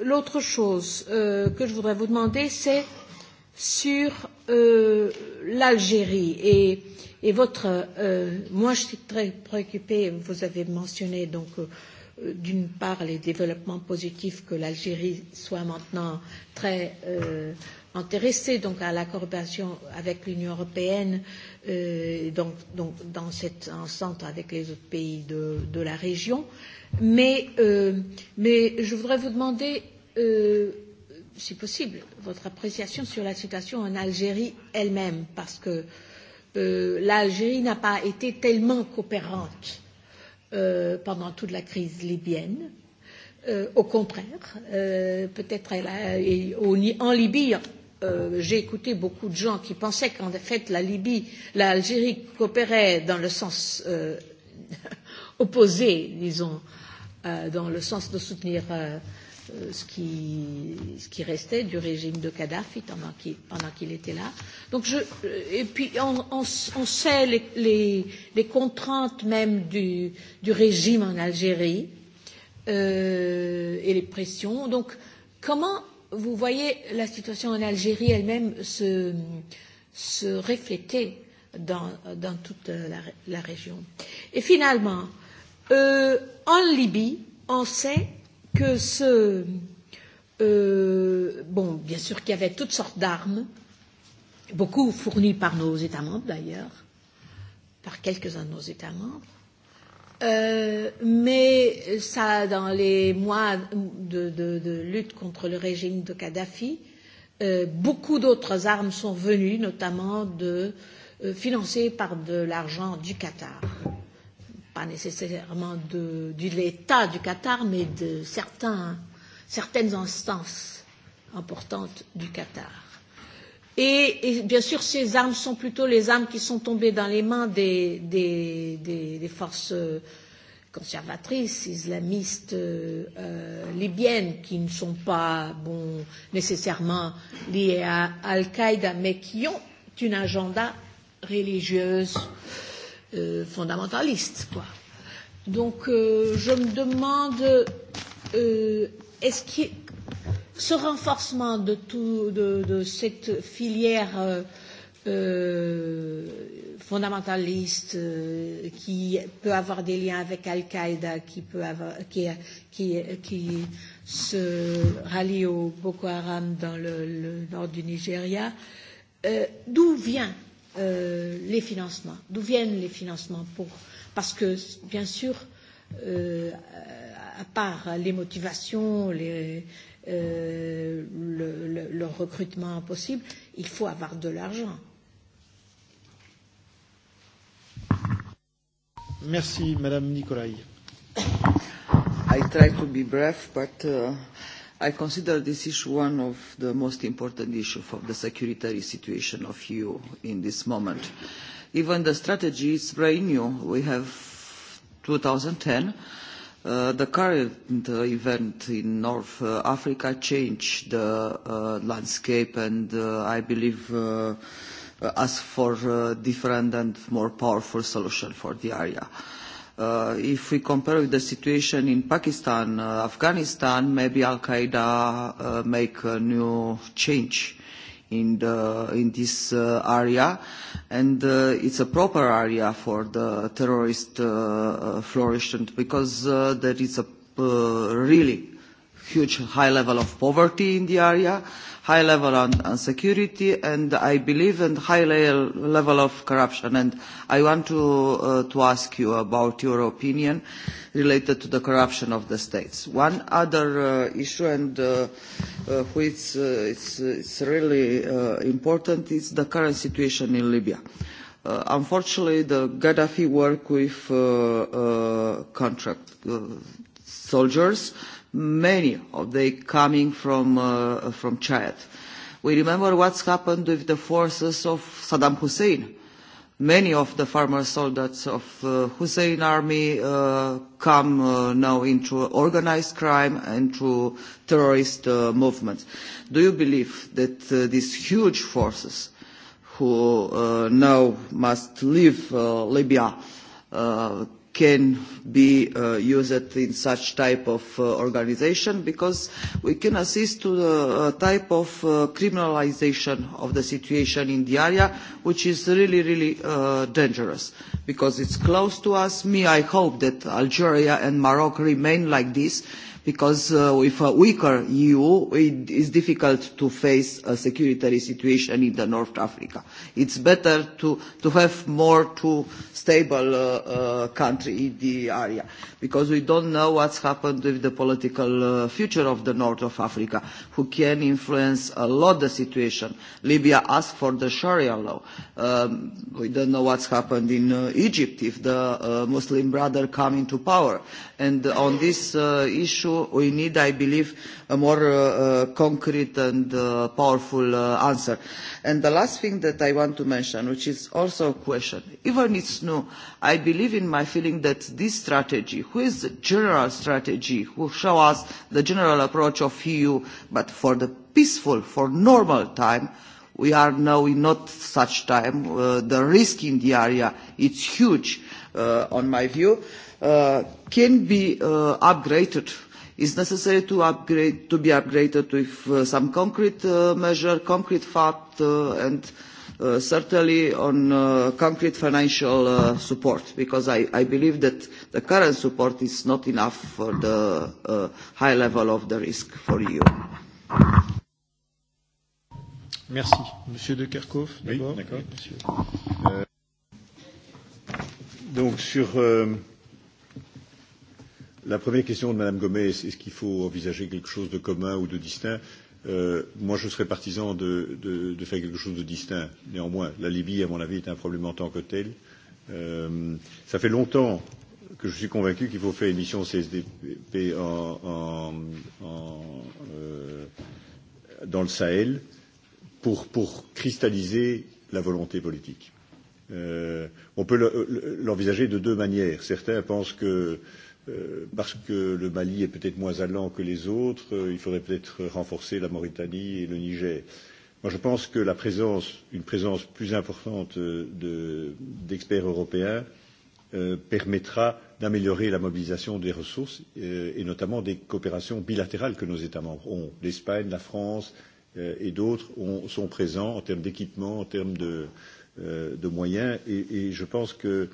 Speaker 11: L'autre chose euh, que je voudrais vous demander, c'est sur euh, l'Algérie et euh, Et votre, euh, moi, je suis très préoccupée. Vous avez mentionné donc euh, d'une part les développements positifs que l'Algérie soit maintenant très euh, intéressée donc à la coopération avec l'Union européenne, euh, donc, donc dans cette enceinte avec les autres pays de, de la région. Mais, euh, mais je voudrais vous demander, euh, si possible, votre appréciation sur la situation en Algérie elle-même, parce que euh, l'Algérie n'a pas été tellement coopérante pendant toute la crise libyenne. au contraire, peut-être en Libye, j'ai écouté beaucoup de gens qui pensaient qu'en fait la Libye, l'Algérie coopérait dans le sens opposé, disons, dans le sens de soutenir ce qui, ce qui restait du régime de Kadhafi pendant qu'il, pendant qu'il était là. Donc je, et puis on, on, on sait les, les, les contraintes même du, du régime en Algérie euh, et les pressions. Donc comment vous voyez la situation en Algérie elle-même se, se refléter dans, dans toute la, la région Et finalement, euh, en Libye, on sait que ce. Euh, bon, bien sûr qu'il y avait toutes sortes d'armes, beaucoup fournies par nos États membres d'ailleurs, par quelques-uns de nos États membres. Euh, mais ça, dans les mois de, de, de lutte contre le régime de Kadhafi, euh, beaucoup d'autres armes sont venues, notamment de, euh, financées par de l'argent du Qatar. Euh, pas nécessairement de, de l'État du Qatar, mais de certains, certaines instances importantes du Qatar. Et, et bien sûr, ces armes sont plutôt les armes qui sont tombées dans les mains des, des, des, des forces conservatrices, islamistes euh, libyennes, qui ne sont pas bon, nécessairement liées à Al-Qaïda, mais qui ont une agenda religieuse euh, fondamentaliste. Quoi. Donc euh, je me demande, euh, est-ce que ce renforcement de, tout, de, de cette filière euh, euh, fondamentaliste euh, qui peut avoir des liens avec Al-Qaïda, qui, peut avoir, qui, qui, qui se rallie au Boko Haram dans le, le nord du Nigeria, euh, d'où vient euh, les financements, d'où viennent les financements pour, parce que bien sûr, euh, à part les motivations, les, euh, le, le, le recrutement possible, il faut avoir de l'argent.
Speaker 8: Merci, Madame Nicolai. I try to be brief, but uh, I consider this issue one of the most important issues of the security situation of the EU in this moment. Even the strategy is very new. We have 2010. Uh, the current event in North Africa changed the landscape and I believe uh, asked for a different and more powerful solution for the area. Uh, uh, if we compare with the situation in Pakistan, uh, Afghanistan, maybe Al Qaeda uh, make a new change in the in this uh, area, and uh, it's a proper area for the terrorist uh, flourishment because uh, there is a uh, really huge high level of poverty in the area high level on, on security and I believe and high level of corruption. And I want to, uh, to ask you about your opinion related to the corruption of the states. One other uh, issue and uh, uh, which uh, it's really uh, important is the current situation in Libya. Uh, unfortunately, the Gaddafi work with uh, uh, contract uh, soldiers many of them coming from, uh, from Chad. We remember what's happened with the forces of Saddam Hussein. Many of the former soldiers of the Hussein army uh, come uh, now into organized crime and to terrorist uh, movements. Do you believe that uh, these huge forces who uh, now must leave uh, Libya uh, can be uh, used in such type of uh, organization because we can assist to the type of uh, criminalization of the situation in the area which is really really uh, dangerous because it's close to us me i hope that algeria and morocco remain like this because uh, with a weaker EU, it is difficult to face a security situation in the North Africa. It's better to, to have more to stable uh, uh, country in the area, because we don't know what's happened with the political uh, future of the North of Africa, who can influence a lot the situation. Libya asked for the Sharia law. Um, we don't know what's happened in uh, Egypt if the uh, Muslim brother come into power. And on this uh, issue, issue, we need, I believe, a more uh, concrete and uh, powerful uh, answer. And the last thing that I want to mention, which is also a question, even it's new, I believe in my feeling that this strategy, who is the general strategy, who show us the general approach of EU, but for the peaceful, for normal time, we are now in not such time. Uh, the risk in the area is huge, uh, on my view, uh, can be uh, upgraded is necessary to upgrade, to be upgraded with some concrete measure, concrete fact, and certainly on concrete financial support, because I, I believe that the current support is not enough for the high level of the risk for EU.
Speaker 3: Merci. Monsieur de Kerkhoff, d'abord.
Speaker 9: Donc sur La première question de Madame Gomez, est-ce qu'il faut envisager quelque chose de commun ou de distinct moi, je serais partisan de, de, de faire quelque chose de distinct. Néanmoins, la Libye, à mon avis, est un problème en tant que tel. Euh, ça fait longtemps que je suis convaincu qu'il faut faire une mission CSDP en, en, en, euh, dans le Sahel pour, pour cristalliser la volonté politique. Euh, on peut l'envisager de deux manières. Certains pensent que euh, parce que le Mali est peut-être moins allant que les autres, il faudrait peut-être renforcer la Mauritanie et le Niger. Moi, je pense que la présence, une présence plus importante d'experts européens permettra d'améliorer la mobilisation des ressources et notamment des coopérations bilatérales que nos États membres ont. L'Espagne, la France et d'autres sont présents en termes d'équipement, en termes de, moyens et, je pense que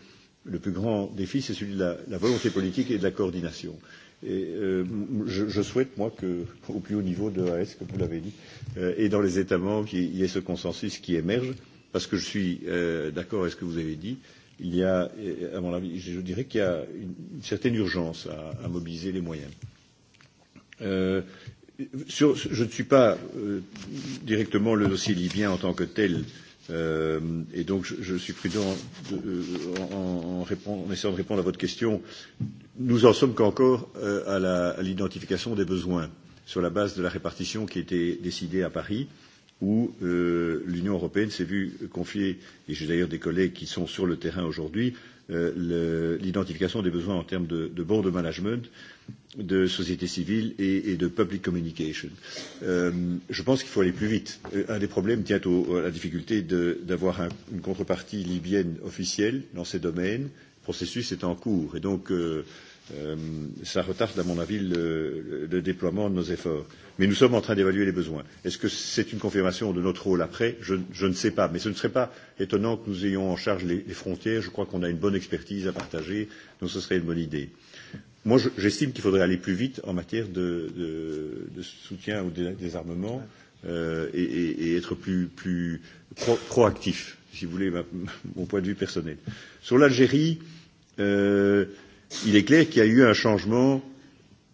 Speaker 9: le plus grand défi, c'est celui de la, la volonté politique et de la coordination. Et euh, je, je souhaite, moi, que, au plus haut niveau de l'AS, comme vous l'avez dit, euh, et dans les États membres, il y ait ce consensus qui émerge, parce que je suis euh, d'accord avec ce que vous avez dit. Il y a, à mon avis, je dirais qu'il y a une, certaine urgence à, à mobiliser les moyens. Euh, sur, je ne suis pas euh, directement le dossier libyen en tant que tel euh, et donc, je, je suis prudent de, en, en, répond, en essayant de répondre à votre question. Nous en sommes qu'encore euh, à l'identification des besoins sur la base de la répartition qui a été décidée à Paris, où euh, l'Union européenne s'est vue confier, et j'ai d'ailleurs des collègues qui sont sur le terrain aujourd'hui, euh, l'identification des besoins en termes de, de de management de société civile et, et de public communication. Euh, je pense qu'il faut aller plus vite. Un des problèmes tient au, à la difficulté d'avoir un, une contrepartie libyenne officielle dans ces domaines. Le processus est en cours et donc euh, euh, ça retarde, à mon avis, le, le déploiement de nos efforts. Mais nous sommes en train d'évaluer les besoins. Est-ce que c'est une confirmation de notre rôle après je, je ne sais pas, mais ce ne serait pas étonnant que nous ayons en charge les, les frontières. Je crois qu'on a une bonne expertise à partager, donc ce serait une bonne idée. Moi, j'estime qu'il faudrait aller plus vite en matière de, de, de soutien au désarmement euh, et, et, et être plus, plus pro, proactif, si vous voulez, ma, mon point de vue personnel. Sur l'Algérie, euh, il est clair qu'il y a eu un changement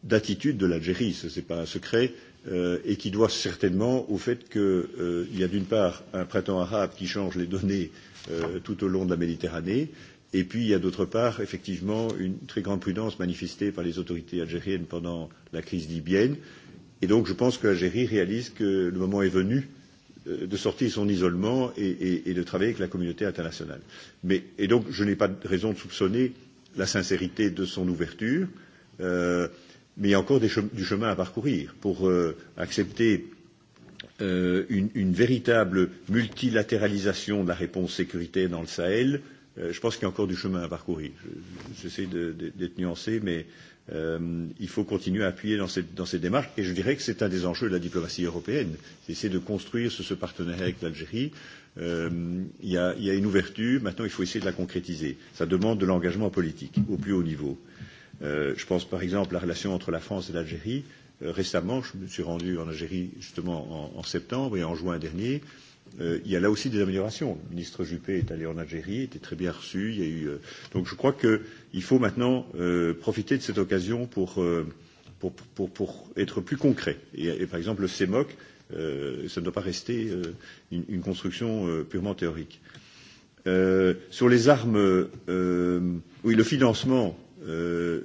Speaker 9: d'attitude de l'Algérie, ce n'est pas un secret, euh, et qui doit certainement au fait qu'il euh, y a d'une part un printemps arabe qui change les données euh, tout au long de la Méditerranée, euh, Et puis, il y a d'autre part, effectivement, une très grande prudence manifestée par les autorités algériennes pendant la crise libyenne. Et donc, je pense que l'Algérie réalise que le moment est venu de sortir son isolement et, et, et de travailler avec la communauté internationale. Mais, et donc, je n'ai pas de raison de soupçonner la sincérité de son ouverture, euh, mais il y a encore des chem du chemin à parcourir pour euh, accepter euh, une, une véritable multilatéralisation de la réponse sécuritaire dans le Sahel, euh, je pense qu'il y a encore du chemin à parcourir. J'essaie d'être nuancé, mais euh, il faut continuer à appuyer dans cette, dans cette démarche. Et je dirais que c'est un des enjeux de la diplomatie européenne. C'est essayer de construire ce, ce partenariat avec l'Algérie. Euh, il, y a, y a une ouverture. Maintenant, il faut essayer de la concrétiser. Ça demande de l'engagement politique au plus haut niveau. Euh, je pense par exemple à la relation entre la France et l'Algérie. Euh, récemment, je me suis rendu en Algérie justement en, en septembre et en juin dernier. Euh, euh, il y a là aussi des améliorations. Le ministre Juppé est allé en Algérie, était très bien reçu. Il y a eu, euh, donc je crois qu'il faut maintenant euh, profiter de cette occasion pour, euh, pour, pour, pour être plus concret. Et, et par exemple, le CEMOC, euh, ça ne doit pas rester euh, une, une construction euh, purement théorique. Euh, sur les armes, euh, oui, le financement euh,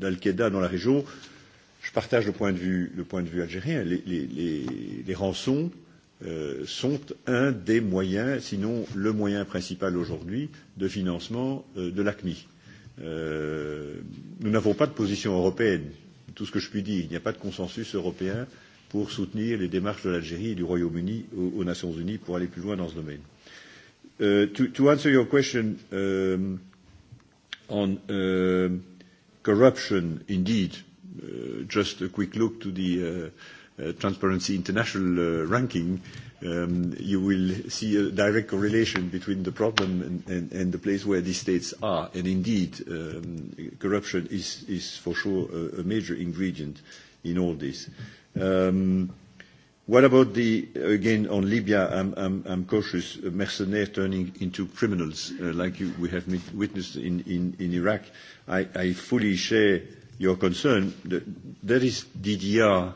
Speaker 9: d'Al-Qaïda dans la région, je partage le point de vue, le point de vue algérien. Les, les, les, les rançons euh, sont un des moyens, sinon le moyen principal aujourd'hui, de financement de l'ACMI. nous n'avons pas de position européenne, tout ce que je puis dire. Il n'y a pas de consensus européen pour soutenir les démarches de l'Algérie et du Royaume-Uni aux, Nations Unies pour aller plus loin dans ce domaine. to, answer your question on corruption, indeed, just a quick look to the Transparency International ranking, you will see a direct correlation between the problem and the place where these states are. And Indeed, corruption is for sure a major ingredient in all this. What about the, again, on Libya, I'm cautious, mercenaires turning into criminals, like we have witnessed in Iraq. I fully share your concern. That is DDR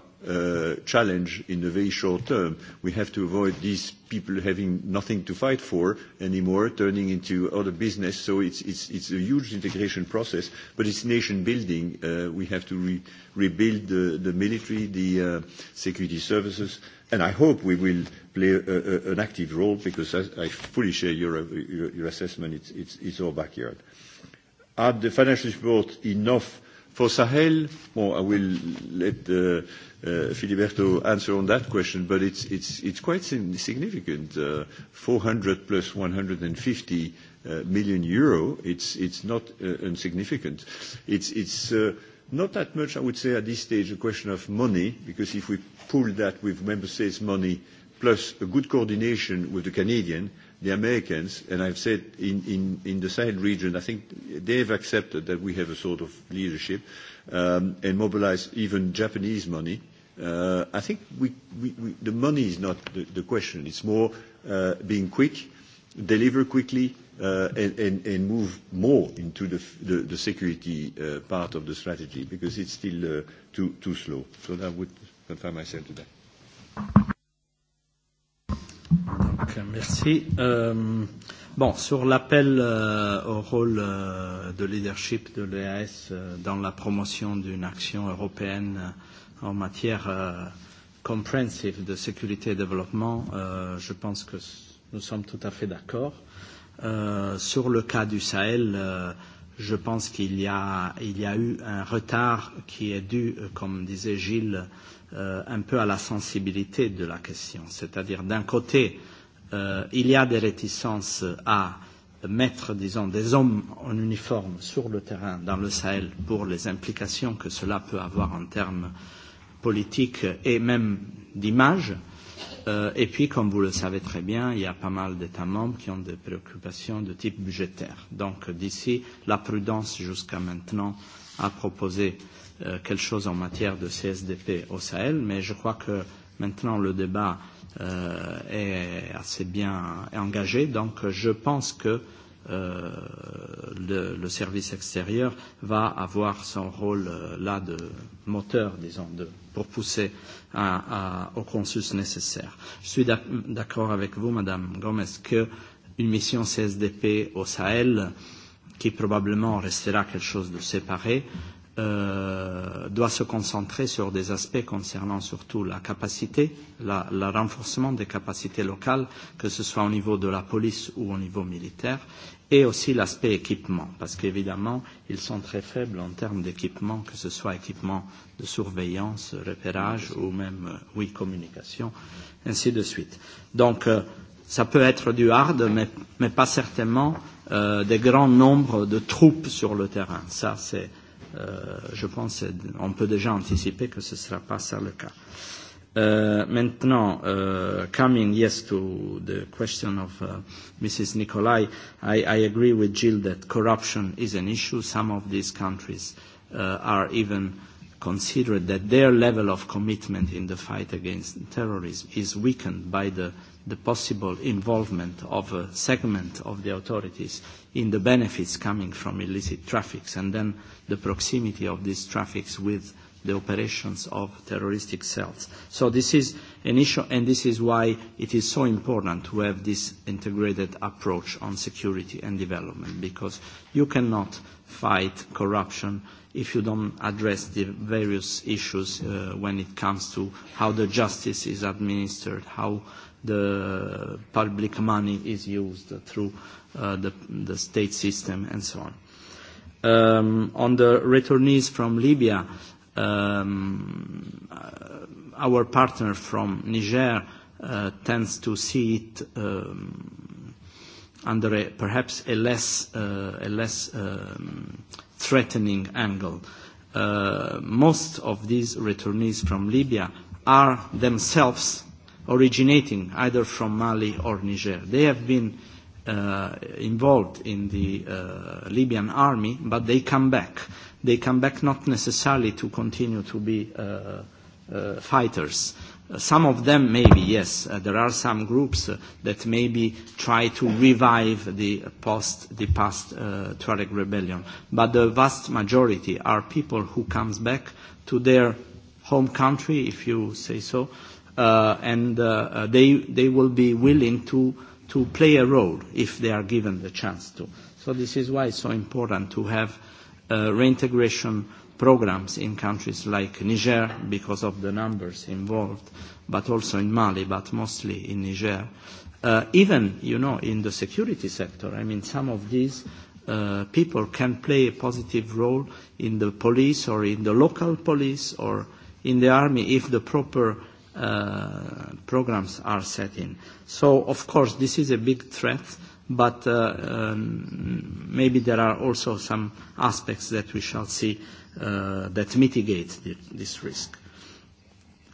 Speaker 9: challenge in the very short term. We have to avoid these people having nothing to fight for anymore, turning into other business. So it's, it's, it's a huge integration process, but it's nation building. Uh, we have to re- rebuild the, the military, the uh, security services, and I hope we will play a, a, an active role because I, I fully share your, your, your assessment. It's, it's, it's our backyard. Are the financial support enough for Sahel? Well, I will let uh, Filiberto answer on that question, but it's it's it's quite significant. 400 plus 150 million euro, it's it's not insignificant. It's it's not that much, I would say, at this stage, a question of money, because if we pool that with member states' money plus a good coordination with the Canadian, the Americans, and I've said in in in the Sahel region, I think they've accepted that we have a sort of leadership, and mobilized even Japanese money I think we, we, we, the money is not the, the question. It's more uh, being quick, deliver quickly, uh, and, and, and move more into the, the, the security uh, part of the strategy because it's still uh, too, too slow. So that would
Speaker 10: confirm myself to that. Donc, merci. Euh, bon, sur l'appel euh, au rôle euh, de leadership de l'EAS euh, dans la promotion d'une action européenne euh, en matière euh, comprehensive de sécurité et développement, euh, je pense que nous sommes tout à fait d'accord. Euh, sur le cas du Sahel, euh, je pense qu'il y, a, il y a eu un retard qui est dû, comme disait Gilles, euh, un peu à la sensibilité de la question. C'est-à-dire, d'un côté, euh, il y a des réticences à mettre, disons, des hommes en uniforme sur le terrain dans le Sahel pour les implications que cela peut avoir en termes euh, politique et même d'image. Euh, et puis, comme vous le savez très bien, il y a pas mal d'États membres qui ont des préoccupations de type budgétaire. Donc, d'ici, la prudence jusqu'à maintenant a proposé euh, quelque chose en matière de CSDP au Sahel, mais je crois que maintenant le débat euh, est assez bien engagé. Donc, je pense que euh, le, le service extérieur va avoir son rôle euh, là de moteur, disons, de, pour pousser à, à, au consensus nécessaire. Je suis d'accord avec vous, Madame Gomez, qu'une mission CSDP au Sahel, qui probablement restera quelque chose de séparé, euh, doit se concentrer sur des aspects concernant surtout la capacité, la, le renforcement des capacités locales, que ce soit au niveau de la police ou au niveau militaire, et aussi l'aspect équipement, parce qu'évidemment, ils sont très faibles en termes d'équipement, que ce soit équipement de surveillance, repérage ou même, oui, communication, ainsi de suite. Donc, euh, ça peut être du hard, mais, mais pas certainement euh, des grands nombres de troupes sur le terrain. Ça, c'est, euh, je pense, on peut déjà anticiper que ce ne sera pas ça le cas. Euh, Maintenant, coming, yes, to the question of Mrs. Nicolai, I agree with Jill that corruption is an issue. Some of these countries are even considered that their level of commitment in the fight against terrorism is weakened by the the possible involvement of a segment of the authorities in the benefits coming from illicit traffics, and then the proximity of these traffics with the operations of terroristic cells. So this is an issue, and this is why it is so important to have this integrated approach on security and development, because you cannot fight corruption if you don't address the various issues uh, when it comes to how the justice is administered, how the public money is used through uh, the, the state system, and so on. Um, on the returnees from Libya, uh, um, our partner from Niger uh, tends to see it um, under a, perhaps a less, uh, a less um, threatening angle. Uh, most of these returnees from Libya are themselves originating either from Mali or Niger. They have been uh, involved in the uh, Libyan army, but they come back they come back not necessarily to continue to be uh, uh, fighters. Some of them, maybe, yes. Uh, there are some groups uh, that maybe try to revive the, post, the past uh, Tuareg rebellion. But the vast majority are people who comes back to their home country, if you say so, uh, and uh, they, they will be willing to, to play a role if they are given the chance to. So this is why it's so important to have uh, uh, reintegration programs in countries like Niger because of the numbers involved, but also in Mali, but mostly in Niger. Uh, even, you know, in the security sector, I mean, some of these uh, people can play a positive role in the police or in the local police or in the army if the proper uh, programs are set in. So, of course, this is a big threat but uh, um, maybe there are also some aspects that we shall see uh, that mitigate the, this risk.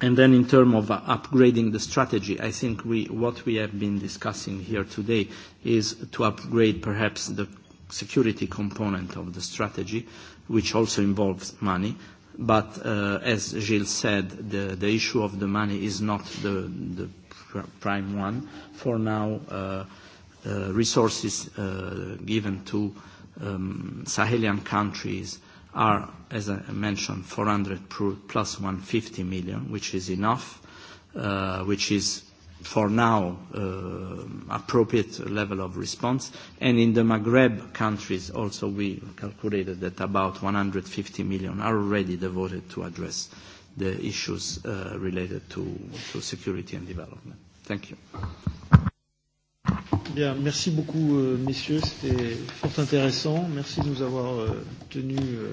Speaker 10: And then in terms of upgrading the strategy, I think we, what we have been discussing here today is to upgrade perhaps the security component of the strategy, which also involves money. But uh, as Gilles said, the, the issue of the money is not the, the pr prime one. For now, uh, resources uh, given to um, Sahelian countries are, as I mentioned, 400 plus 150 million, which is enough, uh, which is for now uh, appropriate level of response. And in the Maghreb countries also we calculated that about 150 million are already devoted to address the issues uh, related to, to security and development. Thank you.
Speaker 3: Bien, merci beaucoup, euh, messieurs. C'était fort intéressant. Merci de nous avoir euh, tenus euh,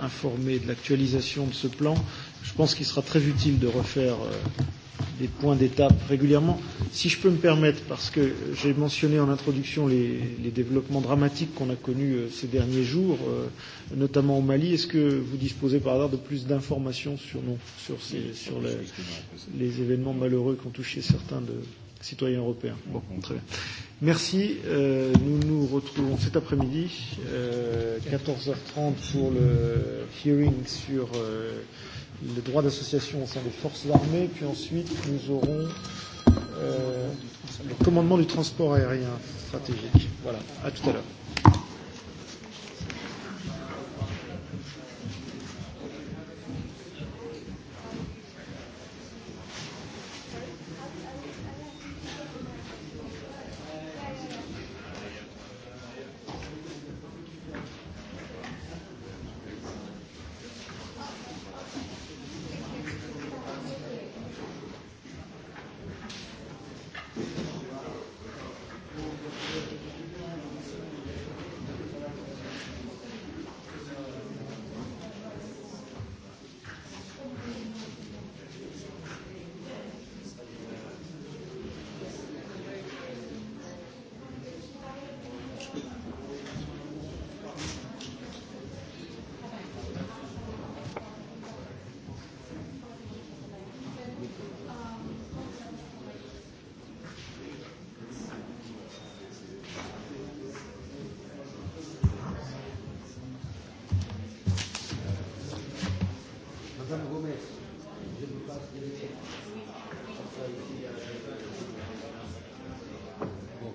Speaker 3: informés de l'actualisation de ce plan. Je pense qu'il sera très utile de refaire euh, des points d'étape régulièrement. Si je peux me permettre, parce que j'ai mentionné en introduction les, les développements dramatiques qu'on a connus euh, ces derniers jours, euh, notamment au Mali, est-ce que vous disposez par hasard de plus d'informations sur, non, sur, ces, sur les, les événements malheureux qui ont touché certains de, citoyens européens. Bon, très bien. Merci. Euh, nous nous retrouvons cet après-midi, euh, 14h30, pour le hearing sur euh, le droit d'association au sein des forces armées. Puis ensuite, nous aurons euh, le commandement du transport aérien stratégique. Voilà. À tout à l'heure.